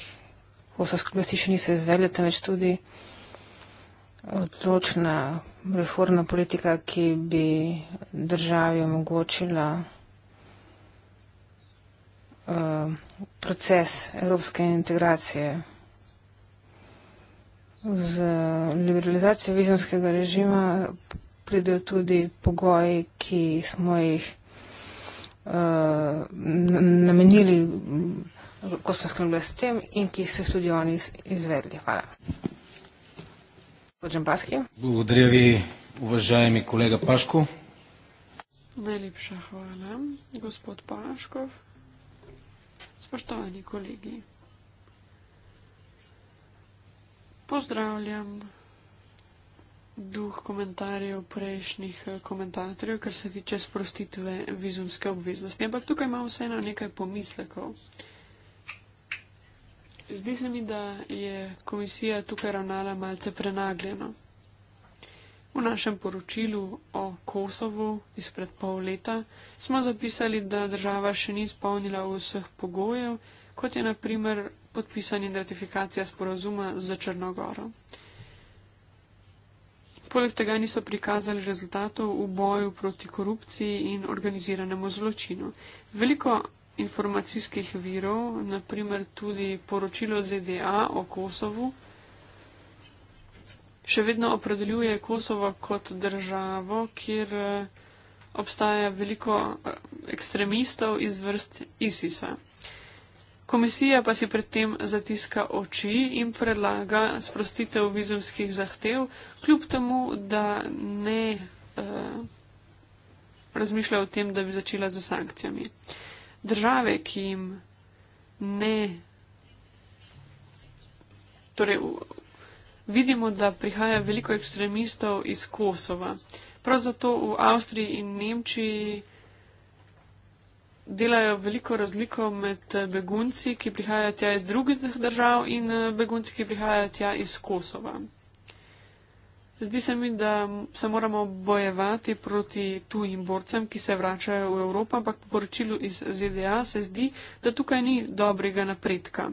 kosovske oblasti še niso izvedli, temveč tudi odločna reformna politika, ki bi državi omogočila uh, proces evropske integracije z liberalizacijo vizumskega režima pridejo tudi pogoji, ki smo jih uh, namenili kosovskim oblastem in ki so jih tudi oni izvedli. Hvala. Благодаря ви, уважаеми колега Пашко. Najlepša hvala, gospod Paškov. Spoštovani kolegi. Pozdravljam duh komentarjev prejšnjih eh, komentatorjev, kar se tiče sprostitve vizumske obveznosti. Ampak tukaj imam vseeno nekaj pomislekov. Zdi se mi, da je komisija tukaj ravnala malce prenagljeno. V našem poročilu o Kosovu izpred pol leta smo zapisali, da država še ni izpolnila vseh pogojev, kot je naprimer podpisanje in ratifikacija sporazuma za Črnogoro. Poleg tega niso prikazali rezultatov v boju proti korupciji in organiziranemu zločinu. Veliko informacijskih virov, naprimer tudi poročilo ZDA o Kosovu, še vedno opredeljuje Kosovo kot državo, kjer eh, obstaja veliko eh, ekstremistov iz vrst ISIS-a. Komisija pa si predtem zatiska oči in predlaga sprostitev vizumskih zahtev, kljub temu, da ne eh, razmišlja o tem, da bi začela z sankcijami. Države, ki jim ne. Torej, vidimo, da prihaja veliko ekstremistov iz Kosova. Prav zato v Avstriji in Nemčiji delajo veliko razliko med eh, begunci, ki prihajajo tja iz drugih držav in eh, begunci, ki prihajajo tja iz Kosova. Zdi se mi, da se moramo bojevati proti tujim borcem, ki se vračajo v Evropo, ampak po poročilu iz ZDA se zdi, da tukaj ni dobrega napredka.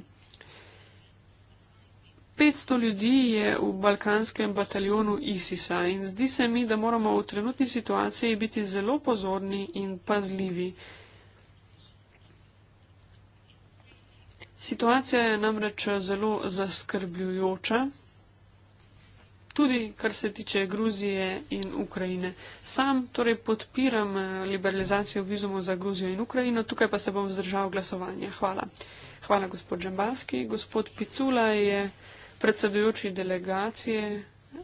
500 ljudi je v balkanskem bataljonu ISIS-a in zdi se mi, da moramo v trenutni situaciji biti zelo pozorni in pazljivi. Situacija je namreč zelo zaskrbljujoča, tudi kar se tiče Gruzije in Ukrajine. Sam torej podpiram eh, liberalizacijo vizumov za Gruzijo in Ukrajino, tukaj pa se bom vzdržal glasovanja. Hvala. Hvala, gospod Džambalski. Gospod Picula je predsedujoči delegacije,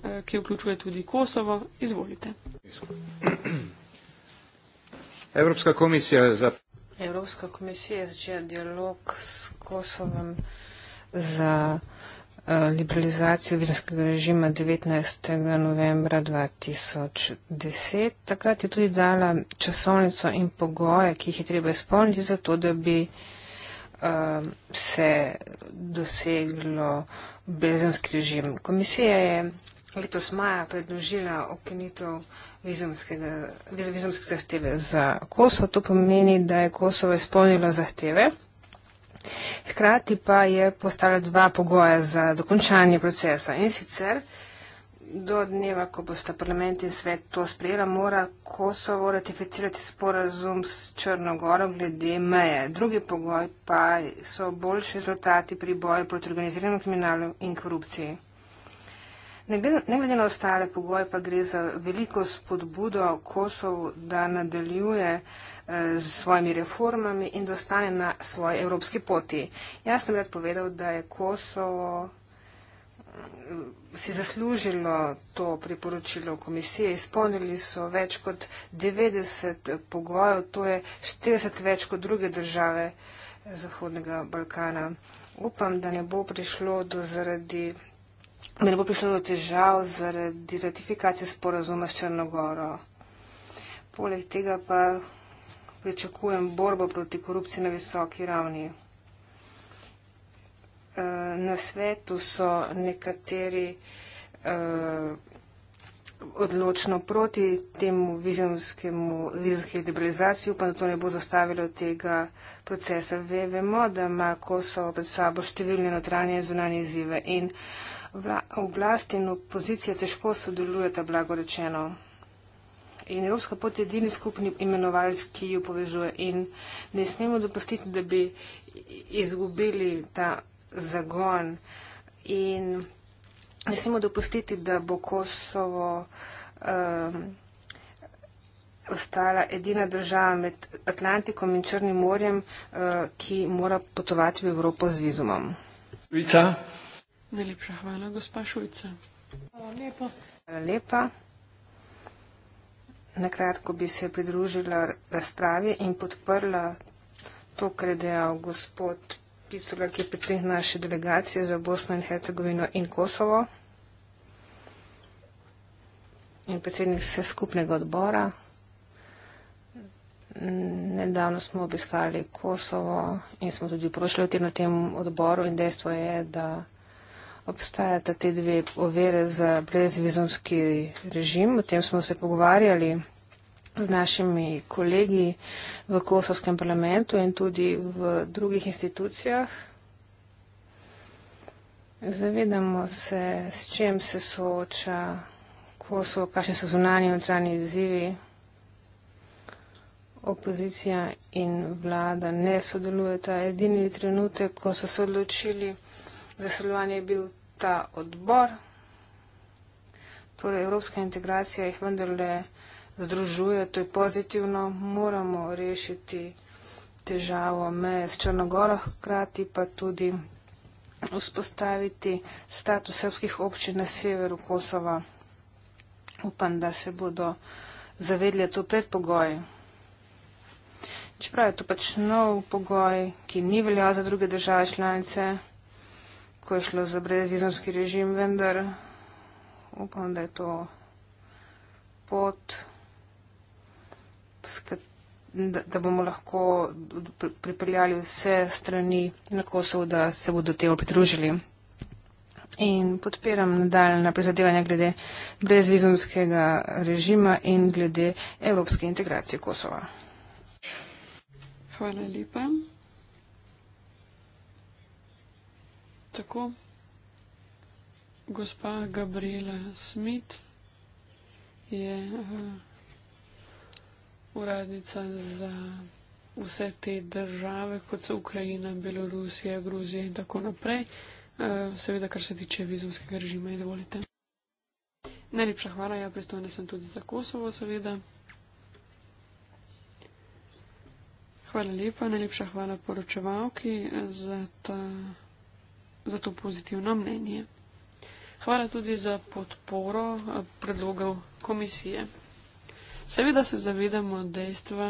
eh, ki vključuje tudi Kosovo. Izvolite. Evropska komisija za. Evropska komisija je začela dialog s Kosovom za eh, liberalizacijo vizumskega režima 19. novembra 2010. Takrat je tudi dala časovnico in pogoje, ki jih je treba izpolniti, zato da bi um, se doseglo vizumski režim. Komisija je letos maja predložila okenitev vizumske zahteve za Kosovo. To pomeni, da je Kosovo izpolnilo zahteve. Hkrati pa je postavila dva pogoja za dokončanje procesa. In sicer do dneva, ko boste parlament in svet to sprejela, mora Kosovo ratificirati sporazum s Črnogorom glede meje. Drugi pogoj pa so boljši rezultati pri boju proti organiziranemu kriminalu in korupciji. Ne glede na ostale pogoje, pa gre za veliko spodbudo Kosov, da nadaljuje z eh, svojimi reformami in da ostane na svoji evropski poti. Jaz sem rad povedal, da je Kosovo eh, si zaslužilo to priporočilo komisije, izpolnili so več kot 90 pogojev, to je 40 več kot druge države eh, Zahodnega Balkana. Upam, da ne bo prišlo do zaradi da ne bo prišlo do težav zaradi ratifikacije sporazuma s Črnogoro. Poleg tega pa pričakujem borbo proti korupciji na visoki ravni. E, na svetu so nekateri e, odločno proti temu vizumskemu liberalizaciji, upam, da to ne bo zastavilo tega procesa. Vemo, da ima Kosovo pred sabo številne notranje in zunanje izzive in vla, oblast in opozicija težko sodelujeta, blago rečeno. In Evropska pot je edini skupni imenovalec, ki jo povezuje. In ne smemo dopustiti, da bi izgubili ta zagon. In ne smemo dopustiti, da bo Kosovo um, ostala edina država med Atlantikom in Črnim morjem, uh, ki mora potovati v Evropo z vizumom. Vica. Najlepša hvala, gospa Šujca. Lepo. Lepa. Nakratko bi se pridružila razpravi in podprla to, kar je dejal gospod Picula, ki je predsednik naše delegacije za Bosno in Hercegovino in Kosovo in predsednik vse skupnega odbora. Nedavno smo obiskali Kosovo in smo tudi prošli v tem odboru in dejstvo je, da obstajata te dve ovire za brezvizumski režim. O tem smo se pogovarjali z našimi kolegi v Kosovskem parlamentu in tudi v drugih institucijah. Zavedamo se, s čem se sooča Kosovo, kakšni so zunanji in notranji izzivi. Opozicija in vlada ne sodelujeta. Edini trenutek, ko so se odločili, za sodelovanje je bil ta odbor. Torej, evropska integracija jih vendarle združuje, to je pozitivno. Moramo rešiti težavo meje s Črnogoro, hkrati pa tudi vzpostaviti status srpskih občin na severu Kosova. Upam, da se bodo zavedli to predpogoj. Čeprav je to pač nov pogoj, ki ni veljal za druge države članice ko je šlo za brezvizonski režim, vendar upam, da je to pot, da bomo lahko pripeljali vse strani na Kosov, da se bodo temu pridružili. In podpiram nadaljna prizadevanja glede brezvizonskega režima in glede evropske integracije Kosova. Hvala lepa. Tako. Gospa Gabriela Smit je uh, uradnica za vse te države, kot so Ukrajina, Belorusija, Gruzija in tako naprej. Uh, seveda, kar se tiče vizumskega režima, izvolite. Najlepša hvala, ja, pristojna sem tudi za Kosovo, seveda. Hvala lepa, najlepša hvala poročevalki eh, za ta za to pozitivno mnenje. Hvala tudi za podporo eh, predlogov komisije. Seveda se zavedamo dejstva,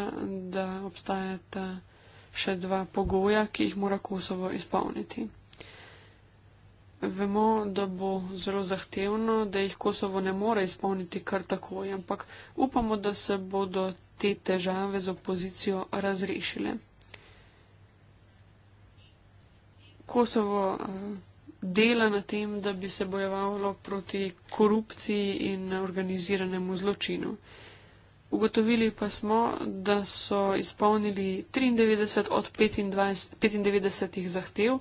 da obstajata še dva pogoja, ki jih mora Kosovo izpolniti. Vemo, da bo zelo zahtevno, da jih Kosovo ne more izpolniti kar takoj, ampak upamo, da se bodo te težave z opozicijo razrešile. Kosovo eh, dela na tem, da bi se bojevalo proti korupciji in organiziranemu zločinu. Ugotovili pa smo, da so izpolnili 93 od 25, 95 zahtev,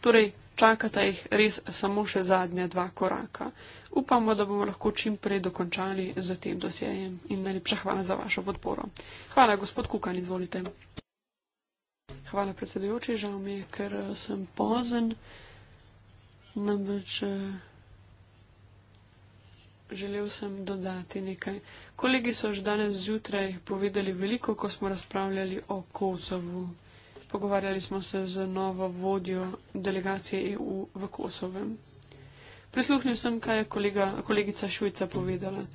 torej čakata jih res samo še zadnja dva koraka. Upamo, da bomo lahko čim prej dokončali z tem dosjejem in najlepša hvala za vašo podporo. Hvala, gospod Kukan, izvolite. Hvala, predsedujoči. Žal mi je, ker eh, sem pozen. Namreč eh, želel sem dodati nekaj. Kolegi so že danes zjutraj povedali veliko, ko smo razpravljali o Kosovu. Pogovarjali smo se z novo vodjo delegacije EU v Kosovem. Prisluhnil sem, kaj je kolega, kolegica Šujca povedala.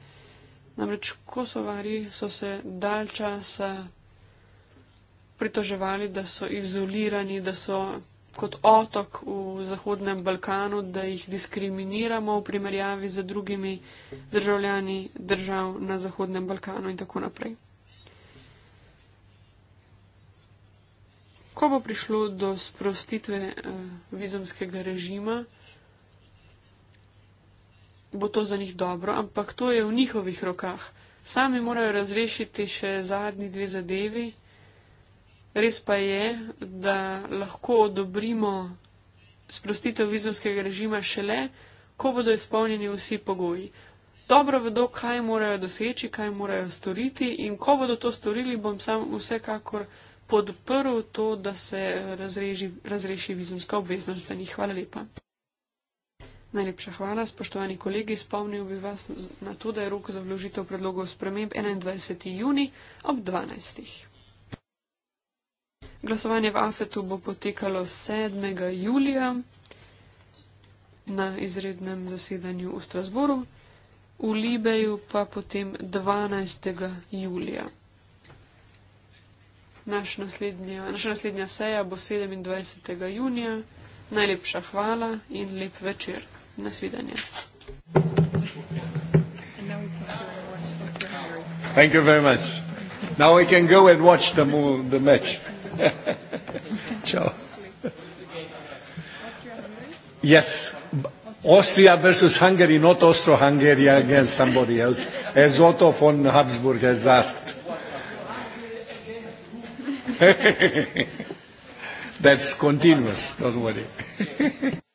Namreč Kosovari so se dal časa pritoževali, da so izolirani, da so kot otok v Zahodnem Balkanu, da jih diskriminiramo v primerjavi z drugimi državljani držav na Zahodnem Balkanu in tako naprej. Ko bo prišlo do sprostitve eh, vizumskega režima, bo to za njih dobro, ampak to je v njihovih rokah. Sami morajo razrešiti še zadnji dve zadevi. Res pa je, da lahko odobrimo sprostitev vizumskega režima šele, ko bodo izpolnjeni vsi pogoji. Dobro vedo, kaj morajo doseči, kaj morajo storiti in ko bodo to storili, bom sam vsekakor podprl to, da se eh, razreži, razreši vizumska obveznost za njih. Hvala lepa. Najlepša hvala, spoštovani kolegi. Spomnil bi vas na to, da je rok za vložitev predlogov sprememb 21. juni ob 12. Glasovanje v Afetu bo potekalo 7. julija na izrednem zasedanju v Strasboru, v Libeju pa potem 12. julija. Naš naša naslednja seja bo 27. junija. Najlepša hvala in lep večer. Nasvidenje. Thank you very much. Now we can go and watch the, the match. Ciao. Yes, Austria versus Hungary, not Austro Hungary against somebody else, as Otto von Habsburg has asked. That's continuous, don't worry.